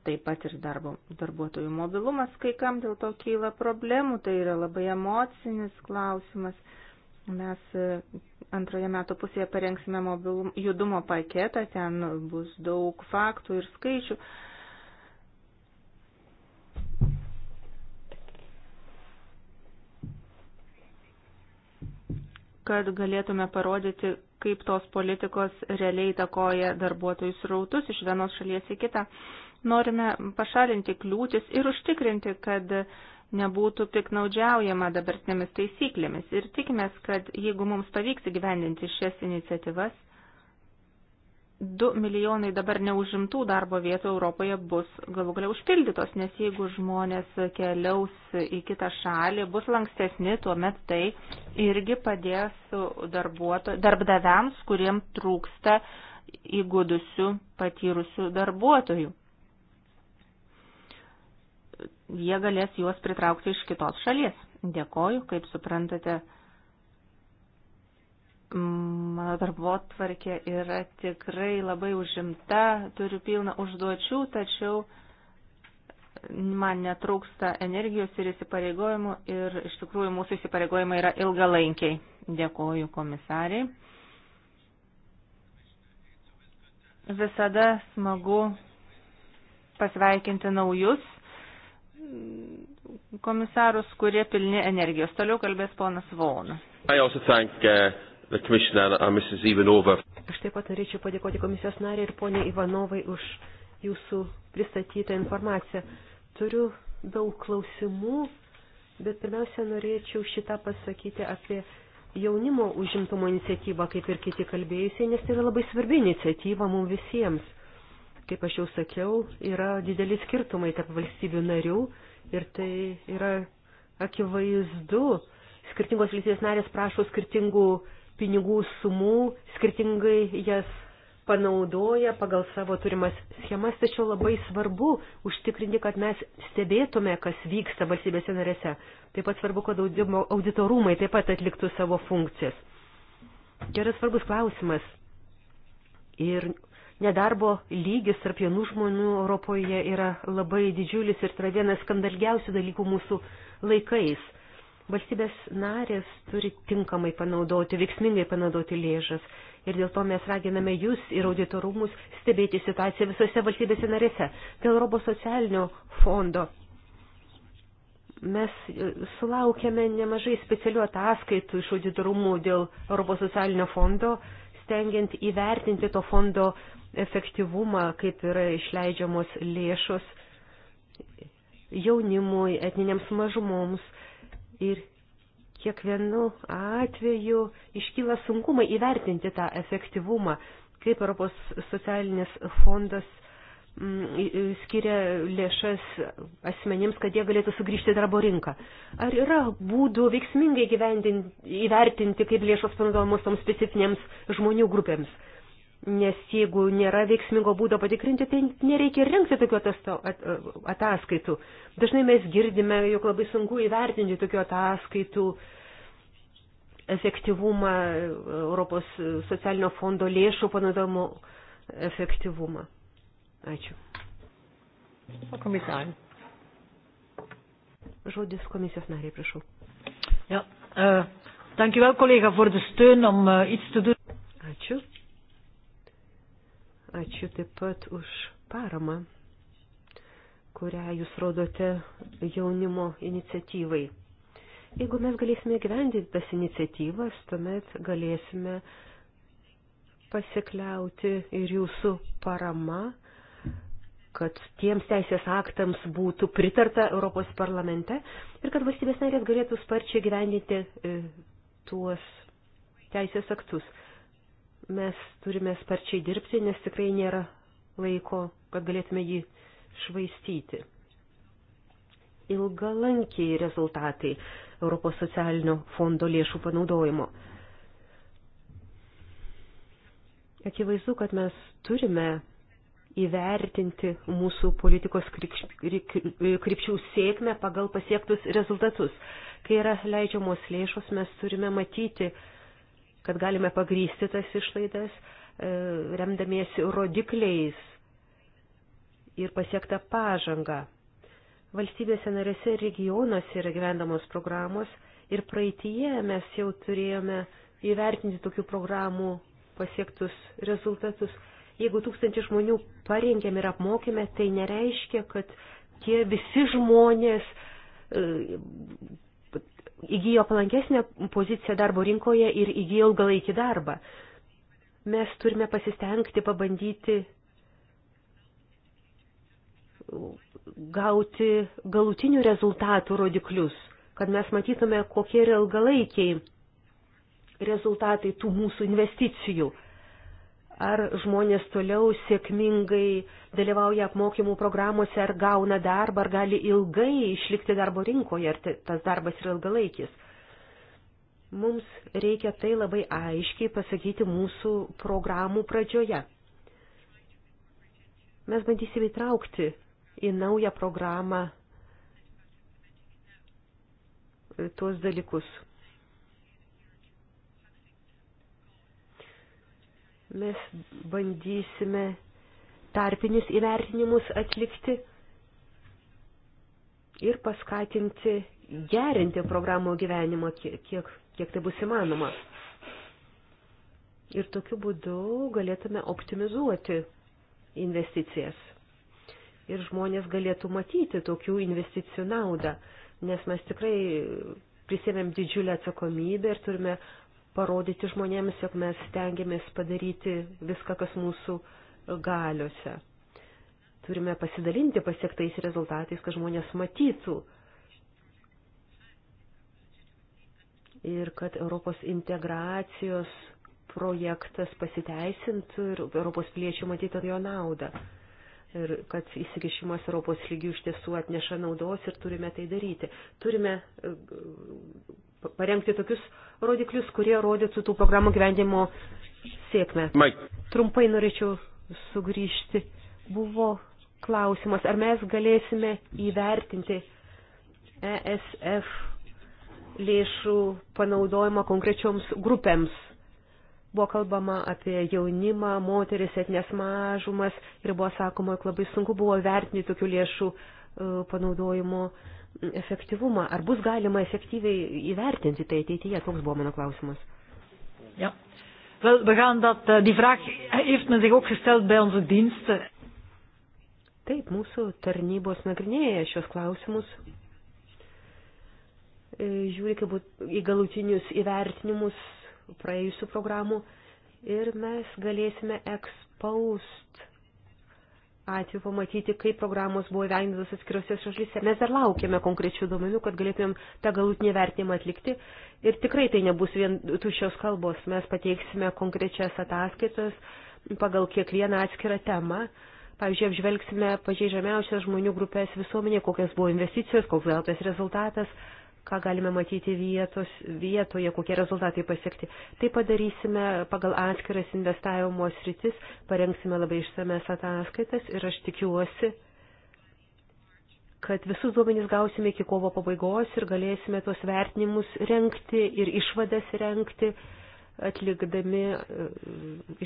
taip pat ir darbo, darbuotojų mobilumas, kai kam dėl to kyla problemų, tai yra labai emocinis klausimas. Mes e, antroje metų pusėje parengsime mobilum, judumo paketą, ten bus daug faktų ir skaičių. kad galėtume parodyti, kaip tos politikos realiai takoja darbuotojus rautus iš vienos šalies į kitą. Uh, Norime pašalinti kliūtis ir užtikrinti, kad nebūtų piknaudžiaujama dabartinėmis taisyklėmis. Ir tikimės, kad jeigu mums pavyks įgyvendinti šias iniciatyvas, 2 milijonai dabar neužimtų darbo vietų Europoje bus galų galia užpildytos, nes jeigu žmonės keliaus į kitą šalį, bus lankstesni, tuomet tai irgi padės darbdaviams, kuriem trūksta įgudusių, patyrusių darbuotojų jie galės juos pritraukti iš kitos šalies. Dėkoju, kaip suprantate, mano darbo tvarkė yra tikrai labai užimta, turiu pilną užduočių, tačiau man netrūksta energijos ir įsipareigojimų ir iš tikrųjų mūsų įsipareigojimai yra ilgalankiai. Dėkoju komisariai. Visada smagu pasveikinti naujus komisarus, kurie pilni energijos. Toliau kalbės ponas Vonas. Uh, uh, Aš taip pat norėčiau padėkoti komisijos nariai ir ponė Ivanovai už jūsų pristatytą informaciją. Turiu daug klausimų, bet pirmiausia norėčiau šitą pasakyti apie jaunimo užimtumo iniciatyvą, kaip ir kiti kalbėjusiai, nes tai yra labai svarbi iniciatyva mums visiems kaip aš jau sakiau, yra dideli skirtumai tarp valstybių narių ir tai yra akivaizdu. Skirtingos valstybės narės prašo skirtingų pinigų sumų, skirtingai jas panaudoja pagal savo turimas schemas, tačiau labai svarbu užtikrinti, kad mes stebėtume, kas vyksta valstybėse narėse. Taip pat svarbu, kad auditorumai taip pat atliktų savo funkcijas. Čia yra svarbus klausimas. Ir Nedarbo lygis tarp jaunų žmonių Europoje yra labai didžiulis ir tai yra vienas skandalgiausių dalykų mūsų laikais. Valstybės narės turi tinkamai panaudoti, veiksmingai panaudoti lėžas ir dėl to mes raginame jūs ir auditorumus stebėti situaciją visose valstybėse narėse. Dėl Europos socialinio fondo mes e, sulaukėme nemažai specialių ataskaitų iš auditorumų dėl Europos socialinio fondo stengiant įvertinti to fondo efektyvumą, kaip yra išleidžiamos lėšos jaunimui, etniniams mažumoms ir kiekvienu atveju iškyla sunkumai įvertinti tą efektyvumą, kaip Europos socialinis fondas Mm, skiria lėšas asmenims, kad jie galėtų sugrįžti į darbo rinką. Ar yra būdų veiksmingai įvertinti, kaip lėšos panaudojamos toms specifinėms žmonių grupėms? Nes jeigu nėra veiksmingo būdo patikrinti, tai nereikia rinkti tokių ataskaitų. Dažnai mes girdime, jog labai sunku įvertinti tokių ataskaitų efektyvumą Europos socialinio fondo lėšų panaudojimo efektyvumą. Ačiū. Komisarė. Žodis komisijos nariai, prašau. Ja, uh, e, dankjewel collega voor de steun om uh, iets te doen. Ačiū. Ačiū taip pat už paramą, kurią jūs rodote jaunimo iniciatyvai. Jeigu mes galėsime gyvendinti tas iniciatyvas, tuomet galėsime pasikliauti ir jūsų parama kad tiems teisės aktams būtų pritarta Europos parlamente ir kad valstybės narės galėtų sparčiai gyvendinti e, tuos teisės aktus. Mes turime sparčiai dirbti, nes tikrai nėra laiko, kad galėtume jį švaistyti. Ilgalankiai rezultatai Europos socialinio fondo lėšų panaudojimo. Akivaizdu, kad mes turime įvertinti mūsų politikos krypčių sėkmę pagal pasiektus rezultatus. Kai yra leidžiamos lėšos, mes turime matyti, kad galime pagrysti tas išlaidas, e, remdamiesi rodikliais ir pasiektą pažangą. Valstybėse narėse ir regionuose yra gyvendamos programos ir praeitie mes jau turėjome įvertinti tokių programų pasiektus rezultatus. Jeigu tūkstantį žmonių parengėm ir apmokėme, tai nereiškia, kad tie visi žmonės e, įgyjo palankesnę poziciją darbo rinkoje ir įgyjo ilgalaikį darbą. Mes turime pasistengti, pabandyti gauti galutinių rezultatų rodiklius, kad mes matytume, kokie yra ilgalaikiai rezultatai tų mūsų investicijų ar žmonės toliau sėkmingai dalyvauja apmokymų programuose, ar gauna darbą, ar gali ilgai išlikti darbo rinkoje, ar tas darbas yra ilgalaikis. Mums reikia tai labai aiškiai pasakyti mūsų programų pradžioje. Mes bandysime įtraukti į naują programą tuos dalykus. Mes bandysime tarpinius įvertinimus atlikti ir paskatinti gerinti programų gyvenimą, kiek, kiek, kiek tai bus įmanoma. Ir tokiu būdu galėtume optimizuoti investicijas. Ir žmonės galėtų matyti tokių investicijų naudą, nes mes tikrai prisėmėm didžiulę atsakomybę ir turime parodyti žmonėms, jog mes stengiamės padaryti viską, kas mūsų galiuose. Turime pasidalinti pasiektais rezultatais, kad žmonės matytų ir kad Europos integracijos projektas pasiteisintų ir Europos piliečių matytų jo naudą. Ir kad įsigišimas Europos lygių iš tiesų atneša naudos ir turime tai daryti. Turime parengti tokius rodiklius, kurie rodytų tų programų gyvendimo sėkmę. Mike. Trumpai norėčiau sugrįžti. Buvo klausimas, ar mes galėsime įvertinti ESF lėšų panaudojimą konkrečioms grupėms. Buvo kalbama apie jaunimą, moteris, etnės mažumas ir buvo sakoma, jog labai sunku buvo vertinti tokių lėšų e, panaudojimo uh, efektyvumą. Ar bus galima efektyviai įvertinti tai ateityje? Toks buvo mano klausimas. Ja. Wel, we gaan dat, uh, die vraag heeft men zich ook gesteld bij onze diensten. Taip, mūsų tarnybos nagrinėja šios klausimus, e, žiūri kaip į galutinius įvertinimus praėjusių programų ir mes galėsime ekspaust atveju pamatyti, kaip programos buvo įvendintos atskiriuose šalyse. Mes dar laukiame konkrečių duomenų, kad galėtumėm tą galutinį vertinimą atlikti. Ir tikrai tai nebus vien tuščios kalbos. Mes pateiksime konkrečias ataskaitas pagal kiekvieną atskirą temą. Pavyzdžiui, apžvelgsime pažeidžiamiausias žmonių grupės visuomenė, kokias buvo investicijos, koks gautas rezultatas ką galime matyti vietos, vietoje, kokie rezultatai pasiekti. Tai padarysime pagal atskiras investavimo sritis, parengsime labai išsames ataskaitas ir aš tikiuosi, kad visus duomenys gausime iki kovo pabaigos ir galėsime tuos vertinimus renkti ir išvadas renkti, atlikdami e,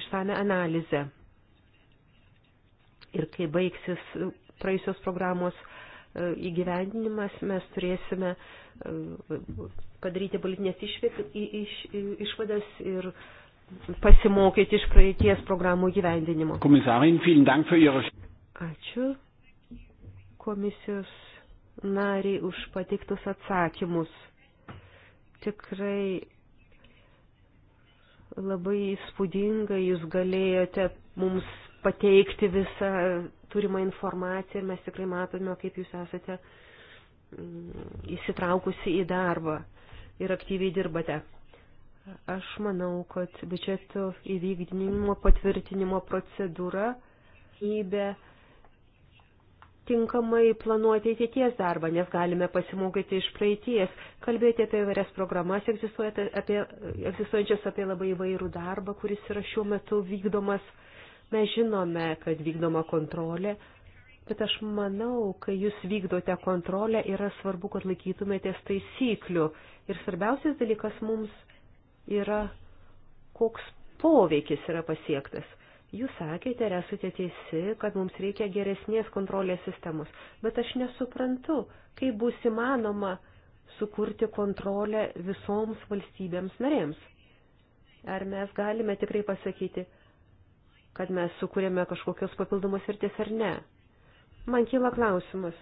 išsame analizę. Ir kai baigsis praeisios programos e, įgyvendinimas, mes turėsime uh, padaryti politinės išvadas ir pasimokyti iš praeities programų gyvendinimo. Komisarin, dank für Ihre... Ačiū komisijos nariai už patiktus atsakymus. Tikrai labai įspūdingai jūs galėjote mums pateikti visą turimą informaciją ir mes tikrai matome, kaip jūs esate įsitraukusi į darbą ir aktyviai dirbate. Aš manau, kad biudžeto įvykdinimo patvirtinimo procedūra įbė tinkamai planuoti ateities darbą, nes galime pasimokyti iš praeities, kalbėti apie įvairias programas, apie, egzistuojančias apie labai įvairų darbą, kuris yra šiuo metu vykdomas. Mes žinome, kad vykdoma kontrolė, Bet aš manau, kai jūs vykdote kontrolę, yra svarbu, kad laikytumėtės taisyklių. Ir svarbiausias dalykas mums yra, koks poveikis yra pasiektas. Jūs sakėte, ir esate teisi, kad mums reikia geresnės kontrolės sistemos. Bet aš nesuprantu, kaip bus įmanoma sukurti kontrolę visoms valstybėms narėms. Ar mes galime tikrai pasakyti, kad mes sukūrėme kažkokios papildomos vertės ar ne? Man kyla klausimas,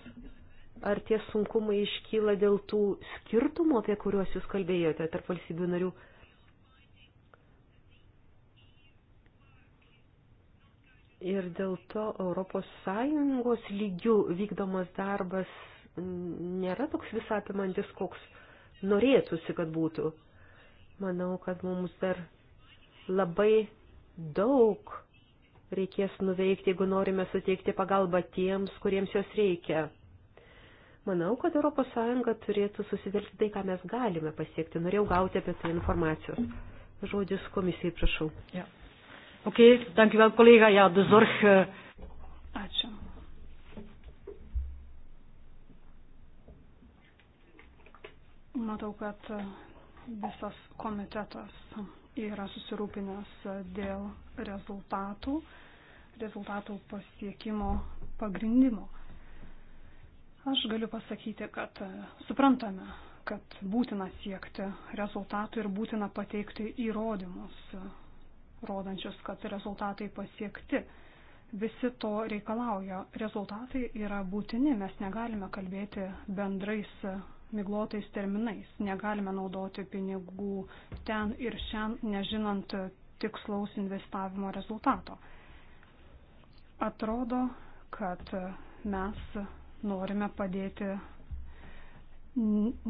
ar tie sunkumai iškyla dėl tų skirtumų, apie kuriuos jūs kalbėjote tarp valstybių narių? Ir dėl to ES lygių vykdomas darbas nėra toks visapimantis, koks norėtųsi, kad būtų. Manau, kad mums dar labai daug reikės nuveikti, jeigu norime suteikti pagalbą tiems, kuriems jos reikia. Manau, kad ES turėtų susitelkti tai, ką mes galime pasiekti. Norėjau gauti apie tai informacijos. Žodis komisijai, prašau. Ja. Ok, dankjewel kolega. Ja, de zorg. Eh. Ačiū. Matau, kad eh, visas komitetas yra susirūpinęs dėl rezultatų, rezultatų pasiekimo pagrindimo. Aš galiu pasakyti, kad suprantame, kad būtina siekti rezultatų ir būtina pateikti įrodymus, rodančius, kad rezultatai pasiekti. Visi to reikalauja. Rezultatai yra būtini, mes negalime kalbėti bendrais miglotais terminais. Negalime naudoti pinigų ten ir šiam, nežinant tikslaus investavimo rezultato. Atrodo, kad mes norime padėti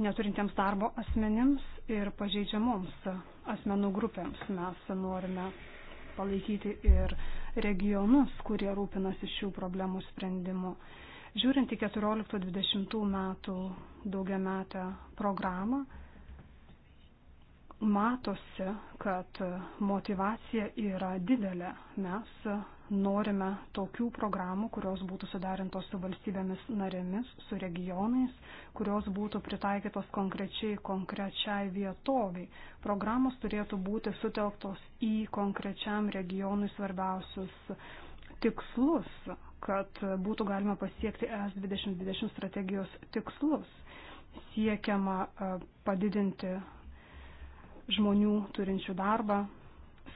neturintiems darbo asmenims ir pažeidžiamoms asmenų grupėms. Mes norime palaikyti ir regionus, kurie rūpinasi šių problemų sprendimu. Žiūrint į 14-20 metų daugiametę programą, matosi, kad motivacija yra didelė. Mes norime tokių programų, kurios būtų sudarintos su valstybėmis narėmis, su regionais, kurios būtų pritaikytos konkrečiai konkrečiai vietoviai. Programos turėtų būti sutelktos į konkrečiam regionui svarbiausius tikslus, kad būtų galima pasiekti ES 2020 strategijos tikslus. Siekiama e, padidinti žmonių turinčių darbą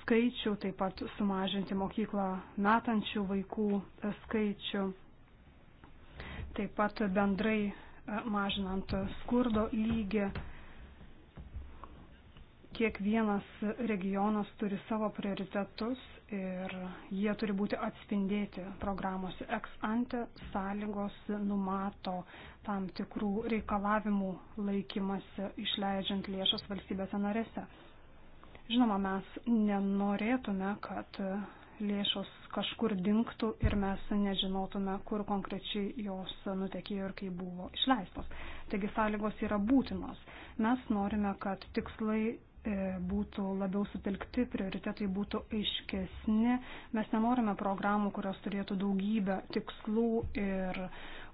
skaičių, taip pat sumažinti mokyklą metančių vaikų e, skaičių, taip pat bendrai e, mažinant skurdo lygį kiekvienas regionas turi savo prioritetus ir jie turi būti atspindėti programos ex ante sąlygos numato tam tikrų reikalavimų laikymasi išleidžiant lėšas valstybėse narėse. Žinoma, mes nenorėtume, kad lėšos kažkur dinktų ir mes nežinotume, kur konkrečiai jos nutekėjo ir kaip buvo išleistos. Taigi sąlygos yra būtinos. Mes norime, kad tikslai E, būtų labiau sutelkti, prioritetai būtų aiškesni. Mes nenorime programų, kurios turėtų daugybę tikslų ir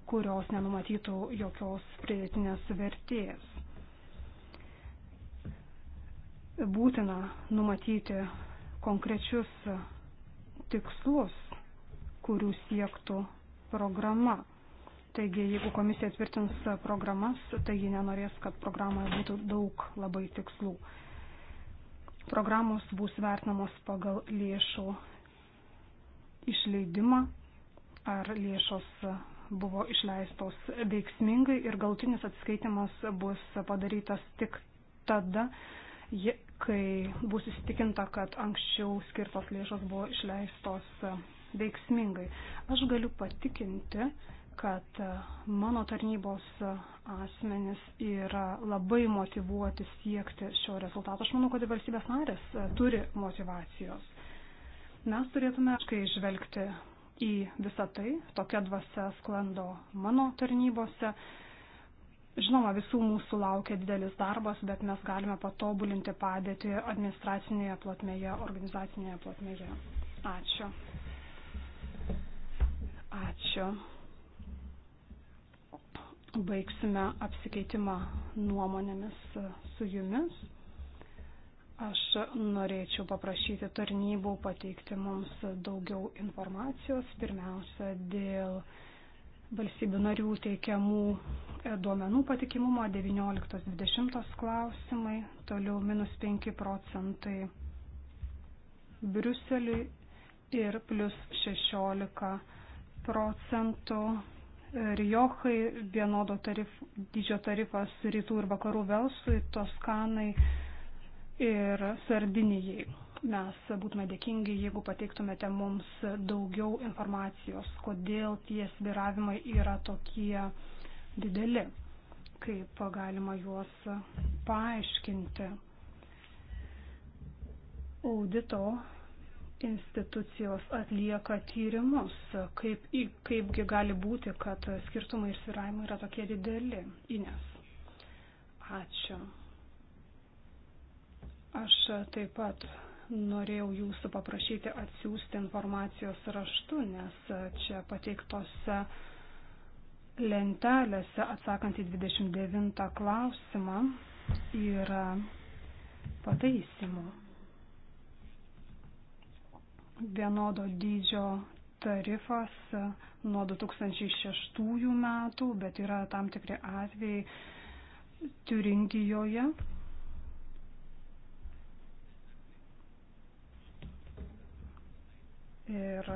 kurios nenumatytų jokios pridėtinės vertės. Būtina numatyti konkrečius tikslus, kurių siektų programa. Taigi, jeigu komisija tvirtins programas, tai ji nenorės, kad programoje būtų daug labai tikslų programos bus vertinamos pagal lėšų išleidimą, ar lėšos buvo išleistos veiksmingai ir galtinis atskaitimas bus padarytas tik tada, kai bus įstikinta, kad anksčiau skirtos lėšos buvo išleistos veiksmingai. Aš galiu patikinti, kad e, mano tarnybos e, asmenys yra labai motivuoti siekti šio rezultato. Aš manau, kad ir valstybės narės e, turi motivacijos. Mes turėtume aiškai žvelgti į visą tai. Tokia dvasia sklando mano tarnybose. Žinoma, visų mūsų laukia didelis darbas, bet mes galime patobulinti padėtį administracinėje plotmėje, organizacinėje plotmėje. Ačiū. Ačiū baigsime apsikeitimą nuomonėmis su jumis. Aš norėčiau paprašyti tarnybų pateikti mums daugiau informacijos, pirmiausia, dėl valstybių narių teikiamų e, duomenų patikimumo 19-20 klausimai, toliau minus 5 procentai Briuseliui ir plus 16 procentų Riochai vienodo tarif, dydžio tarifas rytų ir vakarų Velsui, Toskanai ir Sardinijai. Mes būtume dėkingi, jeigu pateiktumėte mums daugiau informacijos, kodėl tie sviravimai yra tokie dideli, kaip galima juos paaiškinti. Audito institucijos atlieka tyrimus, kaip, kaipgi gali būti, kad skirtumai ir sviravimai yra tokie dideli. Ines. Ačiū. Aš taip pat norėjau jūsų paprašyti atsiųsti informacijos raštu, nes čia pateiktose lentelėse atsakant į 29 klausimą yra pataisimų vienodo dydžio tarifas e, nuo 2006 metų, bet yra tam tikri atvejai Turingijoje. Ir e,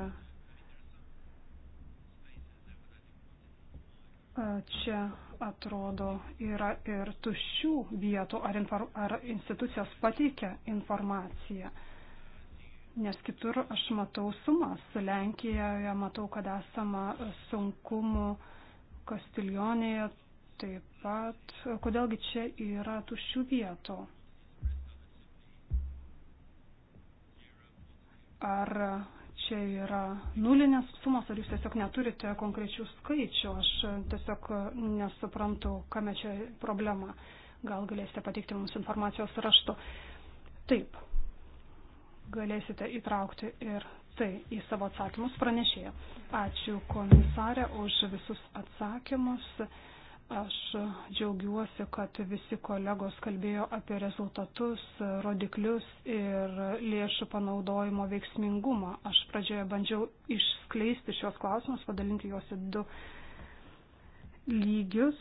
čia atrodo yra ir tuščių vietų, ar, infor, ar institucijos pateikia informaciją nes kitur aš matau sumas. Lenkijoje matau, kad esama sunkumų, Kastiljonėje taip pat. Kodėlgi čia yra tuščių vietų? Ar čia yra nulinės sumos, ar jūs tiesiog neturite konkrečių skaičių? Aš tiesiog nesuprantu, kame čia problema. Gal galėsite pateikti mums informacijos raštu. Taip, galėsite įtraukti ir tai į savo atsakymus pranešėją. Ačiū komisarė už visus atsakymus. Aš džiaugiuosi, kad visi kolegos kalbėjo apie rezultatus, rodiklius ir lėšų panaudojimo veiksmingumą. Aš pradžioje bandžiau išskleisti šios klausimus, padalinti juos į du lygius.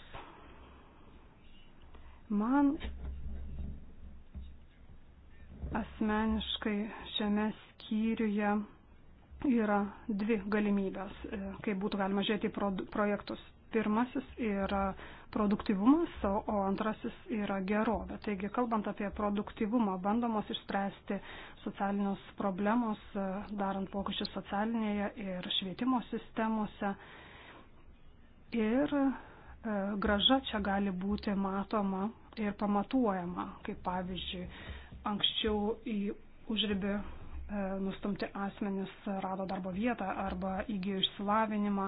Man asmeniškai šiame skyriuje yra dvi galimybės, e, kaip būtų galima žiūrėti į projektus. Pirmasis yra produktivumas, o antrasis yra gerovė. Taigi, kalbant apie produktivumą, bandomos išspręsti socialinius problemos, e, darant pokyčius socialinėje ir švietimo sistemose. Ir e, graža čia gali būti matoma ir pamatuojama, kaip pavyzdžiui, anksčiau į užribį e, nustumti asmenys rado darbo vietą arba įgyjo išsilavinimą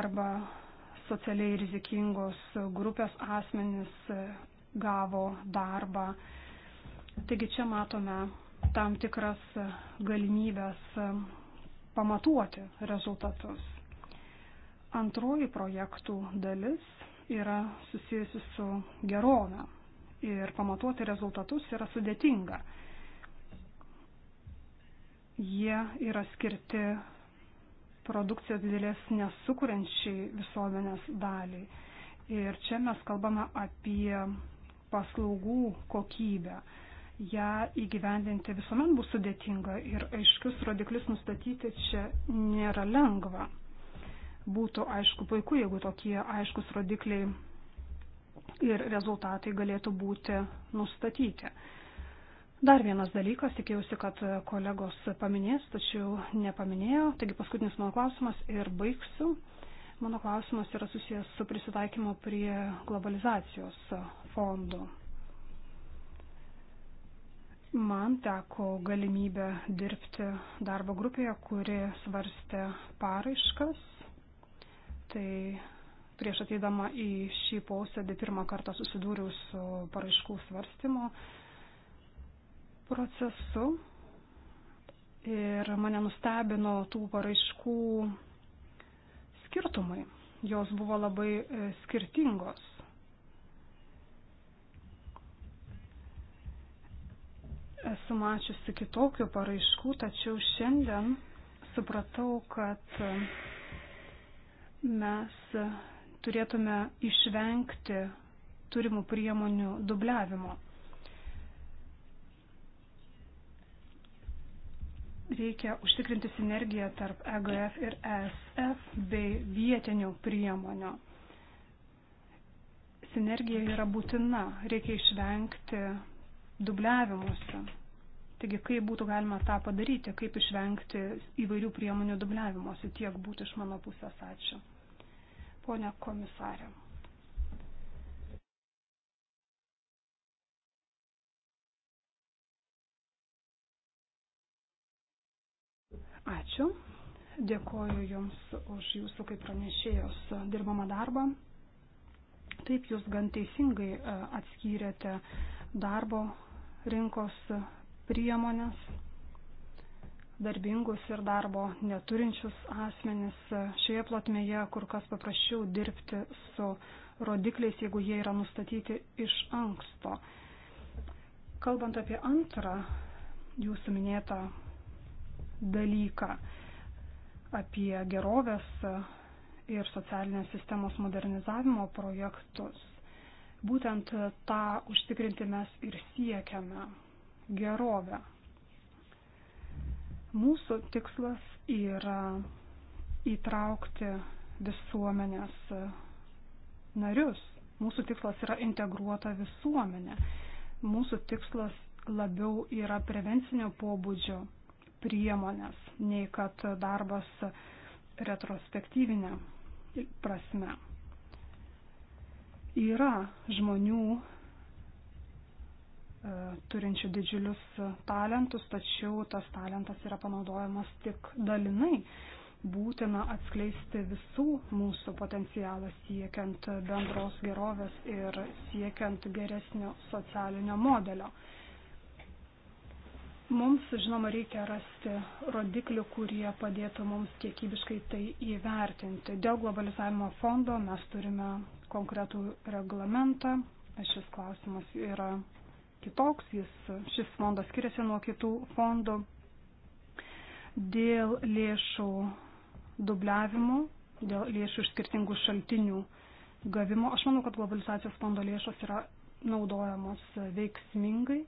arba socialiai rizikingos grupės asmenys e, gavo darbą. Taigi čia matome tam tikras galimybės e, pamatuoti rezultatus. Antroji projektų dalis yra susijusi su gerove ir pamatuoti rezultatus yra sudėtinga. Jie yra skirti produkcijos didelės nesukuriančiai visuomenės daliai. Ir čia mes kalbame apie paslaugų kokybę. Ja įgyvendinti visuomet bus sudėtinga ir aiškius rodiklius nustatyti čia nėra lengva. Būtų aišku puiku, jeigu tokie aiškus rodikliai ir rezultatai galėtų būti nustatyti. Dar vienas dalykas, tikėjausi, kad kolegos paminės, tačiau nepaminėjo. Taigi paskutinis mano klausimas ir baigsiu. Mano klausimas yra susijęs su prisitaikymu prie globalizacijos fondų. Man teko galimybę dirbti darbo grupėje, kuri svarstė paraiškas Tai prieš ateidama į šį posėdį pirmą kartą susidūriau su paraiškų svarstymo procesu ir mane nustebino tų paraiškų skirtumai. Jos buvo labai e, skirtingos. Esu mačiusi kitokių paraiškų, tačiau šiandien supratau, kad mes turėtume išvengti turimų priemonių dubliavimo. Reikia užtikrinti sinergiją tarp EGF ir ESF bei vietinių priemonių. Sinergija yra būtina, reikia išvengti dubliavimuose. Taigi, kaip būtų galima tą padaryti, kaip išvengti įvairių priemonių dubliavimuose, tiek būtų iš mano pusės. Ačiū ponė komisarė. Ačiū. Dėkoju Jums už Jūsų kaip pranešėjos dirbamą darbą. Taip, Jūs gan teisingai e, atskyrėte darbo rinkos priemonės darbingus ir darbo neturinčius asmenis. Šioje plotmėje kur kas paprasčiau dirbti su rodikliais, jeigu jie yra nustatyti iš anksto. Kalbant apie antrą jūsų minėtą dalyką, apie gerovės ir socialinės sistemos modernizavimo projektus, būtent tą užtikrinti mes ir siekiame gerovę Mūsų tikslas yra įtraukti visuomenės narius. Mūsų tikslas yra integruota visuomenė. Mūsų tikslas labiau yra prevencinio pobūdžio priemonės, nei kad darbas retrospektyvinė prasme. Yra žmonių E, turinčių didžiulius e, talentus, tačiau tas talentas yra panaudojamas tik dalinai. Būtina atskleisti visų mūsų potencialą siekiant bendros gerovės ir siekiant geresnio socialinio modelio. Mums, žinoma, reikia rasti rodiklių, kurie padėtų mums kiekybiškai tai įvertinti. Dėl globalizavimo fondo mes turime konkretų reglamentą. Šis klausimas yra kitoks, jis, šis fondas skiriasi nuo kitų fondų dėl lėšų dubliavimo, dėl lėšų iš skirtingų šaltinių gavimo. Aš manau, kad globalizacijos fondo lėšos yra naudojamos veiksmingai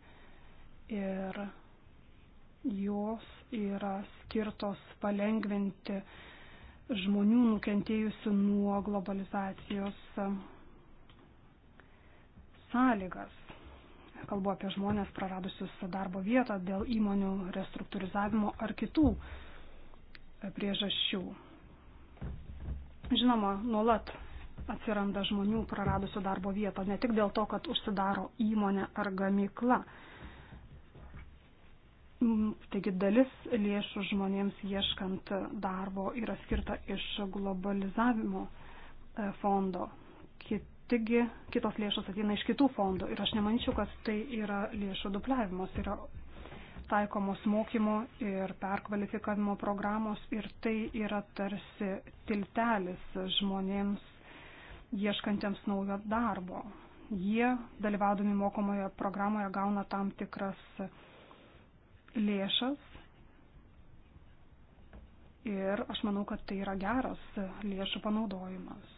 ir jos yra skirtos palengventi žmonių nukentėjusių nuo globalizacijos sąlygas kalbu apie žmonės praradusius darbo vietą dėl įmonių restruktūrizavimo ar kitų e, priežasčių. Žinoma, nuolat atsiranda žmonių praradusių darbo vietą, ne tik dėl to, kad užsidaro įmonė ar gamykla. Mm, taigi dalis lėšų žmonėms ieškant darbo yra skirta iš globalizavimo e, fondo. Kit Taigi kitos lėšos ateina iš kitų fondų ir aš nemanyčiau, kad tai yra lėšų dubliavimas, tai yra taikomos mokymo ir perkvalifikavimo programos ir tai yra tarsi tiltelis žmonėms ieškantiems naujo darbo. Jie dalyvaudami mokomoje programoje gauna tam tikras lėšas ir aš manau, kad tai yra geras lėšų panaudojimas.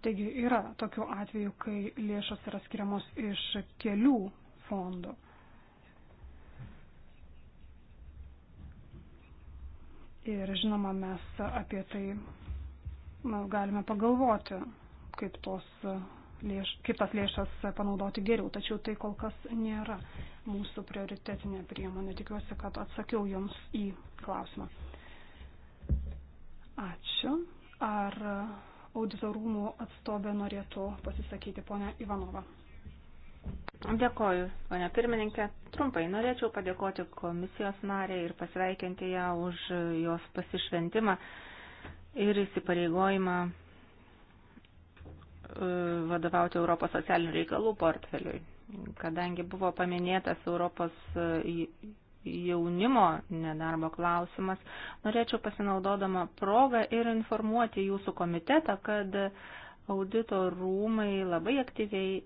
Taigi yra tokių atvejų, kai lėšos yra skiriamos iš kelių fondų. Ir žinoma, mes apie tai na, galime pagalvoti, kaip tos lėš, kaip tas lėšas panaudoti geriau, tačiau tai kol kas nėra mūsų prioritetinė priemonė. Tikiuosi, kad atsakiau Jums į klausimą. Ačiū. Ar auditorumų atstovė norėtų pasisakyti, ponia Ivanova. Dėkoju, ponia pirmininkė. Trumpai norėčiau padėkoti komisijos narė ir pasveikinti ją už jos pasišventimą ir įsipareigojimą e, vadovauti Europos socialinių reikalų portfeliui, kadangi buvo paminėtas Europos e, jaunimo nedarbo klausimas, norėčiau pasinaudodama progą ir informuoti jūsų komitetą, kad audito rūmai labai aktyviai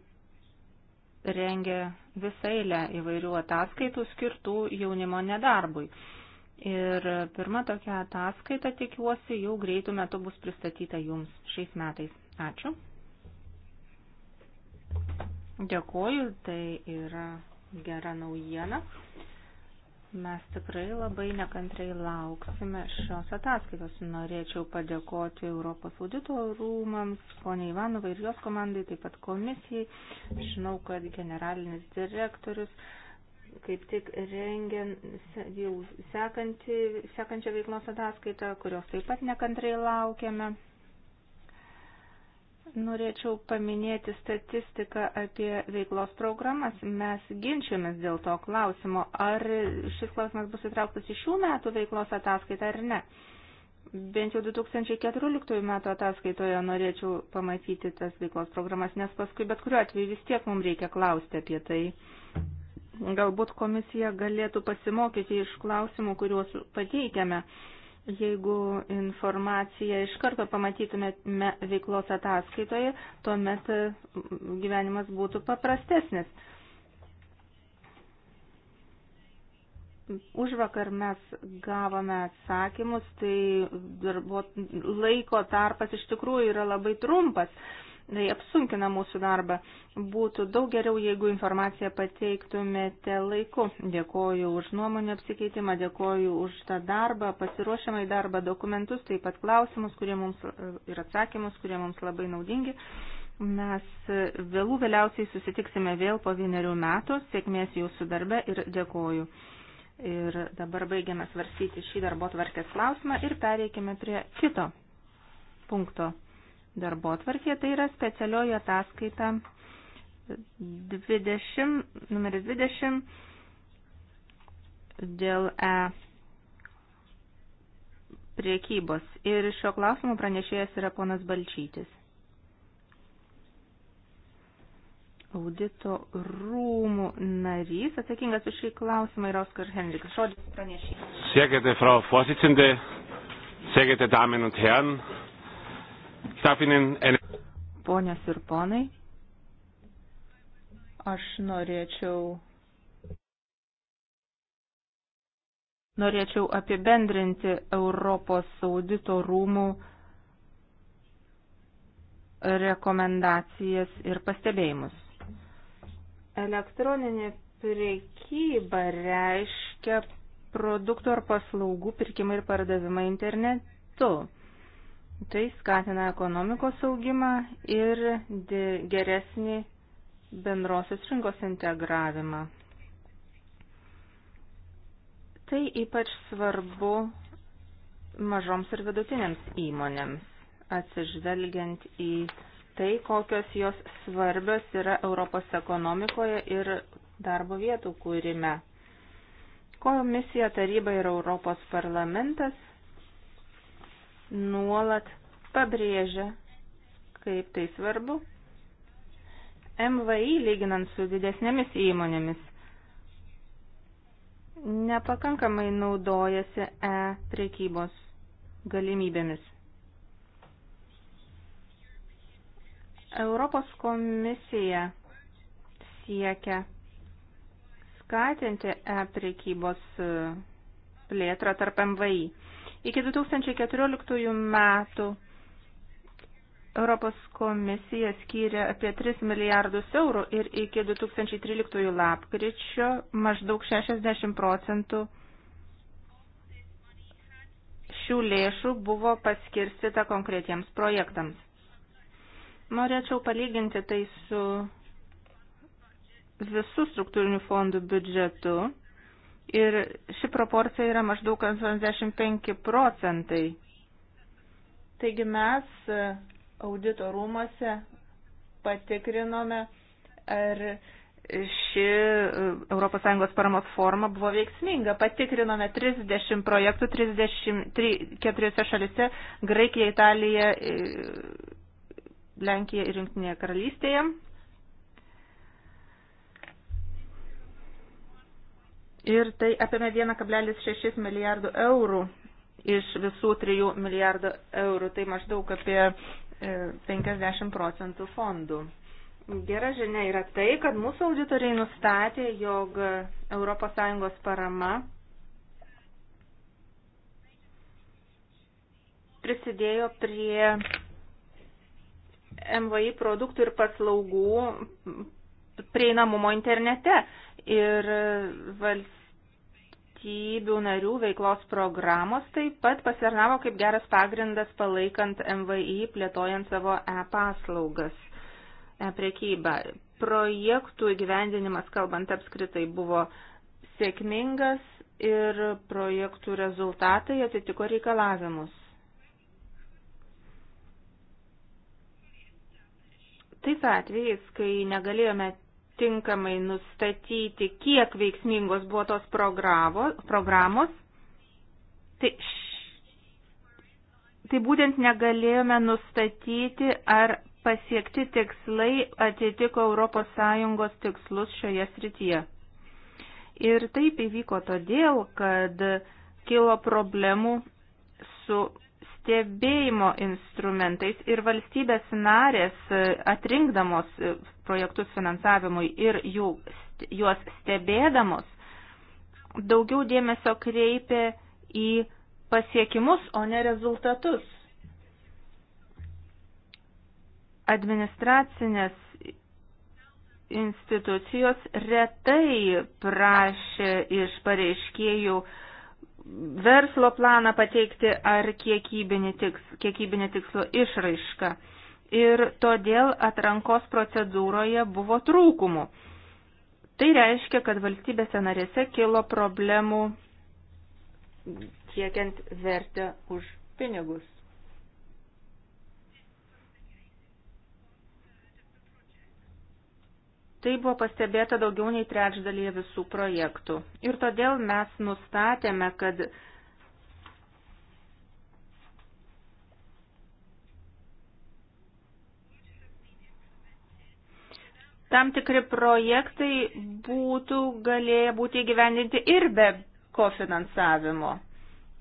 rengia visą eilę įvairių ataskaitų skirtų jaunimo nedarbui. Ir pirma tokia ataskaita, tikiuosi, jau greitų metų bus pristatyta jums šiais metais. Ačiū. Dėkuoju, tai yra gera naujiena. Mes tikrai labai nekantrai lauksime šios ataskaitos. Norėčiau padėkoti Europos audito rūmams, poniai Ivanovai ir jos komandai, taip pat komisijai. Žinau, kad generalinis direktorius kaip tik rengia jau sekantį, sekančią veiklos ataskaitą, kurios taip pat nekantrai laukiame. Norėčiau paminėti statistiką apie veiklos programas. Mes ginčiamės dėl to klausimo, ar šis klausimas bus įtrauktas į šių metų veiklos ataskaitą ar ne. Bent jau 2014 metų ataskaitoje norėčiau pamatyti tas veiklos programas, nes paskui bet kuriuo atveju vis tiek mums reikia klausti apie tai. Galbūt komisija galėtų pasimokyti iš klausimų, kuriuos pateikiame Jeigu informaciją iš karto pamatytume veiklos ataskaitoje, tuomet e, gyvenimas būtų paprastesnis. Už vakar mes gavome atsakymus, tai darbo, laiko tarpas iš tikrųjų yra labai trumpas tai apsunkina mūsų darbą. Būtų daug geriau, jeigu informaciją pateiktumėte laiku. Dėkoju už nuomonę apsikeitimą, dėkoju už tą darbą, pasiruošiamą į darbą dokumentus, taip pat klausimus kurie mums, e, ir atsakymus, kurie mums labai naudingi. Mes e, vėlų vėliausiai susitiksime vėl po vienerių metų. Sėkmės jūsų darbe ir dėkoju. Ir dabar baigiame svarstyti šį darbo tvarkės klausimą ir pereikime prie kito punkto darbo atvarkė, tai yra specialioji ataskaita 20, numeris 20 dėl E priekybos. Ir šio klausimo pranešėjas yra ponas Balčytis. Audito rūmų narys, atsakingas už šį klausimą yra Oskar Henrikas. Žodis pranešėjas. Sėkite, frau Fosicindė, sėkite, damen und herren. Ponios ir ponai, aš norėčiau, norėčiau apibendrinti Europos audito rūmų rekomendacijas ir pastebėjimus. Elektroninė priekyba reiškia produktų ar paslaugų pirkimą ir pardavimą internetu. Tai skatina ekonomikos augimą ir geresnį bendrosios rinkos integravimą. Tai ypač svarbu mažoms ir vidutinėms įmonėms, atsižvelgiant į tai, kokios jos svarbios yra Europos ekonomikoje ir darbo vietų kūrime. Komisija, taryba ir Europos parlamentas nuolat pabrėžia, kaip tai svarbu. MVI, lyginant su didesnėmis įmonėmis, nepakankamai naudojasi e-prekybos galimybėmis. Europos komisija siekia skatinti e-prekybos plėtrą tarp MVI. Iki 2014 metų Europos komisija skyrė apie 3 milijardus eurų ir iki 2013 lapkričio maždaug 60 procentų šių lėšų buvo paskirstyta konkretiems projektams. Norėčiau palyginti tai su visų struktūrinių fondų biudžetu ir ši proporcija yra maždaug 85 procentai. Taigi mes e, audito rūmose patikrinome, ar ši ES paramos forma buvo veiksminga. Patikrinome 30 projektų 34 šalise - Graikija, Italija, e, Lenkija ir Junktinėje karalystėje. Ir tai apėmė 1,6 milijardų eurų iš visų 3 milijardų eurų. Tai maždaug apie 50 e, procentų fondų. Gera žinia yra tai, kad mūsų auditoriai nustatė, jog ES parama prisidėjo prie MVI produktų ir paslaugų prieinamumo internete ir valstybių narių veiklos programos taip pat pasirnavo kaip geras pagrindas palaikant MVI plėtojant savo e-paslaugas, e-prekybą. Projektų įgyvendinimas, kalbant apskritai, buvo sėkmingas ir projektų rezultatai atitiko reikalavimus. Tais atvejais, kai negalėjome tinkamai nustatyti, kiek veiksmingos buvo tos programos. Tai, tai būtent negalėjome nustatyti, ar pasiekti tikslai atitiko ES tikslus šioje srityje. Ir taip įvyko todėl, kad kilo problemų su stebėjimo instrumentais ir valstybės narės e, atrinkdamos e, projektus finansavimui ir jų, juos stebėdamos daugiau dėmesio kreipia į pasiekimus, o ne rezultatus. Administracinės institucijos retai prašė iš pareiškėjų uh, verslo planą pateikti ar kiekybinį, tiks, kiekybinį tikslo išraišką. Ir todėl atrankos procedūroje buvo trūkumų. Tai reiškia, kad valstybėse narėse kilo problemų tiekiant vertę už pinigus. Tai buvo pastebėta daugiau nei trečdalyje visų projektų. Ir todėl mes nustatėme, kad tam tikri projektai būtų galėję būti įgyvendinti ir be kofinansavimo.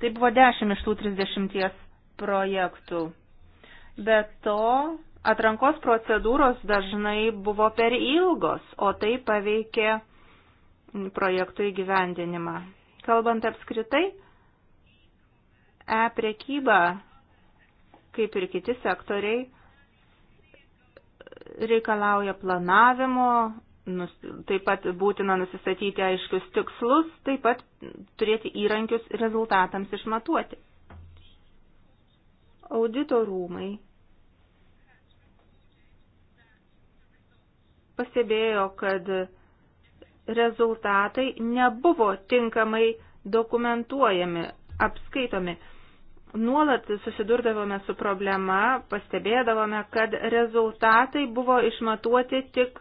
Tai buvo 10 iš tų 30 projektų. Be to, atrankos procedūros dažnai buvo per ilgos, o tai paveikė projektų įgyvendinimą. Kalbant apskritai, e-prekyba, kaip ir kiti sektoriai, reikalauja planavimo, nus, taip pat būtina nusistatyti aiškius tikslus, taip pat turėti įrankius rezultatams išmatuoti. Audito rūmai pastebėjo, kad rezultatai nebuvo tinkamai dokumentuojami, apskaitomi. Nuolat susidurdavome su problema, pastebėdavome, kad rezultatai buvo išmatuoti tik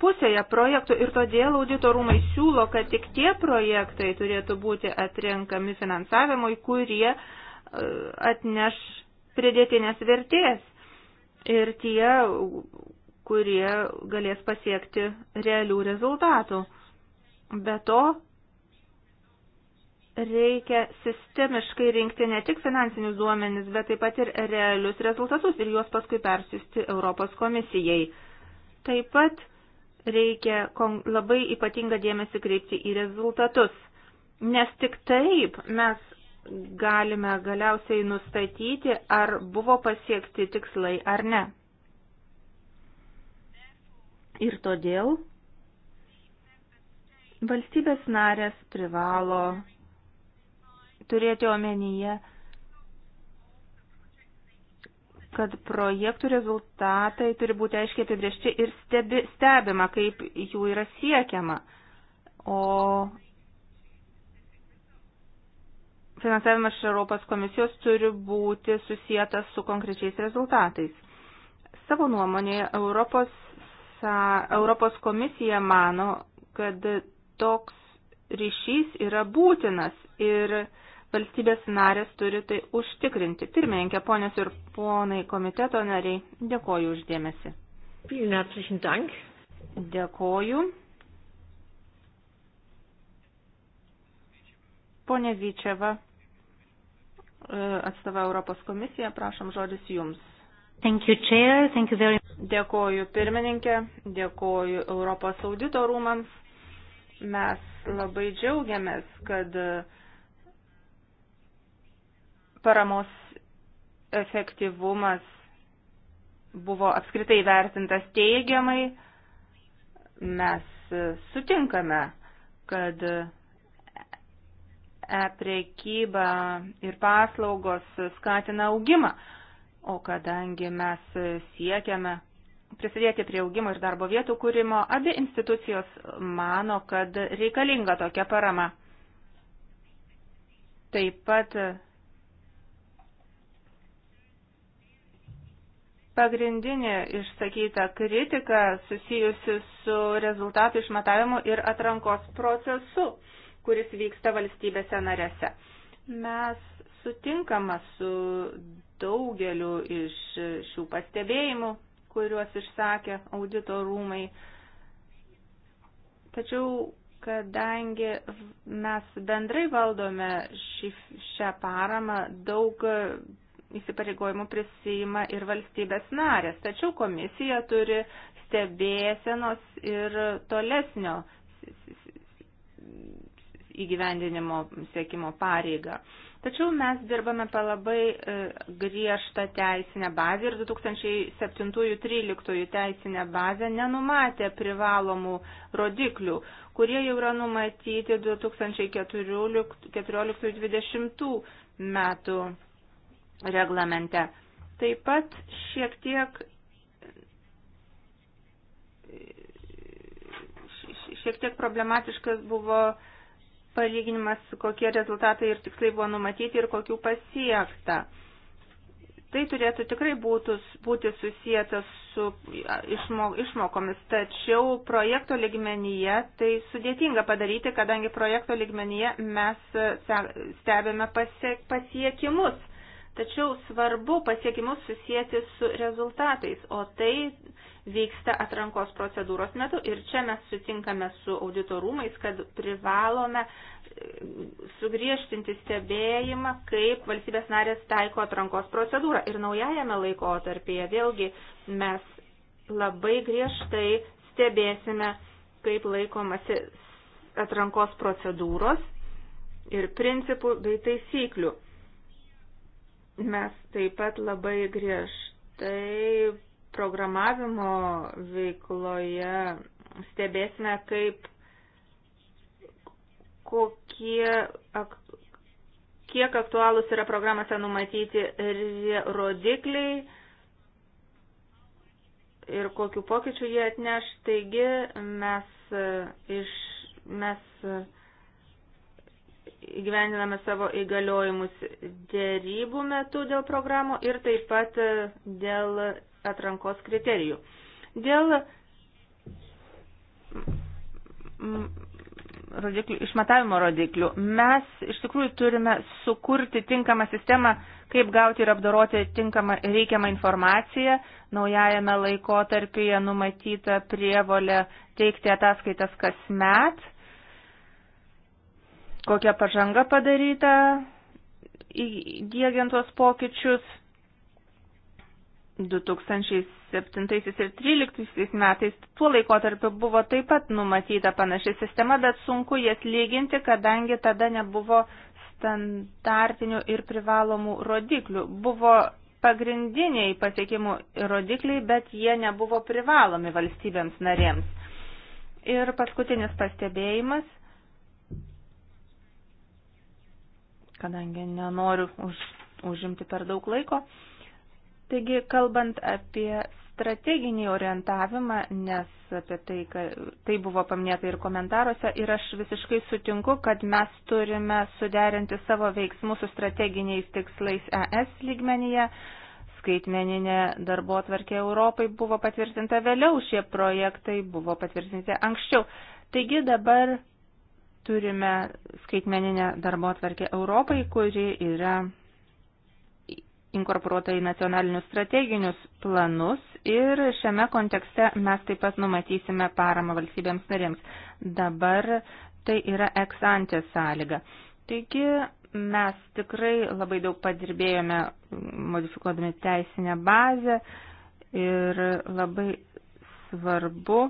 pusėje projektų ir todėl auditorumai siūlo, kad tik tie projektai turėtų būti atrenkami finansavimui, kurie e, atneš pridėtinės vertės. Ir tie kurie galės pasiekti realių rezultatų. Be to, reikia sistemiškai rinkti ne tik finansinius duomenis, bet taip pat ir realius rezultatus ir juos paskui persiųsti Europos komisijai. Taip pat reikia labai ypatingą dėmesį kreipti į rezultatus, nes tik taip mes galime galiausiai nustatyti, ar buvo pasiekti tikslai ar ne. Ir todėl valstybės narės privalo turėti omenyje, kad projektų rezultatai turi būti aiškiai apibriešti ir stebi, stebima, kaip jų yra siekiama. O finansavimas iš Europos komisijos turi būti susijęs su konkrečiais rezultatais. Savo nuomonėje Europos sa, Europos komisija mano, kad toks ryšys yra būtinas ir valstybės narės turi tai užtikrinti. Pirmininkė, ponės ir ponai komiteto nariai, dėkoju uždėmesi. Dėkoju. Pone Vyčeva, e, atstovą Europos komisiją, prašom žodis jums. Thank you, Chair. Thank you very much. Dėkoju pirmininkė, dėkoju Europos audito rūmams. Mes labai džiaugiamės, kad paramos efektyvumas buvo apskritai vertintas teigiamai. Mes sutinkame, kad e-prekyba ir paslaugos skatina augimą, o kadangi mes siekiame prisidėti prie augimo ir darbo vietų kūrimo, abi institucijos mano, kad reikalinga tokia parama. Taip pat pagrindinė išsakyta kritika susijusi su rezultatų išmatavimu ir atrankos procesu, kuris vyksta valstybėse narėse. Mes sutinkama su daugeliu iš šių pastebėjimų, kuriuos išsakė audito rūmai. Tačiau, kadangi mes bendrai valdome šį, šią paramą, daug įsipareigojimų prisima ir valstybės narės. Tačiau komisija turi stebėsenos ir tolesnio įgyvendinimo siekimo pareigą. Tačiau mes dirbame pa labai e, griežtą teisinę bazę ir 2007-2013 teisinę bazę nenumatė privalomų rodiklių, kurie jau yra numatyti 2014-2020 metų reglamente. Taip pat šiek tiek e, šiek tiek problematiškas buvo palyginimas, kokie rezultatai ir tikslai buvo numatyti ir kokių pasiekta. Tai turėtų tikrai būtų, būti susijęs su išmok, išmokomis, tačiau projekto ligmenyje tai sudėtinga padaryti, kadangi projekto ligmenyje mes e, stebime pasiek, pasiekimus. Tačiau svarbu pasiekimus susijęti su rezultatais, o tai vyksta atrankos procedūros metu ir čia mes sutinkame su auditorumais, kad privalome e, sugriežtinti stebėjimą, kaip valstybės narės taiko atrankos procedūrą. Ir naujajame laikotarpyje vėlgi mes labai griežtai stebėsime, kaip laikomasi atrankos procedūros ir principų bei taisyklių. Mes taip pat labai griežtai programavimo veikloje stebėsime, kaip kokie, ak, kiek aktualūs yra programose numatyti rodikliai ir kokiu pokyčiu jie atneš. Taigi mes, iš, mes įgyvendiname savo įgaliojimus dėrybų metu dėl programų ir taip pat dėl atrankos kriterijų. Dėl mm, mm, rodiklių, išmatavimo rodiklių. Mes iš tikrųjų turime sukurti tinkamą sistemą, kaip gauti ir apdoroti tinkamą reikiamą informaciją. Naujajame laikotarpyje numatyta prievolė teikti ataskaitas kasmet, kokia pažanga padaryta įdėgiant tuos pokyčius. 2007 ir 2013 metais tuo laikotarpiu buvo taip pat numatyta panaši sistema, bet sunku jas lyginti, kadangi tada nebuvo standartinių ir privalomų rodiklių. Buvo pagrindiniai pasiekimų rodikliai, bet jie nebuvo privalomi valstybėms narėms. Ir paskutinis pastebėjimas, kadangi nenoriu už, užimti per daug laiko. Taigi, kalbant apie strateginį orientavimą, nes apie tai, tai buvo paminėta ir komentaruose, ir aš visiškai sutinku, kad mes turime suderinti savo veiksmus su strateginiais tikslais ES lygmenyje. Skaitmeninė darbo atvarkė Europai buvo patvirtinta vėliau, šie projektai buvo patvirtinti anksčiau. Taigi dabar turime skaitmeninę darbo atvarkę Europai, kuri yra inkorporuota į nacionalinius strateginius planus ir šiame kontekste mes taip pat numatysime paramą valstybėms narėms. Dabar tai yra eksantė sąlyga. Taigi mes tikrai labai daug padirbėjome mm, modifikuodami teisinę bazę ir labai svarbu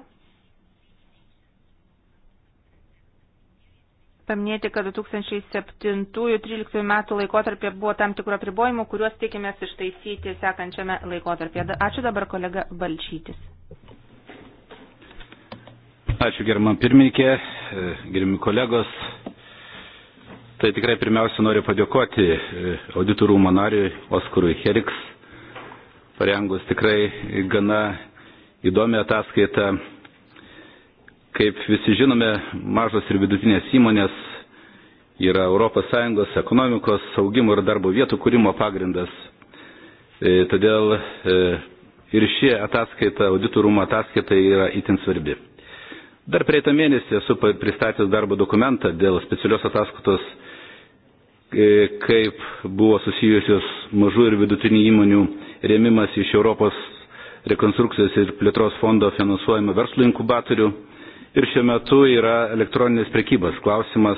paminėti, kad 2007-2013 metų laikotarpė buvo tam tikro pribojimų, kuriuos tikimės ištaisyti sekančiame laikotarpėje. Ačiū dabar kolega Balčytis. Ačiū gerbam pirmininkė, e, gerbimi kolegos. Tai tikrai pirmiausia noriu padėkoti e, auditorumo nariui Oskarui Heriks, parengus tikrai gana įdomią ataskaitą Kaip visi žinome, mažos ir vidutinės įmonės yra ES ekonomikos saugimo ir darbo vietų kūrimo pagrindas. E, todėl e, ir ši ataskaita, auditorumo ataskaita yra itin svarbi. Dar prieitą mėnesį esu pristatęs darbo dokumentą dėl specialios ataskaitos, e, kaip buvo susijusios mažų ir vidutinių įmonių rėmimas iš Europos rekonstrukcijos ir plėtros fondo finansuojama verslo inkubatorių Ir šiuo metu yra elektroninės prekybos klausimas,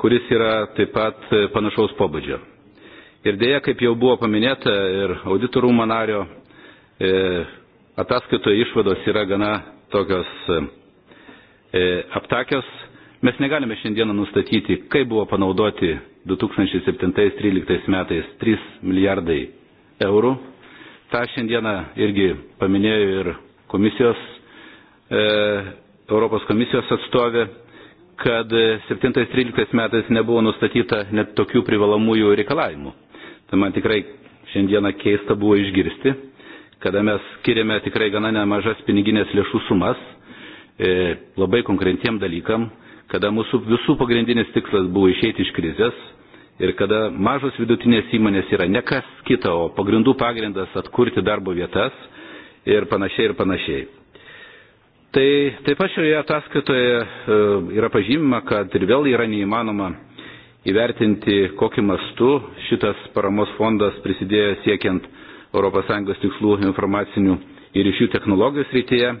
kuris yra taip pat e, panašaus pobūdžio. Ir dėja, kaip jau buvo paminėta, ir auditorų manario e, ataskaitoje išvados yra gana tokios e, e, aptakios. Mes negalime šiandieną nustatyti, kaip buvo panaudoti 2007-2013 metais 3 milijardai eurų. Ta šiandieną irgi paminėjo ir komisijos e, Europos komisijos atstovė, kad 17-13 metais nebuvo nustatyta net tokių privalomųjų reikalavimų. Tai man tikrai šiandieną keista buvo išgirsti, kada mes skiriame tikrai gana nemažas piniginės lėšų sumas e, labai konkrentiem dalykam, kada mūsų visų pagrindinis tikslas buvo išeiti iš krizės ir kada mažos vidutinės įmonės yra ne kas kita, o pagrindų pagrindas atkurti darbo vietas ir panašiai ir panašiai. Tai taip pat šioje ataskaitoje e, yra pažymima, kad ir vėl yra neįmanoma įvertinti, kokį mastu šitas paramos fondas prisidėjo siekiant ES tikslų informacinių ir iš jų technologijos rytyje,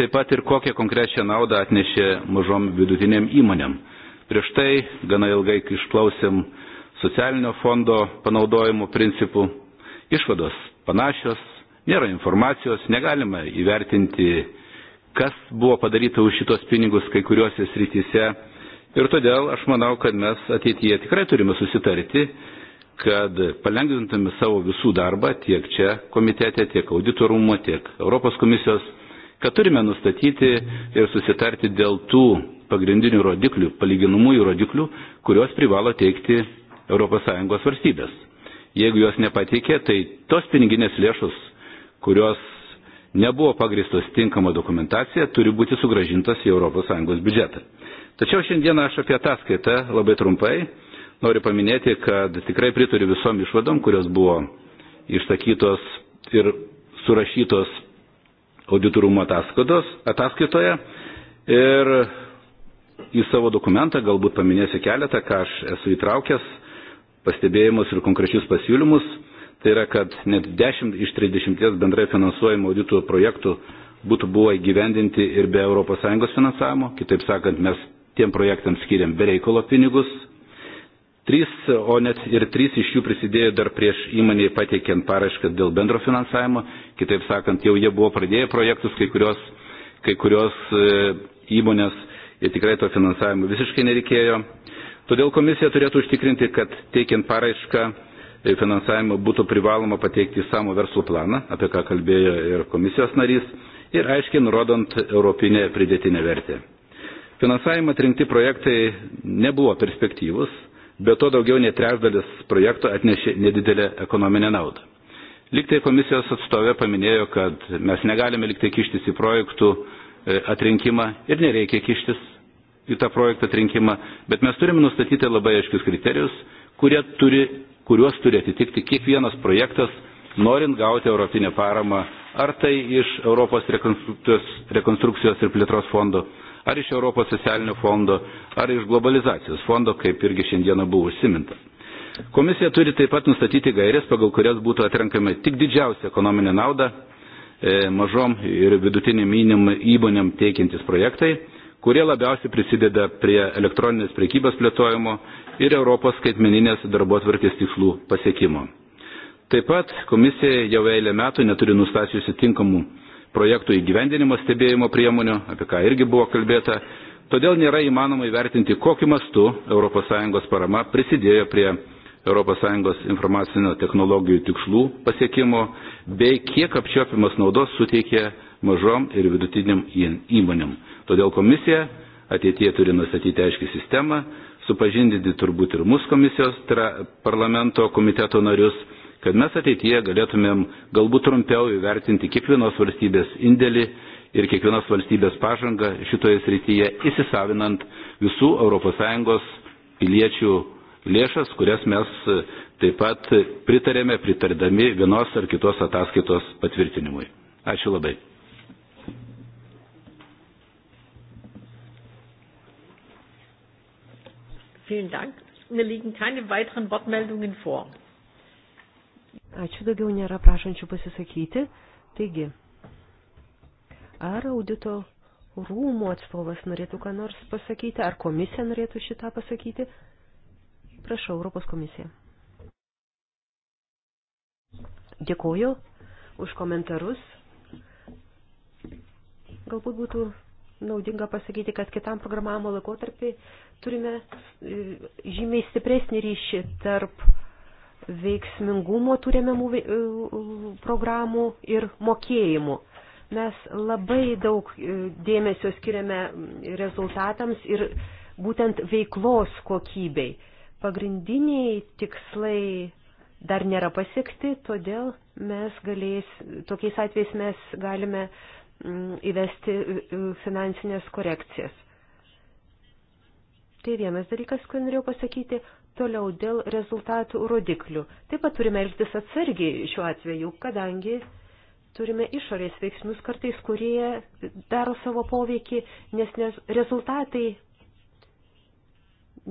taip pat ir kokią konkrečią naudą atnešė mažom vidutiniam įmonėm. Prieš tai gana ilgai išklausėm socialinio fondo panaudojimo principų. Išvados panašios, nėra informacijos, negalime įvertinti kas buvo padaryta už šitos pinigus kai kuriuose srityse. Ir todėl aš manau, kad mes ateityje tikrai turime susitarti, kad palengvintume savo visų darbą tiek čia komitete, tiek auditorumo, tiek Europos komisijos, kad turime nustatyti ir susitarti dėl tų pagrindinių rodiklių, palyginamųjų rodiklių, kuriuos privalo teikti ES valstybės. Jeigu jos nepatikė, tai tos piniginės lėšos, kurios nebuvo pagristos tinkama dokumentacija, turi būti sugražintas į ES biudžetą. Tačiau šiandieną aš apie ataskaitą labai trumpai noriu paminėti, kad tikrai pritariu visom išvadom, kurios buvo išsakytos ir surašytos auditorumo ataskaitoje. Ir į savo dokumentą galbūt paminėsiu keletą, ką aš esu įtraukęs, pastebėjimus ir konkrečius pasiūlymus Tai yra, kad net 10 iš 30 bendrai finansuojimo auditų projektų būtų buvo įgyvendinti ir be ES finansavimo. Kitaip sakant, mes tiem projektams skiriam bereikalo pinigus. Trys, o net ir trys iš jų prisidėjo dar prieš įmonėje pateikiant parašką dėl bendro finansavimo. Kitaip sakant, jau jie buvo pradėję projektus, kai kurios, kai kurios e, įmonės ir tikrai to finansavimo visiškai nereikėjo. Todėl komisija turėtų užtikrinti, kad teikiant paraišką finansavimo būtų privaloma pateikti samų verslo planą, apie ką kalbėjo ir komisijos narys, ir aiškiai nurodant europinę pridėtinę vertę. Finansavimą atrinkti projektai nebuvo perspektyvus, bet to daugiau nei trečdalis projektų atnešė nedidelę ekonominę naudą. Liktai komisijos atstovė paminėjo, kad mes negalime liktai kištis į projektų e, atrinkimą ir nereikia kištis į tą projektą atrinkimą, bet mes turime nustatyti labai aiškius kriterijus, kurie turi kuriuos turi atitikti kiekvienas projektas, norint gauti europinę paramą, ar tai iš Europos rekonstrukcijos ir plėtros fondo, ar iš Europos socialinio fondo, ar iš globalizacijos fondo, kaip irgi šiandieną buvo užsiminta. Komisija turi taip pat nustatyti gairės, pagal kurias būtų atrenkama tik didžiausia ekonominė nauda e, mažom ir vidutinėm įmonėm teikiantis projektai, kurie labiausiai prisideda prie elektroninės prekybos plėtojimo ir Europos skaitmeninės darbotvarkės tikslų pasiekimo. Taip pat komisija jau eilę metų neturi nustačiusi tinkamų projektų įgyvendinimo stebėjimo priemonių, apie ką irgi buvo kalbėta, todėl nėra įmanoma įvertinti, kokiu mastu ES parama prisidėjo prie ES informacinio technologijų tikslų pasiekimo bei kiek apčiopimas naudos suteikė mažom ir vidutiniam įmonėm. Todėl komisija ateitie turi nustatyti aiškį sistemą, supažindinti turbūt ir mūsų komisijos, tai yra parlamento komiteto narius, kad mes ateityje galėtumėm galbūt trumpiau įvertinti kiekvienos valstybės indėlį ir kiekvienos valstybės pažangą šitoje srityje, įsisavinant visų ES piliečių lėšas, kurias mes taip pat pritarėme, pritardami vienos ar kitos ataskaitos patvirtinimui. Ačiū labai. Vielen Dank. Mir liegen keine weiteren Wortmeldungen vor. Ačiū daugiau nėra prašančių pasisakyti. Taigi, ar audito rūmų atstovas norėtų ką nors pasakyti, ar komisija norėtų šitą pasakyti? Prašau, Europos komisija. Dėkuoju už komentarus. Galbūt būtų naudinga pasakyti, kad kitam programavimo laikotarpį turime e, žymiai stipresnį ryšį tarp veiksmingumo turėmiamų e, programų ir mokėjimų. Mes labai daug e, dėmesio skiriame rezultatams ir būtent veiklos kokybei. Pagrindiniai tikslai dar nėra pasiekti, todėl mes galės, tokiais atvejais mes galime mm, įvesti finansinės korekcijas. Tai vienas dalykas, kurį norėjau pasakyti, toliau dėl rezultatų rodiklių. Taip pat turime elgtis atsargiai šiuo atveju, kadangi turime išorės veiksmus kartais, kurie daro savo poveikį, nes, nes rezultatai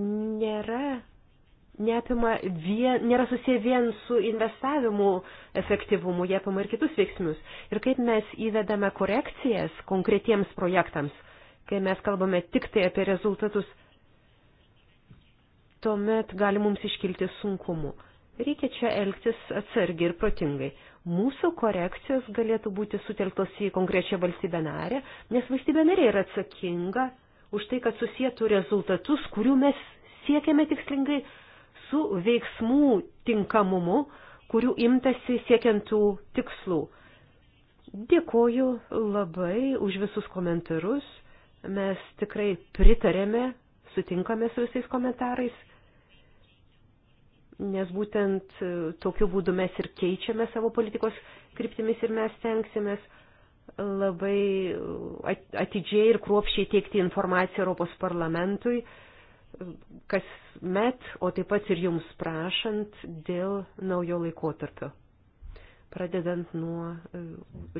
nėra, neapima vien, nėra susiję vien su investavimu efektyvumu, jie apima ir kitus veiksmus. Ir kaip mes įvedame korekcijas konkretiems projektams, kai mes kalbame tik tai apie rezultatus, tuomet gali mums iškilti sunkumų. Reikia čia elgtis atsargiai ir protingai. Mūsų korekcijos galėtų būti sutelktos į konkrečią valstybę narę, nes valstybė narė yra atsakinga už tai, kad susijėtų rezultatus, kurių mes siekiame tikslingai su veiksmų tinkamumu, kurių imtasi siekiantų tikslų. Dėkoju labai už visus komentarus. Mes tikrai pritarėme, sutinkame su visais komentarais nes būtent e, tokiu būdu mes ir keičiame savo politikos kryptimis ir mes tenksimės labai e, atidžiai ir kruopščiai teikti informaciją Europos parlamentui, e, kas met, o taip pat ir jums prašant dėl naujo laikotarpio. Pradedant nuo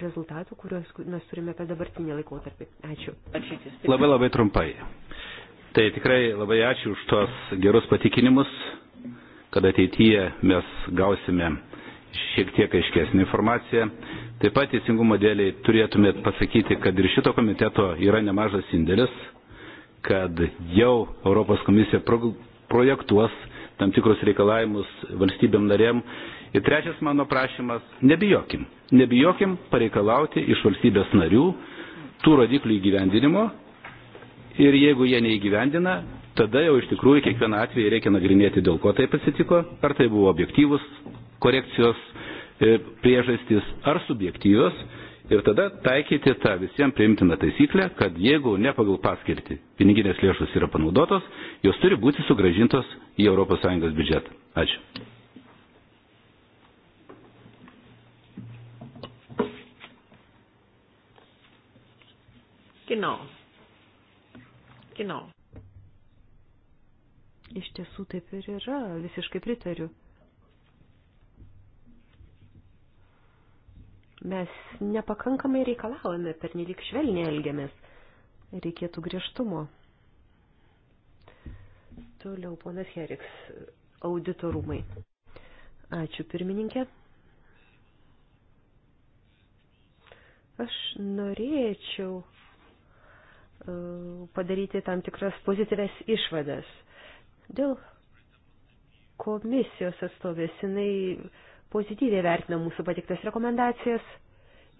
rezultatų, kuriuos mes turime apie dabartinį laikotarpį. Ačiū. Labai labai trumpai. Tai tikrai labai ačiū už tuos gerus patikinimus kad ateityje mes gausime šiek tiek aiškesnį informaciją. Taip pat teisingumo dėliai turėtumėt pasakyti, kad ir šito komiteto yra nemažas indėlis, kad jau Europos komisija projektuos tam tikrus reikalavimus valstybėm narėm. Ir trečias mano prašymas - nebijokim. Nebijokim pareikalauti iš valstybės narių tų rodiklių įgyvendinimo ir jeigu jie neįgyvendina, tada jau iš tikrųjų kiekvieną atvejį reikia nagrinėti, dėl ko taip atsitiko, ar tai buvo objektyvus korekcijos e, priežastys ar subjektyvios ir tada taikyti tą visiems priimtiną taisyklę, kad jeigu ne pagal paskirtį piniginės lėšos yra panaudotos, jos turi būti sugražintos į ES biudžetą. Ačiū. Genau. Genau. Iš tiesų taip ir yra, visiškai pritariu. Mes nepakankamai reikalavome, pernelyg švelniai elgiamės. Reikėtų griežtumo. Toliau, ponas Heriks, auditorumai. Ačiū, pirmininkė. Aš norėčiau e, padaryti tam tikras pozityves išvadas – Dėl komisijos atstovės jinai pozityviai vertina mūsų patiktas rekomendacijas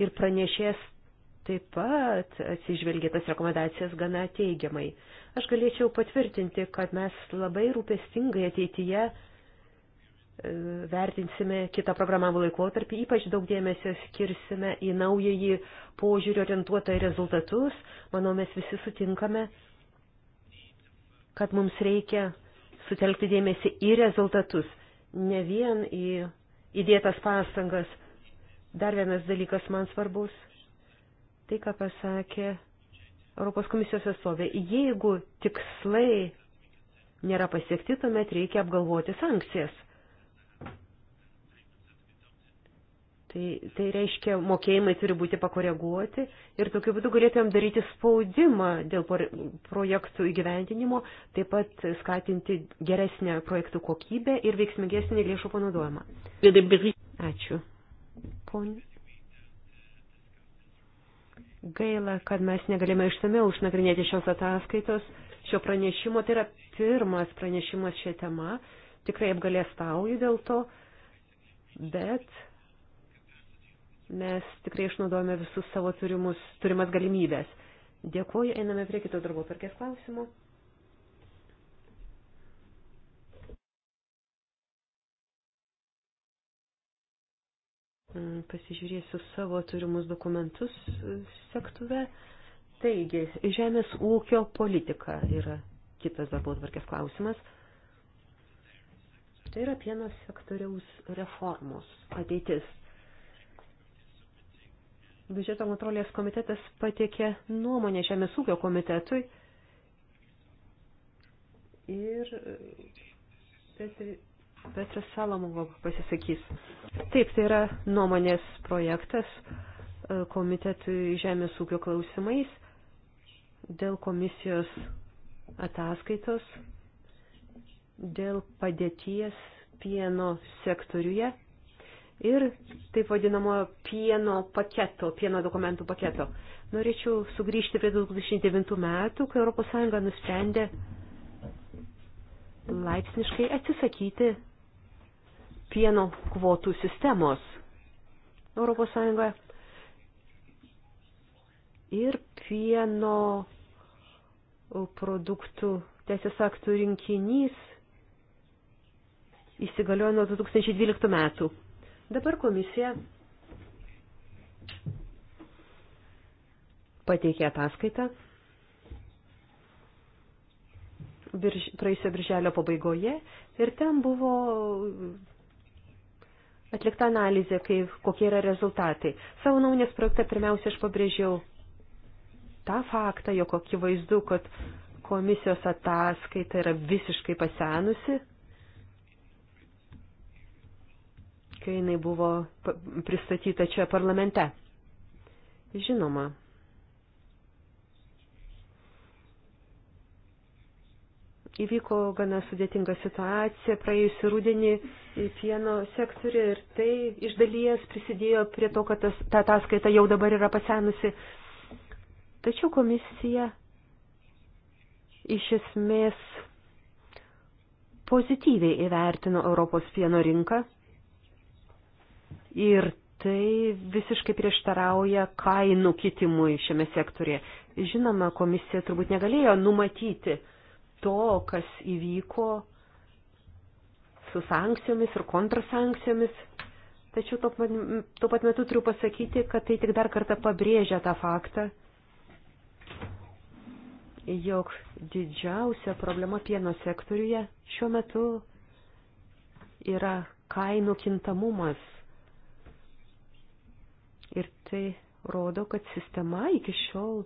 ir pranešės taip pat atsižvelgia tas rekomendacijas gana teigiamai. Aš galėčiau patvirtinti, kad mes labai rūpestingai ateityje e, vertinsime kitą programavimo laikotarpį, ypač daug dėmesio skirsime į naująjį požiūrį orientuotą į rezultatus. Manau, mes visi sutinkame, kad mums reikia sutelkti dėmesį į rezultatus, ne vien į įdėtas pastangas. Dar vienas dalykas man svarbus, tai ką pasakė Europos komisijos atstovė. Jeigu tikslai nėra pasiekti, tuomet reikia apgalvoti sankcijas. Tai, tai reiškia, mokėjimai turi būti pakoreguoti ir tokiu būdu galėtumėm daryti spaudimą dėl projektų įgyvendinimo, taip pat skatinti geresnę projektų kokybę ir veiksmingesnį lėšų panaudojimą. Ačiū. Pone. Gaila, kad mes negalime išsameu užnagrinėti šios ataskaitos, šio pranešimo. Tai yra pirmas pranešimas šią temą. Tikrai apgalėstauju dėl to, bet mes tikrai išnaudojame visus savo turimus, turimas galimybės. Dėkuoju, einame prie kito darbo tarkės klausimo. Mm, pasižiūrėsiu savo turimus dokumentus e, sektuve. Taigi, žemės ūkio politika yra kitas darbo tvarkės klausimas. Tai yra pieno sektoriaus reformos ateitis. Biudžeto kontrolės komitetas patiekė nuomonę Žemės ūkio komitetui ir e, Petras Salamovo pasisakys. Taip, tai yra nuomonės projektas e, komitetui Žemės ūkio klausimais dėl komisijos ataskaitos, dėl padėties pieno sektoriuje ir taip vadinamojo pieno paketo, pieno dokumentų paketo. Norėčiau sugrįžti prie 2009 metų, kai ES nusprendė laipsniškai atsisakyti pieno kvotų sistemos ES ir pieno produktų teisės aktų rinkinys įsigaliojo nuo 2012 metų. Dabar komisija pateikė ataskaitą birž, praėjusio birželio pabaigoje ir ten buvo atlikta analizė, kaip, kokie yra rezultatai. Savo naunės projektą pirmiausia aš pabrėžiau tą faktą, jog akivaizdu, kad komisijos ataskaita yra visiškai pasenusi kai jinai buvo pristatyta čia parlamente. Žinoma. Įvyko gana sudėtinga situacija praėjusį rudenį pieno sektoriu ir tai iš dalies prisidėjo prie to, kad tas, ta ataskaita jau dabar yra pasenusi. Tačiau komisija iš esmės pozityviai įvertino Europos pieno rinką ir tai visiškai prieštarauja kainų kitimui šiame sektorėje. Žinoma, komisija turbūt negalėjo numatyti to, kas įvyko su sankcijomis ir kontrasankcijomis, tačiau tuo pat, tuo pat metu turiu pasakyti, kad tai tik dar kartą pabrėžia tą faktą, jog didžiausia problema pieno sektoriuje šiuo metu yra kainų kintamumas tai rodo, kad sistema iki šiol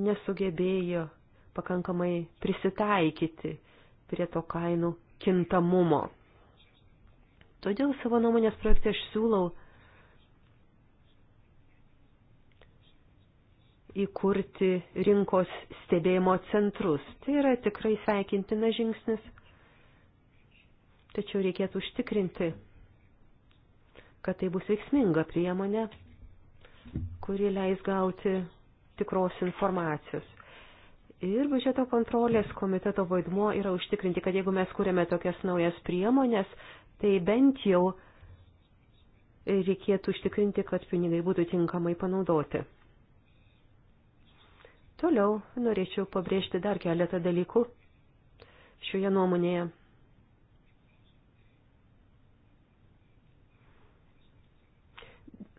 nesugebėjo pakankamai prisitaikyti prie to kainų kintamumo. Todėl savo nuomonės projekte aš siūlau įkurti rinkos stebėjimo centrus. Tai yra tikrai sveikintina žingsnis, tačiau reikėtų užtikrinti, kad tai bus veiksminga priemonė, kuri leis gauti tikros informacijos. Ir biudžeto kontrolės komiteto vaidmuo yra užtikrinti, kad jeigu mes kūrėme tokias naujas priemonės, tai bent jau reikėtų užtikrinti, kad pinigai būtų tinkamai panaudoti. Toliau norėčiau pabrėžti dar keletą dalykų šioje nuomonėje.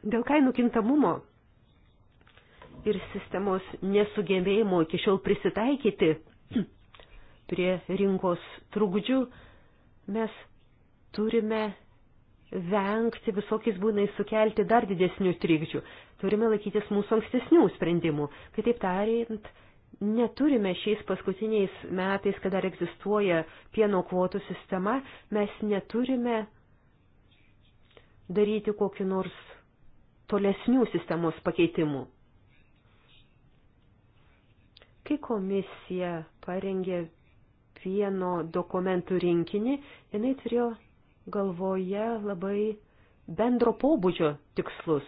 Dėl kainų kintamumo ir sistemos nesugebėjimo iki šiol prisitaikyti prie rinkos trukdžių, mes turime vengti visokiais būnais sukelti dar didesnių trikdžių. Turime laikytis mūsų ankstesnių sprendimų. Kitaip tariant, neturime šiais paskutiniais metais, kada egzistuoja pieno kvotų sistema, mes neturime daryti kokiu nors tolesnių sistemos pakeitimų. Kai komisija parengė vieno dokumentų rinkinį, jinai turėjo galvoje labai bendro pobūdžio tikslus,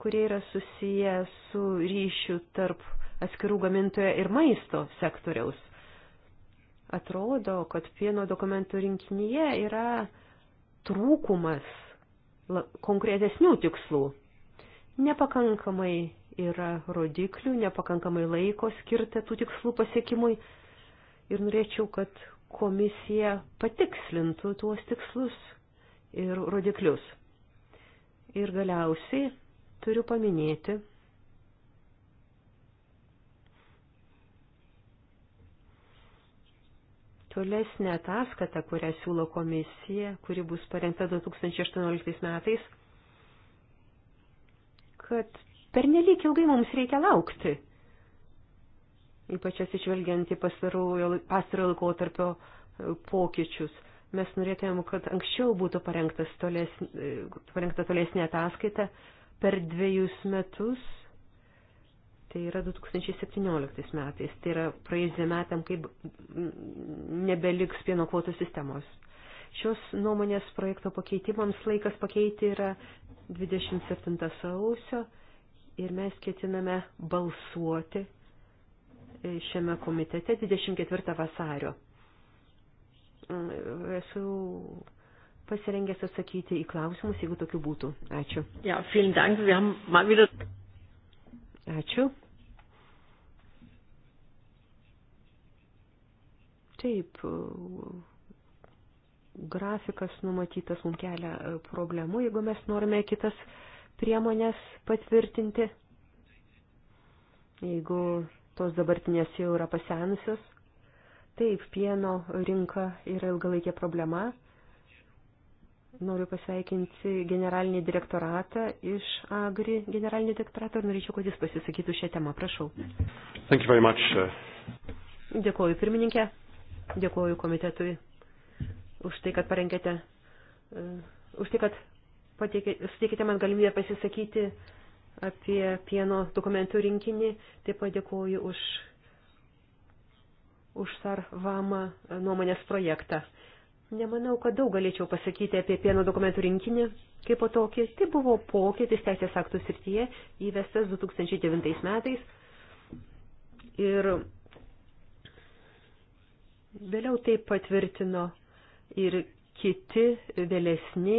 kurie yra susiję su ryšiu tarp atskirų gamintojo ir maisto sektoriaus. Atrodo, kad pieno dokumentų rinkinyje yra trūkumas konkretesnių tikslų. Nepakankamai yra rodiklių, nepakankamai laiko skirta tų tikslų pasiekimui ir norėčiau, kad komisija patikslintų tuos tikslus ir rodiklius. Ir galiausiai turiu paminėti, Tolesnė ataskata, kurią siūlo komisija, kuri bus parengta 2018 metais, kad per nelik ilgai mums reikia laukti, ypač atsižvelgiant į pastarojo laikotarpio e, pokyčius. Mes norėtumėm, kad anksčiau būtų e, parengta tolesnė ataskaita per dviejus metus tai yra 2017 metais, tai yra praėjusį metam, kaip nebeliks pieno kvotų sistemos. Šios nuomonės projekto pakeitimams laikas pakeiti yra 27 sausio ir mes ketiname balsuoti e, šiame komitete 24 vasario. E, esu pasirengęs atsakyti į klausimus, jeigu tokių būtų. Ačiū. Ja, vielen Dank. Wir haben mal wieder Ačiū. Taip, grafikas numatytas mums kelia problemų, jeigu mes norime kitas priemonės patvirtinti, jeigu tos dabartinės jau yra pasenusios. Taip, pieno rinka yra ilgalaikė problema. Noriu pasveikinti generalinį direktoratą iš Agri generalinį direktoratą ir norėčiau, kad jis pasisakytų šią temą. Prašau. Thank you very much. Uh, dėkuoju pirmininkė, dėkuoju komitetui už tai, kad parengėte, uh, už tai, kad pateikė, suteikite man galimybę pasisakyti apie pieno dokumentų rinkinį. Taip pat dėkuoju už, už Sarvama nuomonės projektą. Nemanau, kad daug galėčiau pasakyti apie pieno dokumentų rinkinį kaip po tokį. Tai buvo pokytis teisės aktų srityje įvestas 2009 metais. Ir vėliau tai patvirtino ir kiti vėlesni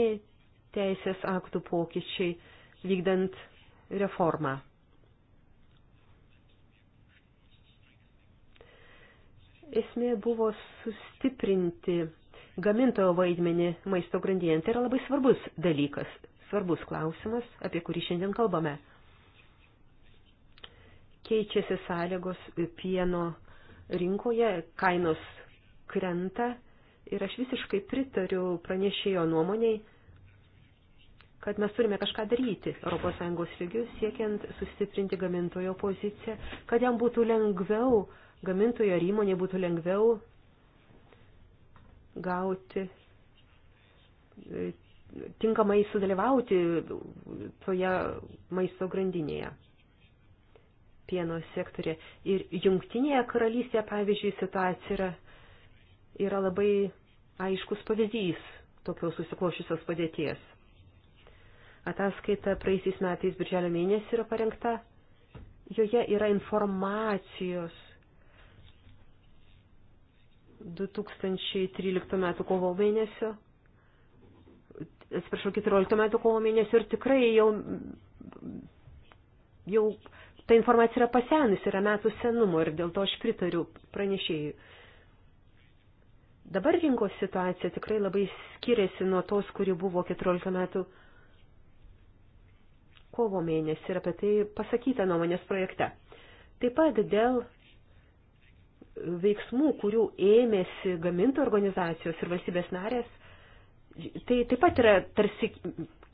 teisės aktų pokyčiai vykdant reformą. Esmė buvo sustiprinti gamintojo vaidmenį maisto grandinėje. Tai yra labai svarbus dalykas, svarbus klausimas, apie kurį šiandien kalbame. Keičiasi sąlygos pieno rinkoje, kainos krenta ir aš visiškai pritariu pranešėjo nuomoniai, kad mes turime kažką daryti ES lygių, siekiant sustiprinti gamintojo poziciją, kad jam būtų lengviau, gamintojo ar įmonė būtų lengviau gauti, e, tinkamai sudalyvauti toje maisto grandinėje pieno sektorė. Ir jungtinėje karalystėje, pavyzdžiui, situacija yra, yra labai aiškus pavyzdys tokios susiklošiusios padėties. Ataskaita praeisiais metais birželio mėnesį yra parengta. Joje yra informacijos 2013 metų kovo mėnesio, atsiprašau, 14 metų kovo mėnesio ir tikrai jau, jau ta informacija yra pasenusi, yra metų senumo ir dėl to aš pritariu pranešėjui. Dabar rinkos situacija tikrai labai skiriasi nuo tos, kuri buvo 14 metų kovo mėnesį ir apie tai pasakyta nuomonės projekte. Taip pat dėl veiksmų, kurių ėmėsi gamintų organizacijos ir valstybės narės, tai taip pat yra tarsi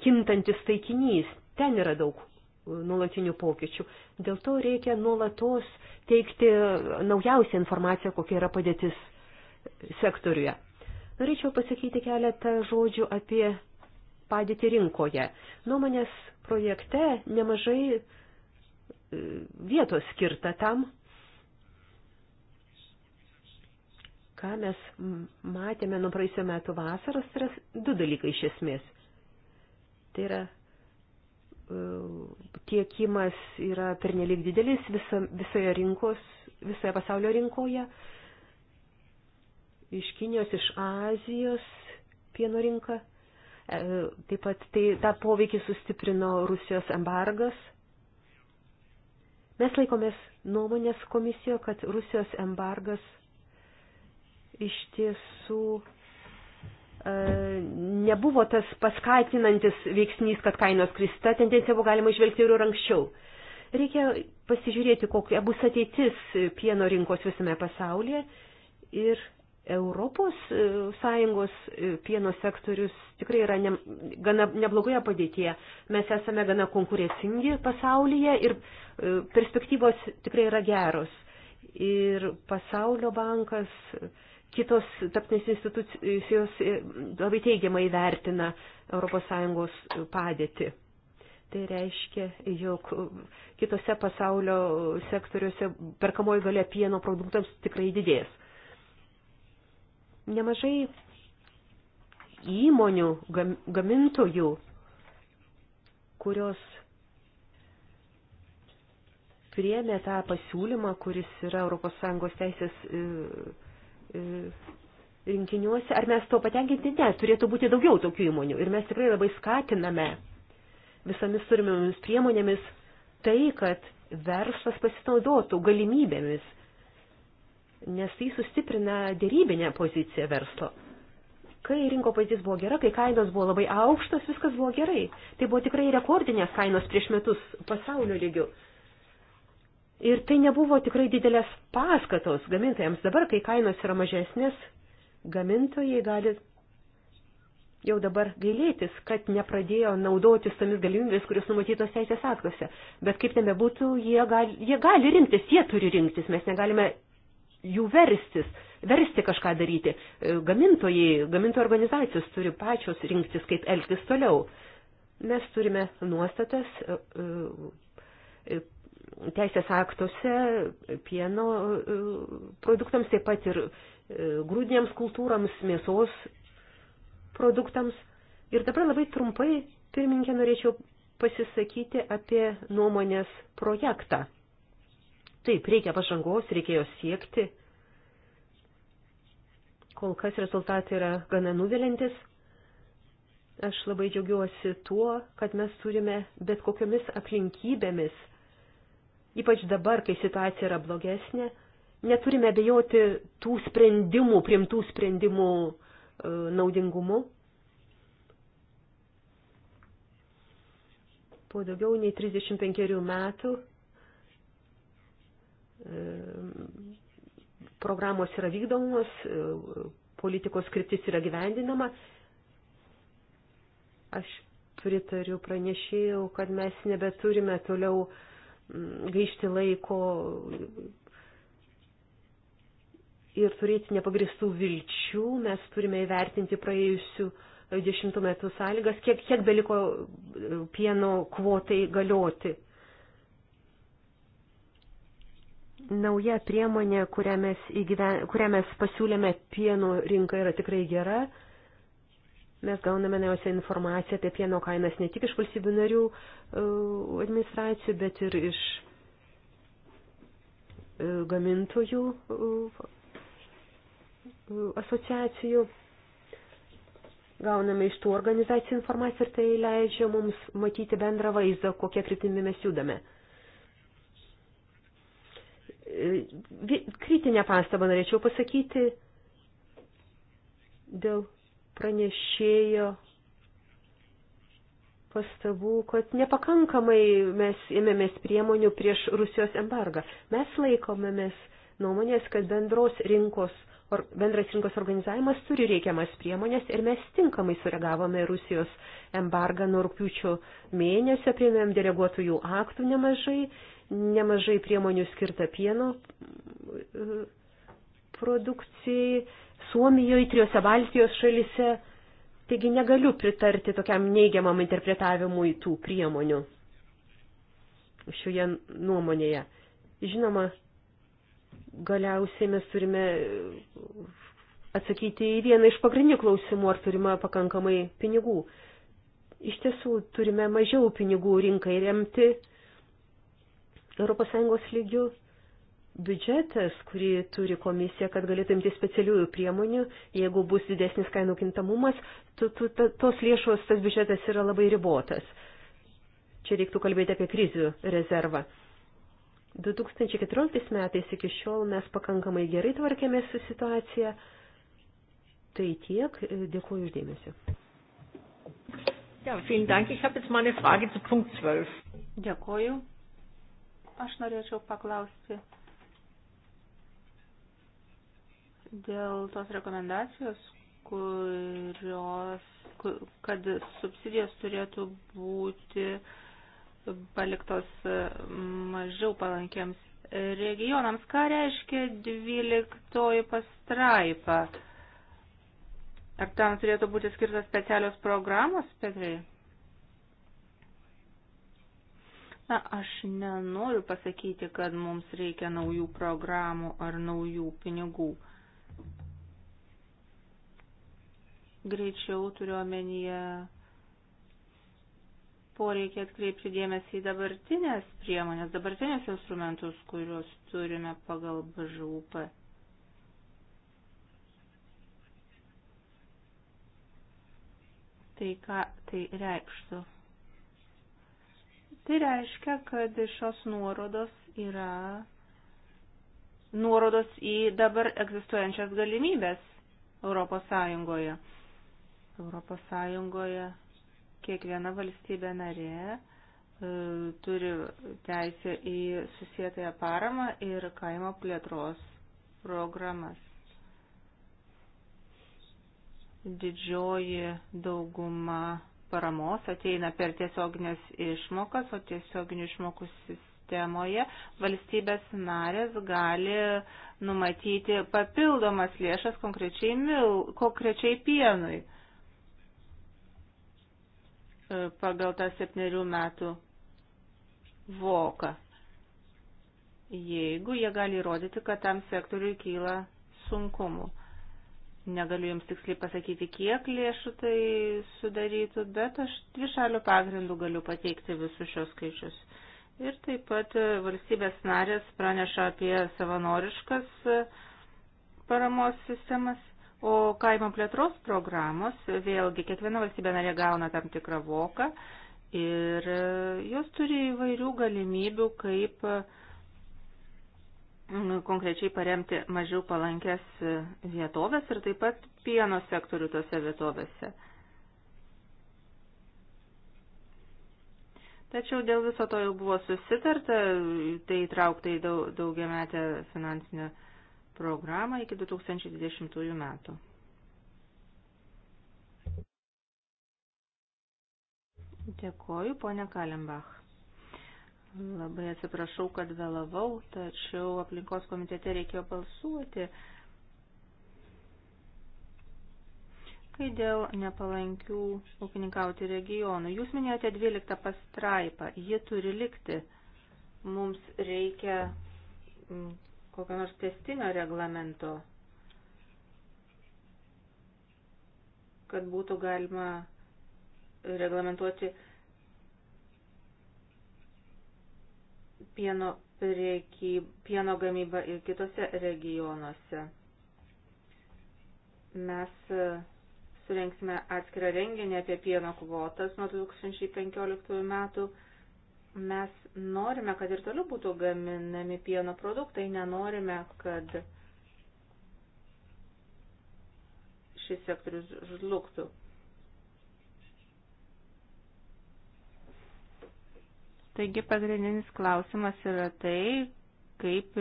kintantis taikinys. Ten yra daug e, nuolatinių pokyčių. Dėl to reikia nuolatos teikti naujausią informaciją, kokia yra padėtis sektoriuje. Norėčiau pasakyti keletą žodžių apie padėtį rinkoje. Nuomonės projekte nemažai e, vietos skirta tam, ką mes matėme nuo praeisio metų vasaros, tai yra du dalykai iš esmės. Tai yra e, tiekimas yra pernelyg didelis visa, visoje rinkos, visoje pasaulio rinkoje, iš Kinijos, iš Azijos pieno rinka. E, taip pat tai, tą poveikį sustiprino Rusijos embargas. Mes laikomės nuomonės komisijoje, kad Rusijos embargas iš tiesų e, nebuvo tas paskatinantis veiksnys, kad kainos krista, tendenciją buvo galima išvelgti ir anksčiau. Reikia pasižiūrėti, kokia bus ateitis pieno rinkos visame pasaulyje ir Europos e, Sąjungos e, pieno sektorius tikrai yra ne, gana neblogoje padėtyje. Mes esame gana konkurencingi pasaulyje ir perspektyvos tikrai yra geros. Ir pasaulio bankas kitos tarptautinės institucijos e, labai teigiamai vertina ES padėtį. Tai reiškia, jog kitose pasaulio sektoriuose perkamoji galia pieno produktams tikrai didės. Nemažai įmonių, gamintojų, kurios priemė tą pasiūlymą, kuris yra ES teisės e, E, rinkiniuose. Ar mes to patenkinti? Ne, turėtų būti daugiau tokių įmonių. Ir mes tikrai labai skatiname visomis turimomis priemonėmis tai, kad verslas pasinaudotų galimybėmis, nes tai sustiprina dėrybinę poziciją verslo. Kai rinko pozicija buvo gera, kai kainos buvo labai aukštos, viskas buvo gerai. Tai buvo tikrai rekordinės kainos prieš metus pasaulio lygių. Ir tai nebuvo tikrai didelės paskatos gamintojams. Dabar, kai kainos yra mažesnės, gamintojai gali jau dabar gailėtis, kad nepradėjo naudotis tomis galimybės, kurios numatytos teisės aktuose. Bet kaip tame būtų, jie gali, jie gali rinktis, jie turi rinktis, mes negalime jų verstis, versti kažką daryti. E, gamintojai, gamintojų organizacijos turi pačios rinktis, kaip elgtis toliau. Mes turime nuostatas, e, e, teisės aktuose pieno e, produktams, taip pat ir e, grūdiniams kultūrams, mėsos produktams. Ir dabar labai trumpai, pirmininkė, norėčiau pasisakyti apie nuomonės projektą. Taip, reikia pažangos, reikėjo siekti. Kol kas rezultatai yra gana nuvilintis. Aš labai džiaugiuosi tuo, kad mes turime bet kokiomis aplinkybėmis ypač dabar, kai situacija yra blogesnė, neturime bejoti tų sprendimų, primtų sprendimų e, naudingumu. Po daugiau nei 35 metų e, programos yra vykdomos, e, politikos kryptis yra gyvendinama. Aš pritariu pranešėjau, kad mes nebeturime toliau uh, Mm, gaišti laiko ir turėti nepagristų vilčių, mes turime įvertinti praėjusių dešimtų metų sąlygas, kiek, kiek beliko e, pieno kvotai galioti. Nauja priemonė, kurią mes, įgyven, kurią mes pasiūlėme pieno rinką, yra tikrai gera. Mes gauname naujausią informaciją apie pieno kainas ne tik iš valstybių narių e, administracijų, bet ir iš e, gamintojų e, asociacijų. Gauname iš tų organizacijų informaciją ir tai leidžia mums matyti bendrą vaizdą, kokie kryptimi mes judame. Kritinę pastabą norėčiau pasakyti dėl pranešėjo pastabų, kad nepakankamai mes ėmėmės priemonių prieš Rusijos embargą. Mes laikomėmės nuomonės, kad bendros rinkos, or, bendras rinkos organizavimas turi reikiamas priemonės ir mes tinkamai sureagavome Rusijos embargą nuo rūpiučio mėnesio, priėmėm deleguotųjų aktų nemažai, nemažai priemonių skirta pieno e, produkcijai Suomijoje, trijose Baltijos šalise. Taigi negaliu pritarti tokiam neigiamam interpretavimui tų priemonių šioje nuomonėje. Žinoma, galiausiai mes turime atsakyti į vieną iš pagrindinių klausimų, ar turime pakankamai pinigų. Iš tiesų, turime mažiau pinigų rinkai remti ES lygių biudžetas, kurį turi komisija, kad galėtų imti specialiųjų priemonių, jeigu bus didesnis kainų kintamumas, tu, tu, ta, tos lėšos, tas biudžetas yra labai ribotas. Čia reiktų kalbėti apie krizių rezervą. 2014 metais iki šiol mes pakankamai gerai tvarkėmės su situacija. Tai tiek, dėkuoju uždėmesi. Ja, vielen Dank. Ich habe jetzt mal eine Frage zu Punkt 12. Dėkuoju. Aš norėčiau paklausti Dėl tos rekomendacijos, kurios, kad subsidijos turėtų būti paliktos mažiau palankiems regionams. Ką reiškia 12 pastraipa? Ar tam turėtų būti skirtos specialios programos, Petrai? Na, aš nenoriu pasakyti, kad mums reikia naujų programų ar naujų pinigų. greičiau turiuomenyje poreikia atkreipti dėmesį į dabartinės priemonės, dabartinės instrumentus, kuriuos turime pagal BŽUP. Tai ką tai reikštų? Tai reiškia, kad šios nuorodos yra nuorodos į dabar egzistuojančias galimybės Europos Sąjungoje. Europos Sąjungoje kiekviena valstybė narė e, turi teisę į susietąją paramą ir kaimo plėtros programas. Didžioji dauguma paramos ateina per tiesioginės išmokas, o tiesioginių išmokų sistemoje valstybės narės gali numatyti papildomas lėšas konkrečiai, mil, konkrečiai pienui. E, pagal tą septynerių metų voką, jeigu jie gali įrodyti, kad tam sektoriui kyla sunkumų. Negaliu jums tiksliai pasakyti, kiek lėšų tai sudarytų, bet aš dvišalių pagrindų galiu pateikti visus šios skaičius. Ir taip pat e, valstybės narės praneša apie savanoriškas e, paramos sistemas O kaimo plėtros programos, vėlgi, kiekviena valstybė narė gauna tam tikrą voką ir e, jos turi įvairių galimybių, kaip konkrečiai paremti mažiau palankės e, vietovės ir taip pat pieno sektorių tose vietovėse. Tačiau dėl viso to jau buvo susitarta, tai įtraukta į daugiametę finansinę programą iki 2020 metų. Dėkoju, ponia Kalimbach. Labai atsiprašau, kad vėlavau, tačiau aplinkos komitete reikėjo balsuoti. Kai dėl nepalankių ūkininkauti regionų, jūs minėjote 12 pastraipą, ji turi likti. Mums reikia kokio nors testinio reglamento, kad būtų galima reglamentuoti pieno, prieky, pieno gamybą ir kitose regionuose. Mes e, surenksime atskirą renginį apie pieno kvotas nuo 2015 metų Mes norime, kad ir toliau būtų gaminami pieno produktai, nenorime, kad šis sektorius žlugtų. Taigi pagrindinis klausimas yra tai, kaip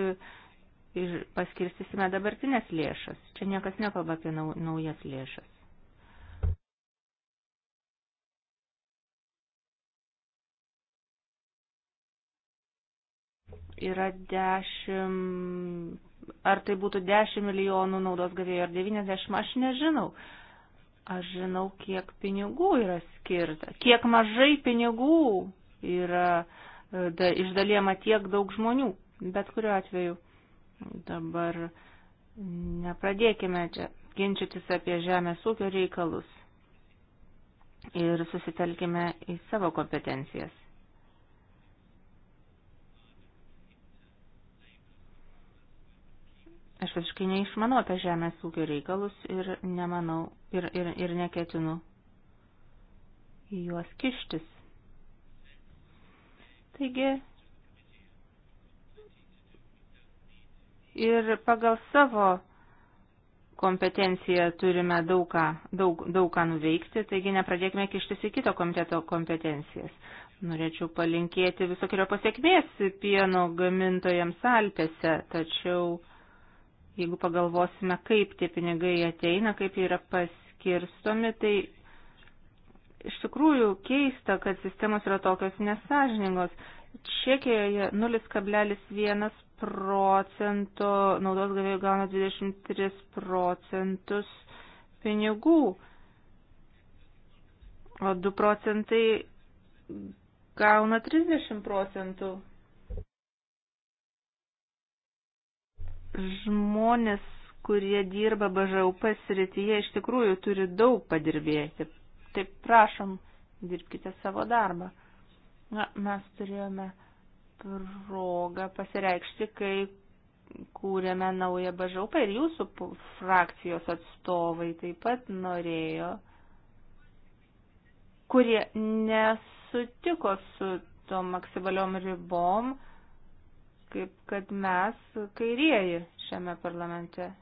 paskirstysime dabartinės lėšas. Čia niekas nekalba apie naujas lėšas. yra 10, ar tai būtų 10 milijonų naudos gavėjų ar 90, aš nežinau. Aš žinau, kiek pinigų yra skirta, kiek mažai pinigų yra e, da, išdalėma tiek daug žmonių, bet kuriuo atveju. Dabar nepradėkime čia ginčytis apie žemės ūkio reikalus ir susitelkime į savo kompetencijas. Aš visiškai neišmanau apie žemės ūkio reikalus ir nemanau ir, ir, ir neketinu į juos kištis. Taigi ir pagal savo kompetenciją turime daug ką, daug, daug ką nuveikti, taigi nepradėkime kištis į kito komiteto kompetencijas. Norėčiau palinkėti visokio pasiekmės pieno gamintojams Alpėse, tačiau jeigu pagalvosime, kaip tie pinigai ateina, kaip jie yra paskirstomi, tai iš tikrųjų keista, kad sistemos yra tokios nesažiningos. Čekijoje 0,1 procento naudos gavėjų gauna 23 procentus pinigų, o 2 procentai gauna 30 procentų žmonės, kurie dirba BŽUP srityje, iš tikrųjų turi daug padirbėti. Taip prašom, dirbkite savo darbą. Na, mes turėjome progą pasireikšti, kai kūrėme naują BŽUP ir jūsų frakcijos atstovai taip pat norėjo, kurie nesutiko su tom maksimaliom ribom, kaip kad mes kairieji šiame parlamente.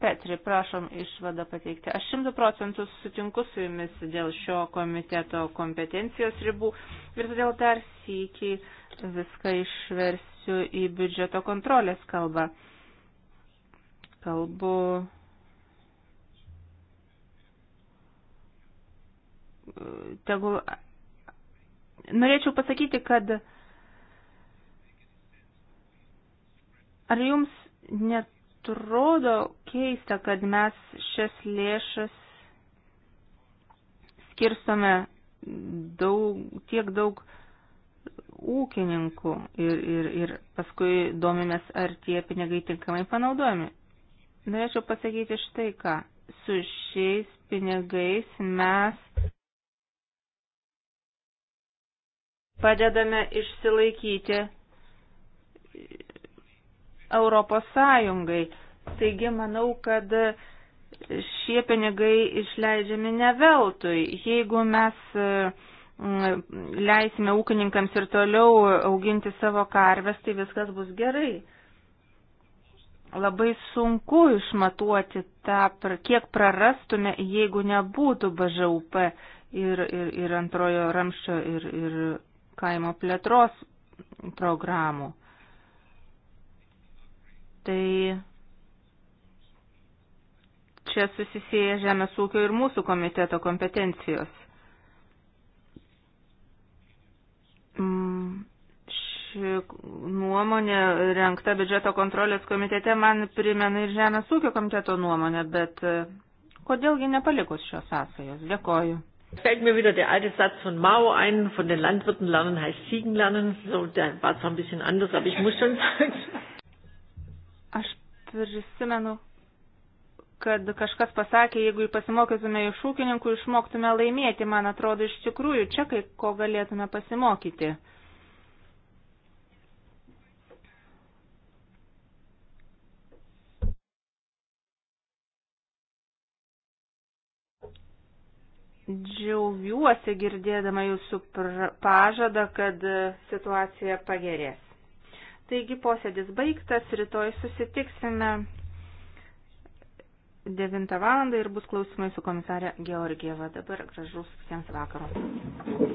Petri, prašom išvadą pateikti. Aš šimtų procentų sutinku su jumis dėl šio komiteto kompetencijos ribų ir todėl dar sykį viską išversiu į biudžeto kontrolės kalbą. Kalbu tegul norėčiau pasakyti, kad Ar jums netrodo keista, kad mes šias lėšas skirstome daug, tiek daug ūkininkų ir, ir, ir paskui domimės, ar tie pinigai tinkamai panaudojami? Norėčiau pasakyti štai ką. Su šiais pinigais mes padedame išsilaikyti Europos Sąjungai. Taigi manau, kad šie pinigai išleidžiami ne veltui. Jeigu mes mm, leisime ūkininkams ir toliau auginti savo karves, tai viskas bus gerai. Labai sunku išmatuoti tą, kiek prarastume, jeigu nebūtų BŽUP ir, ir, ir antrojo ramščio ir, ir kaimo plėtros programų tai čia susisieja Žemės ūkio ir mūsų komiteto kompetencijos. Mm, ši nuomonė renkta biudžeto kontrolės komitete man primena ir Žemės ūkio komiteto nuomonę, bet e, kodėlgi nepalikus šios sąsajos? Dėkoju. Fällt mir wieder der alte Satz von Mao ein, von den Landwirten lernen heißt Siegen lernen. So, der war zwar ein bisschen anders, aber ich muss schon sagen. Aš prisimenu, kad kažkas pasakė, jeigu pasimokytume iš ūkininkų, išmoktume laimėti. Man atrodo, iš tikrųjų, čia kai ko galėtume pasimokyti. Džiaugiuosi girdėdama jūsų pažadą, kad situacija pagerės. Taigi posėdis baigtas, rytoj susitiksime 9 val. ir bus klausimai su komisarė Georgieva. Dabar gražus visiems vakarų.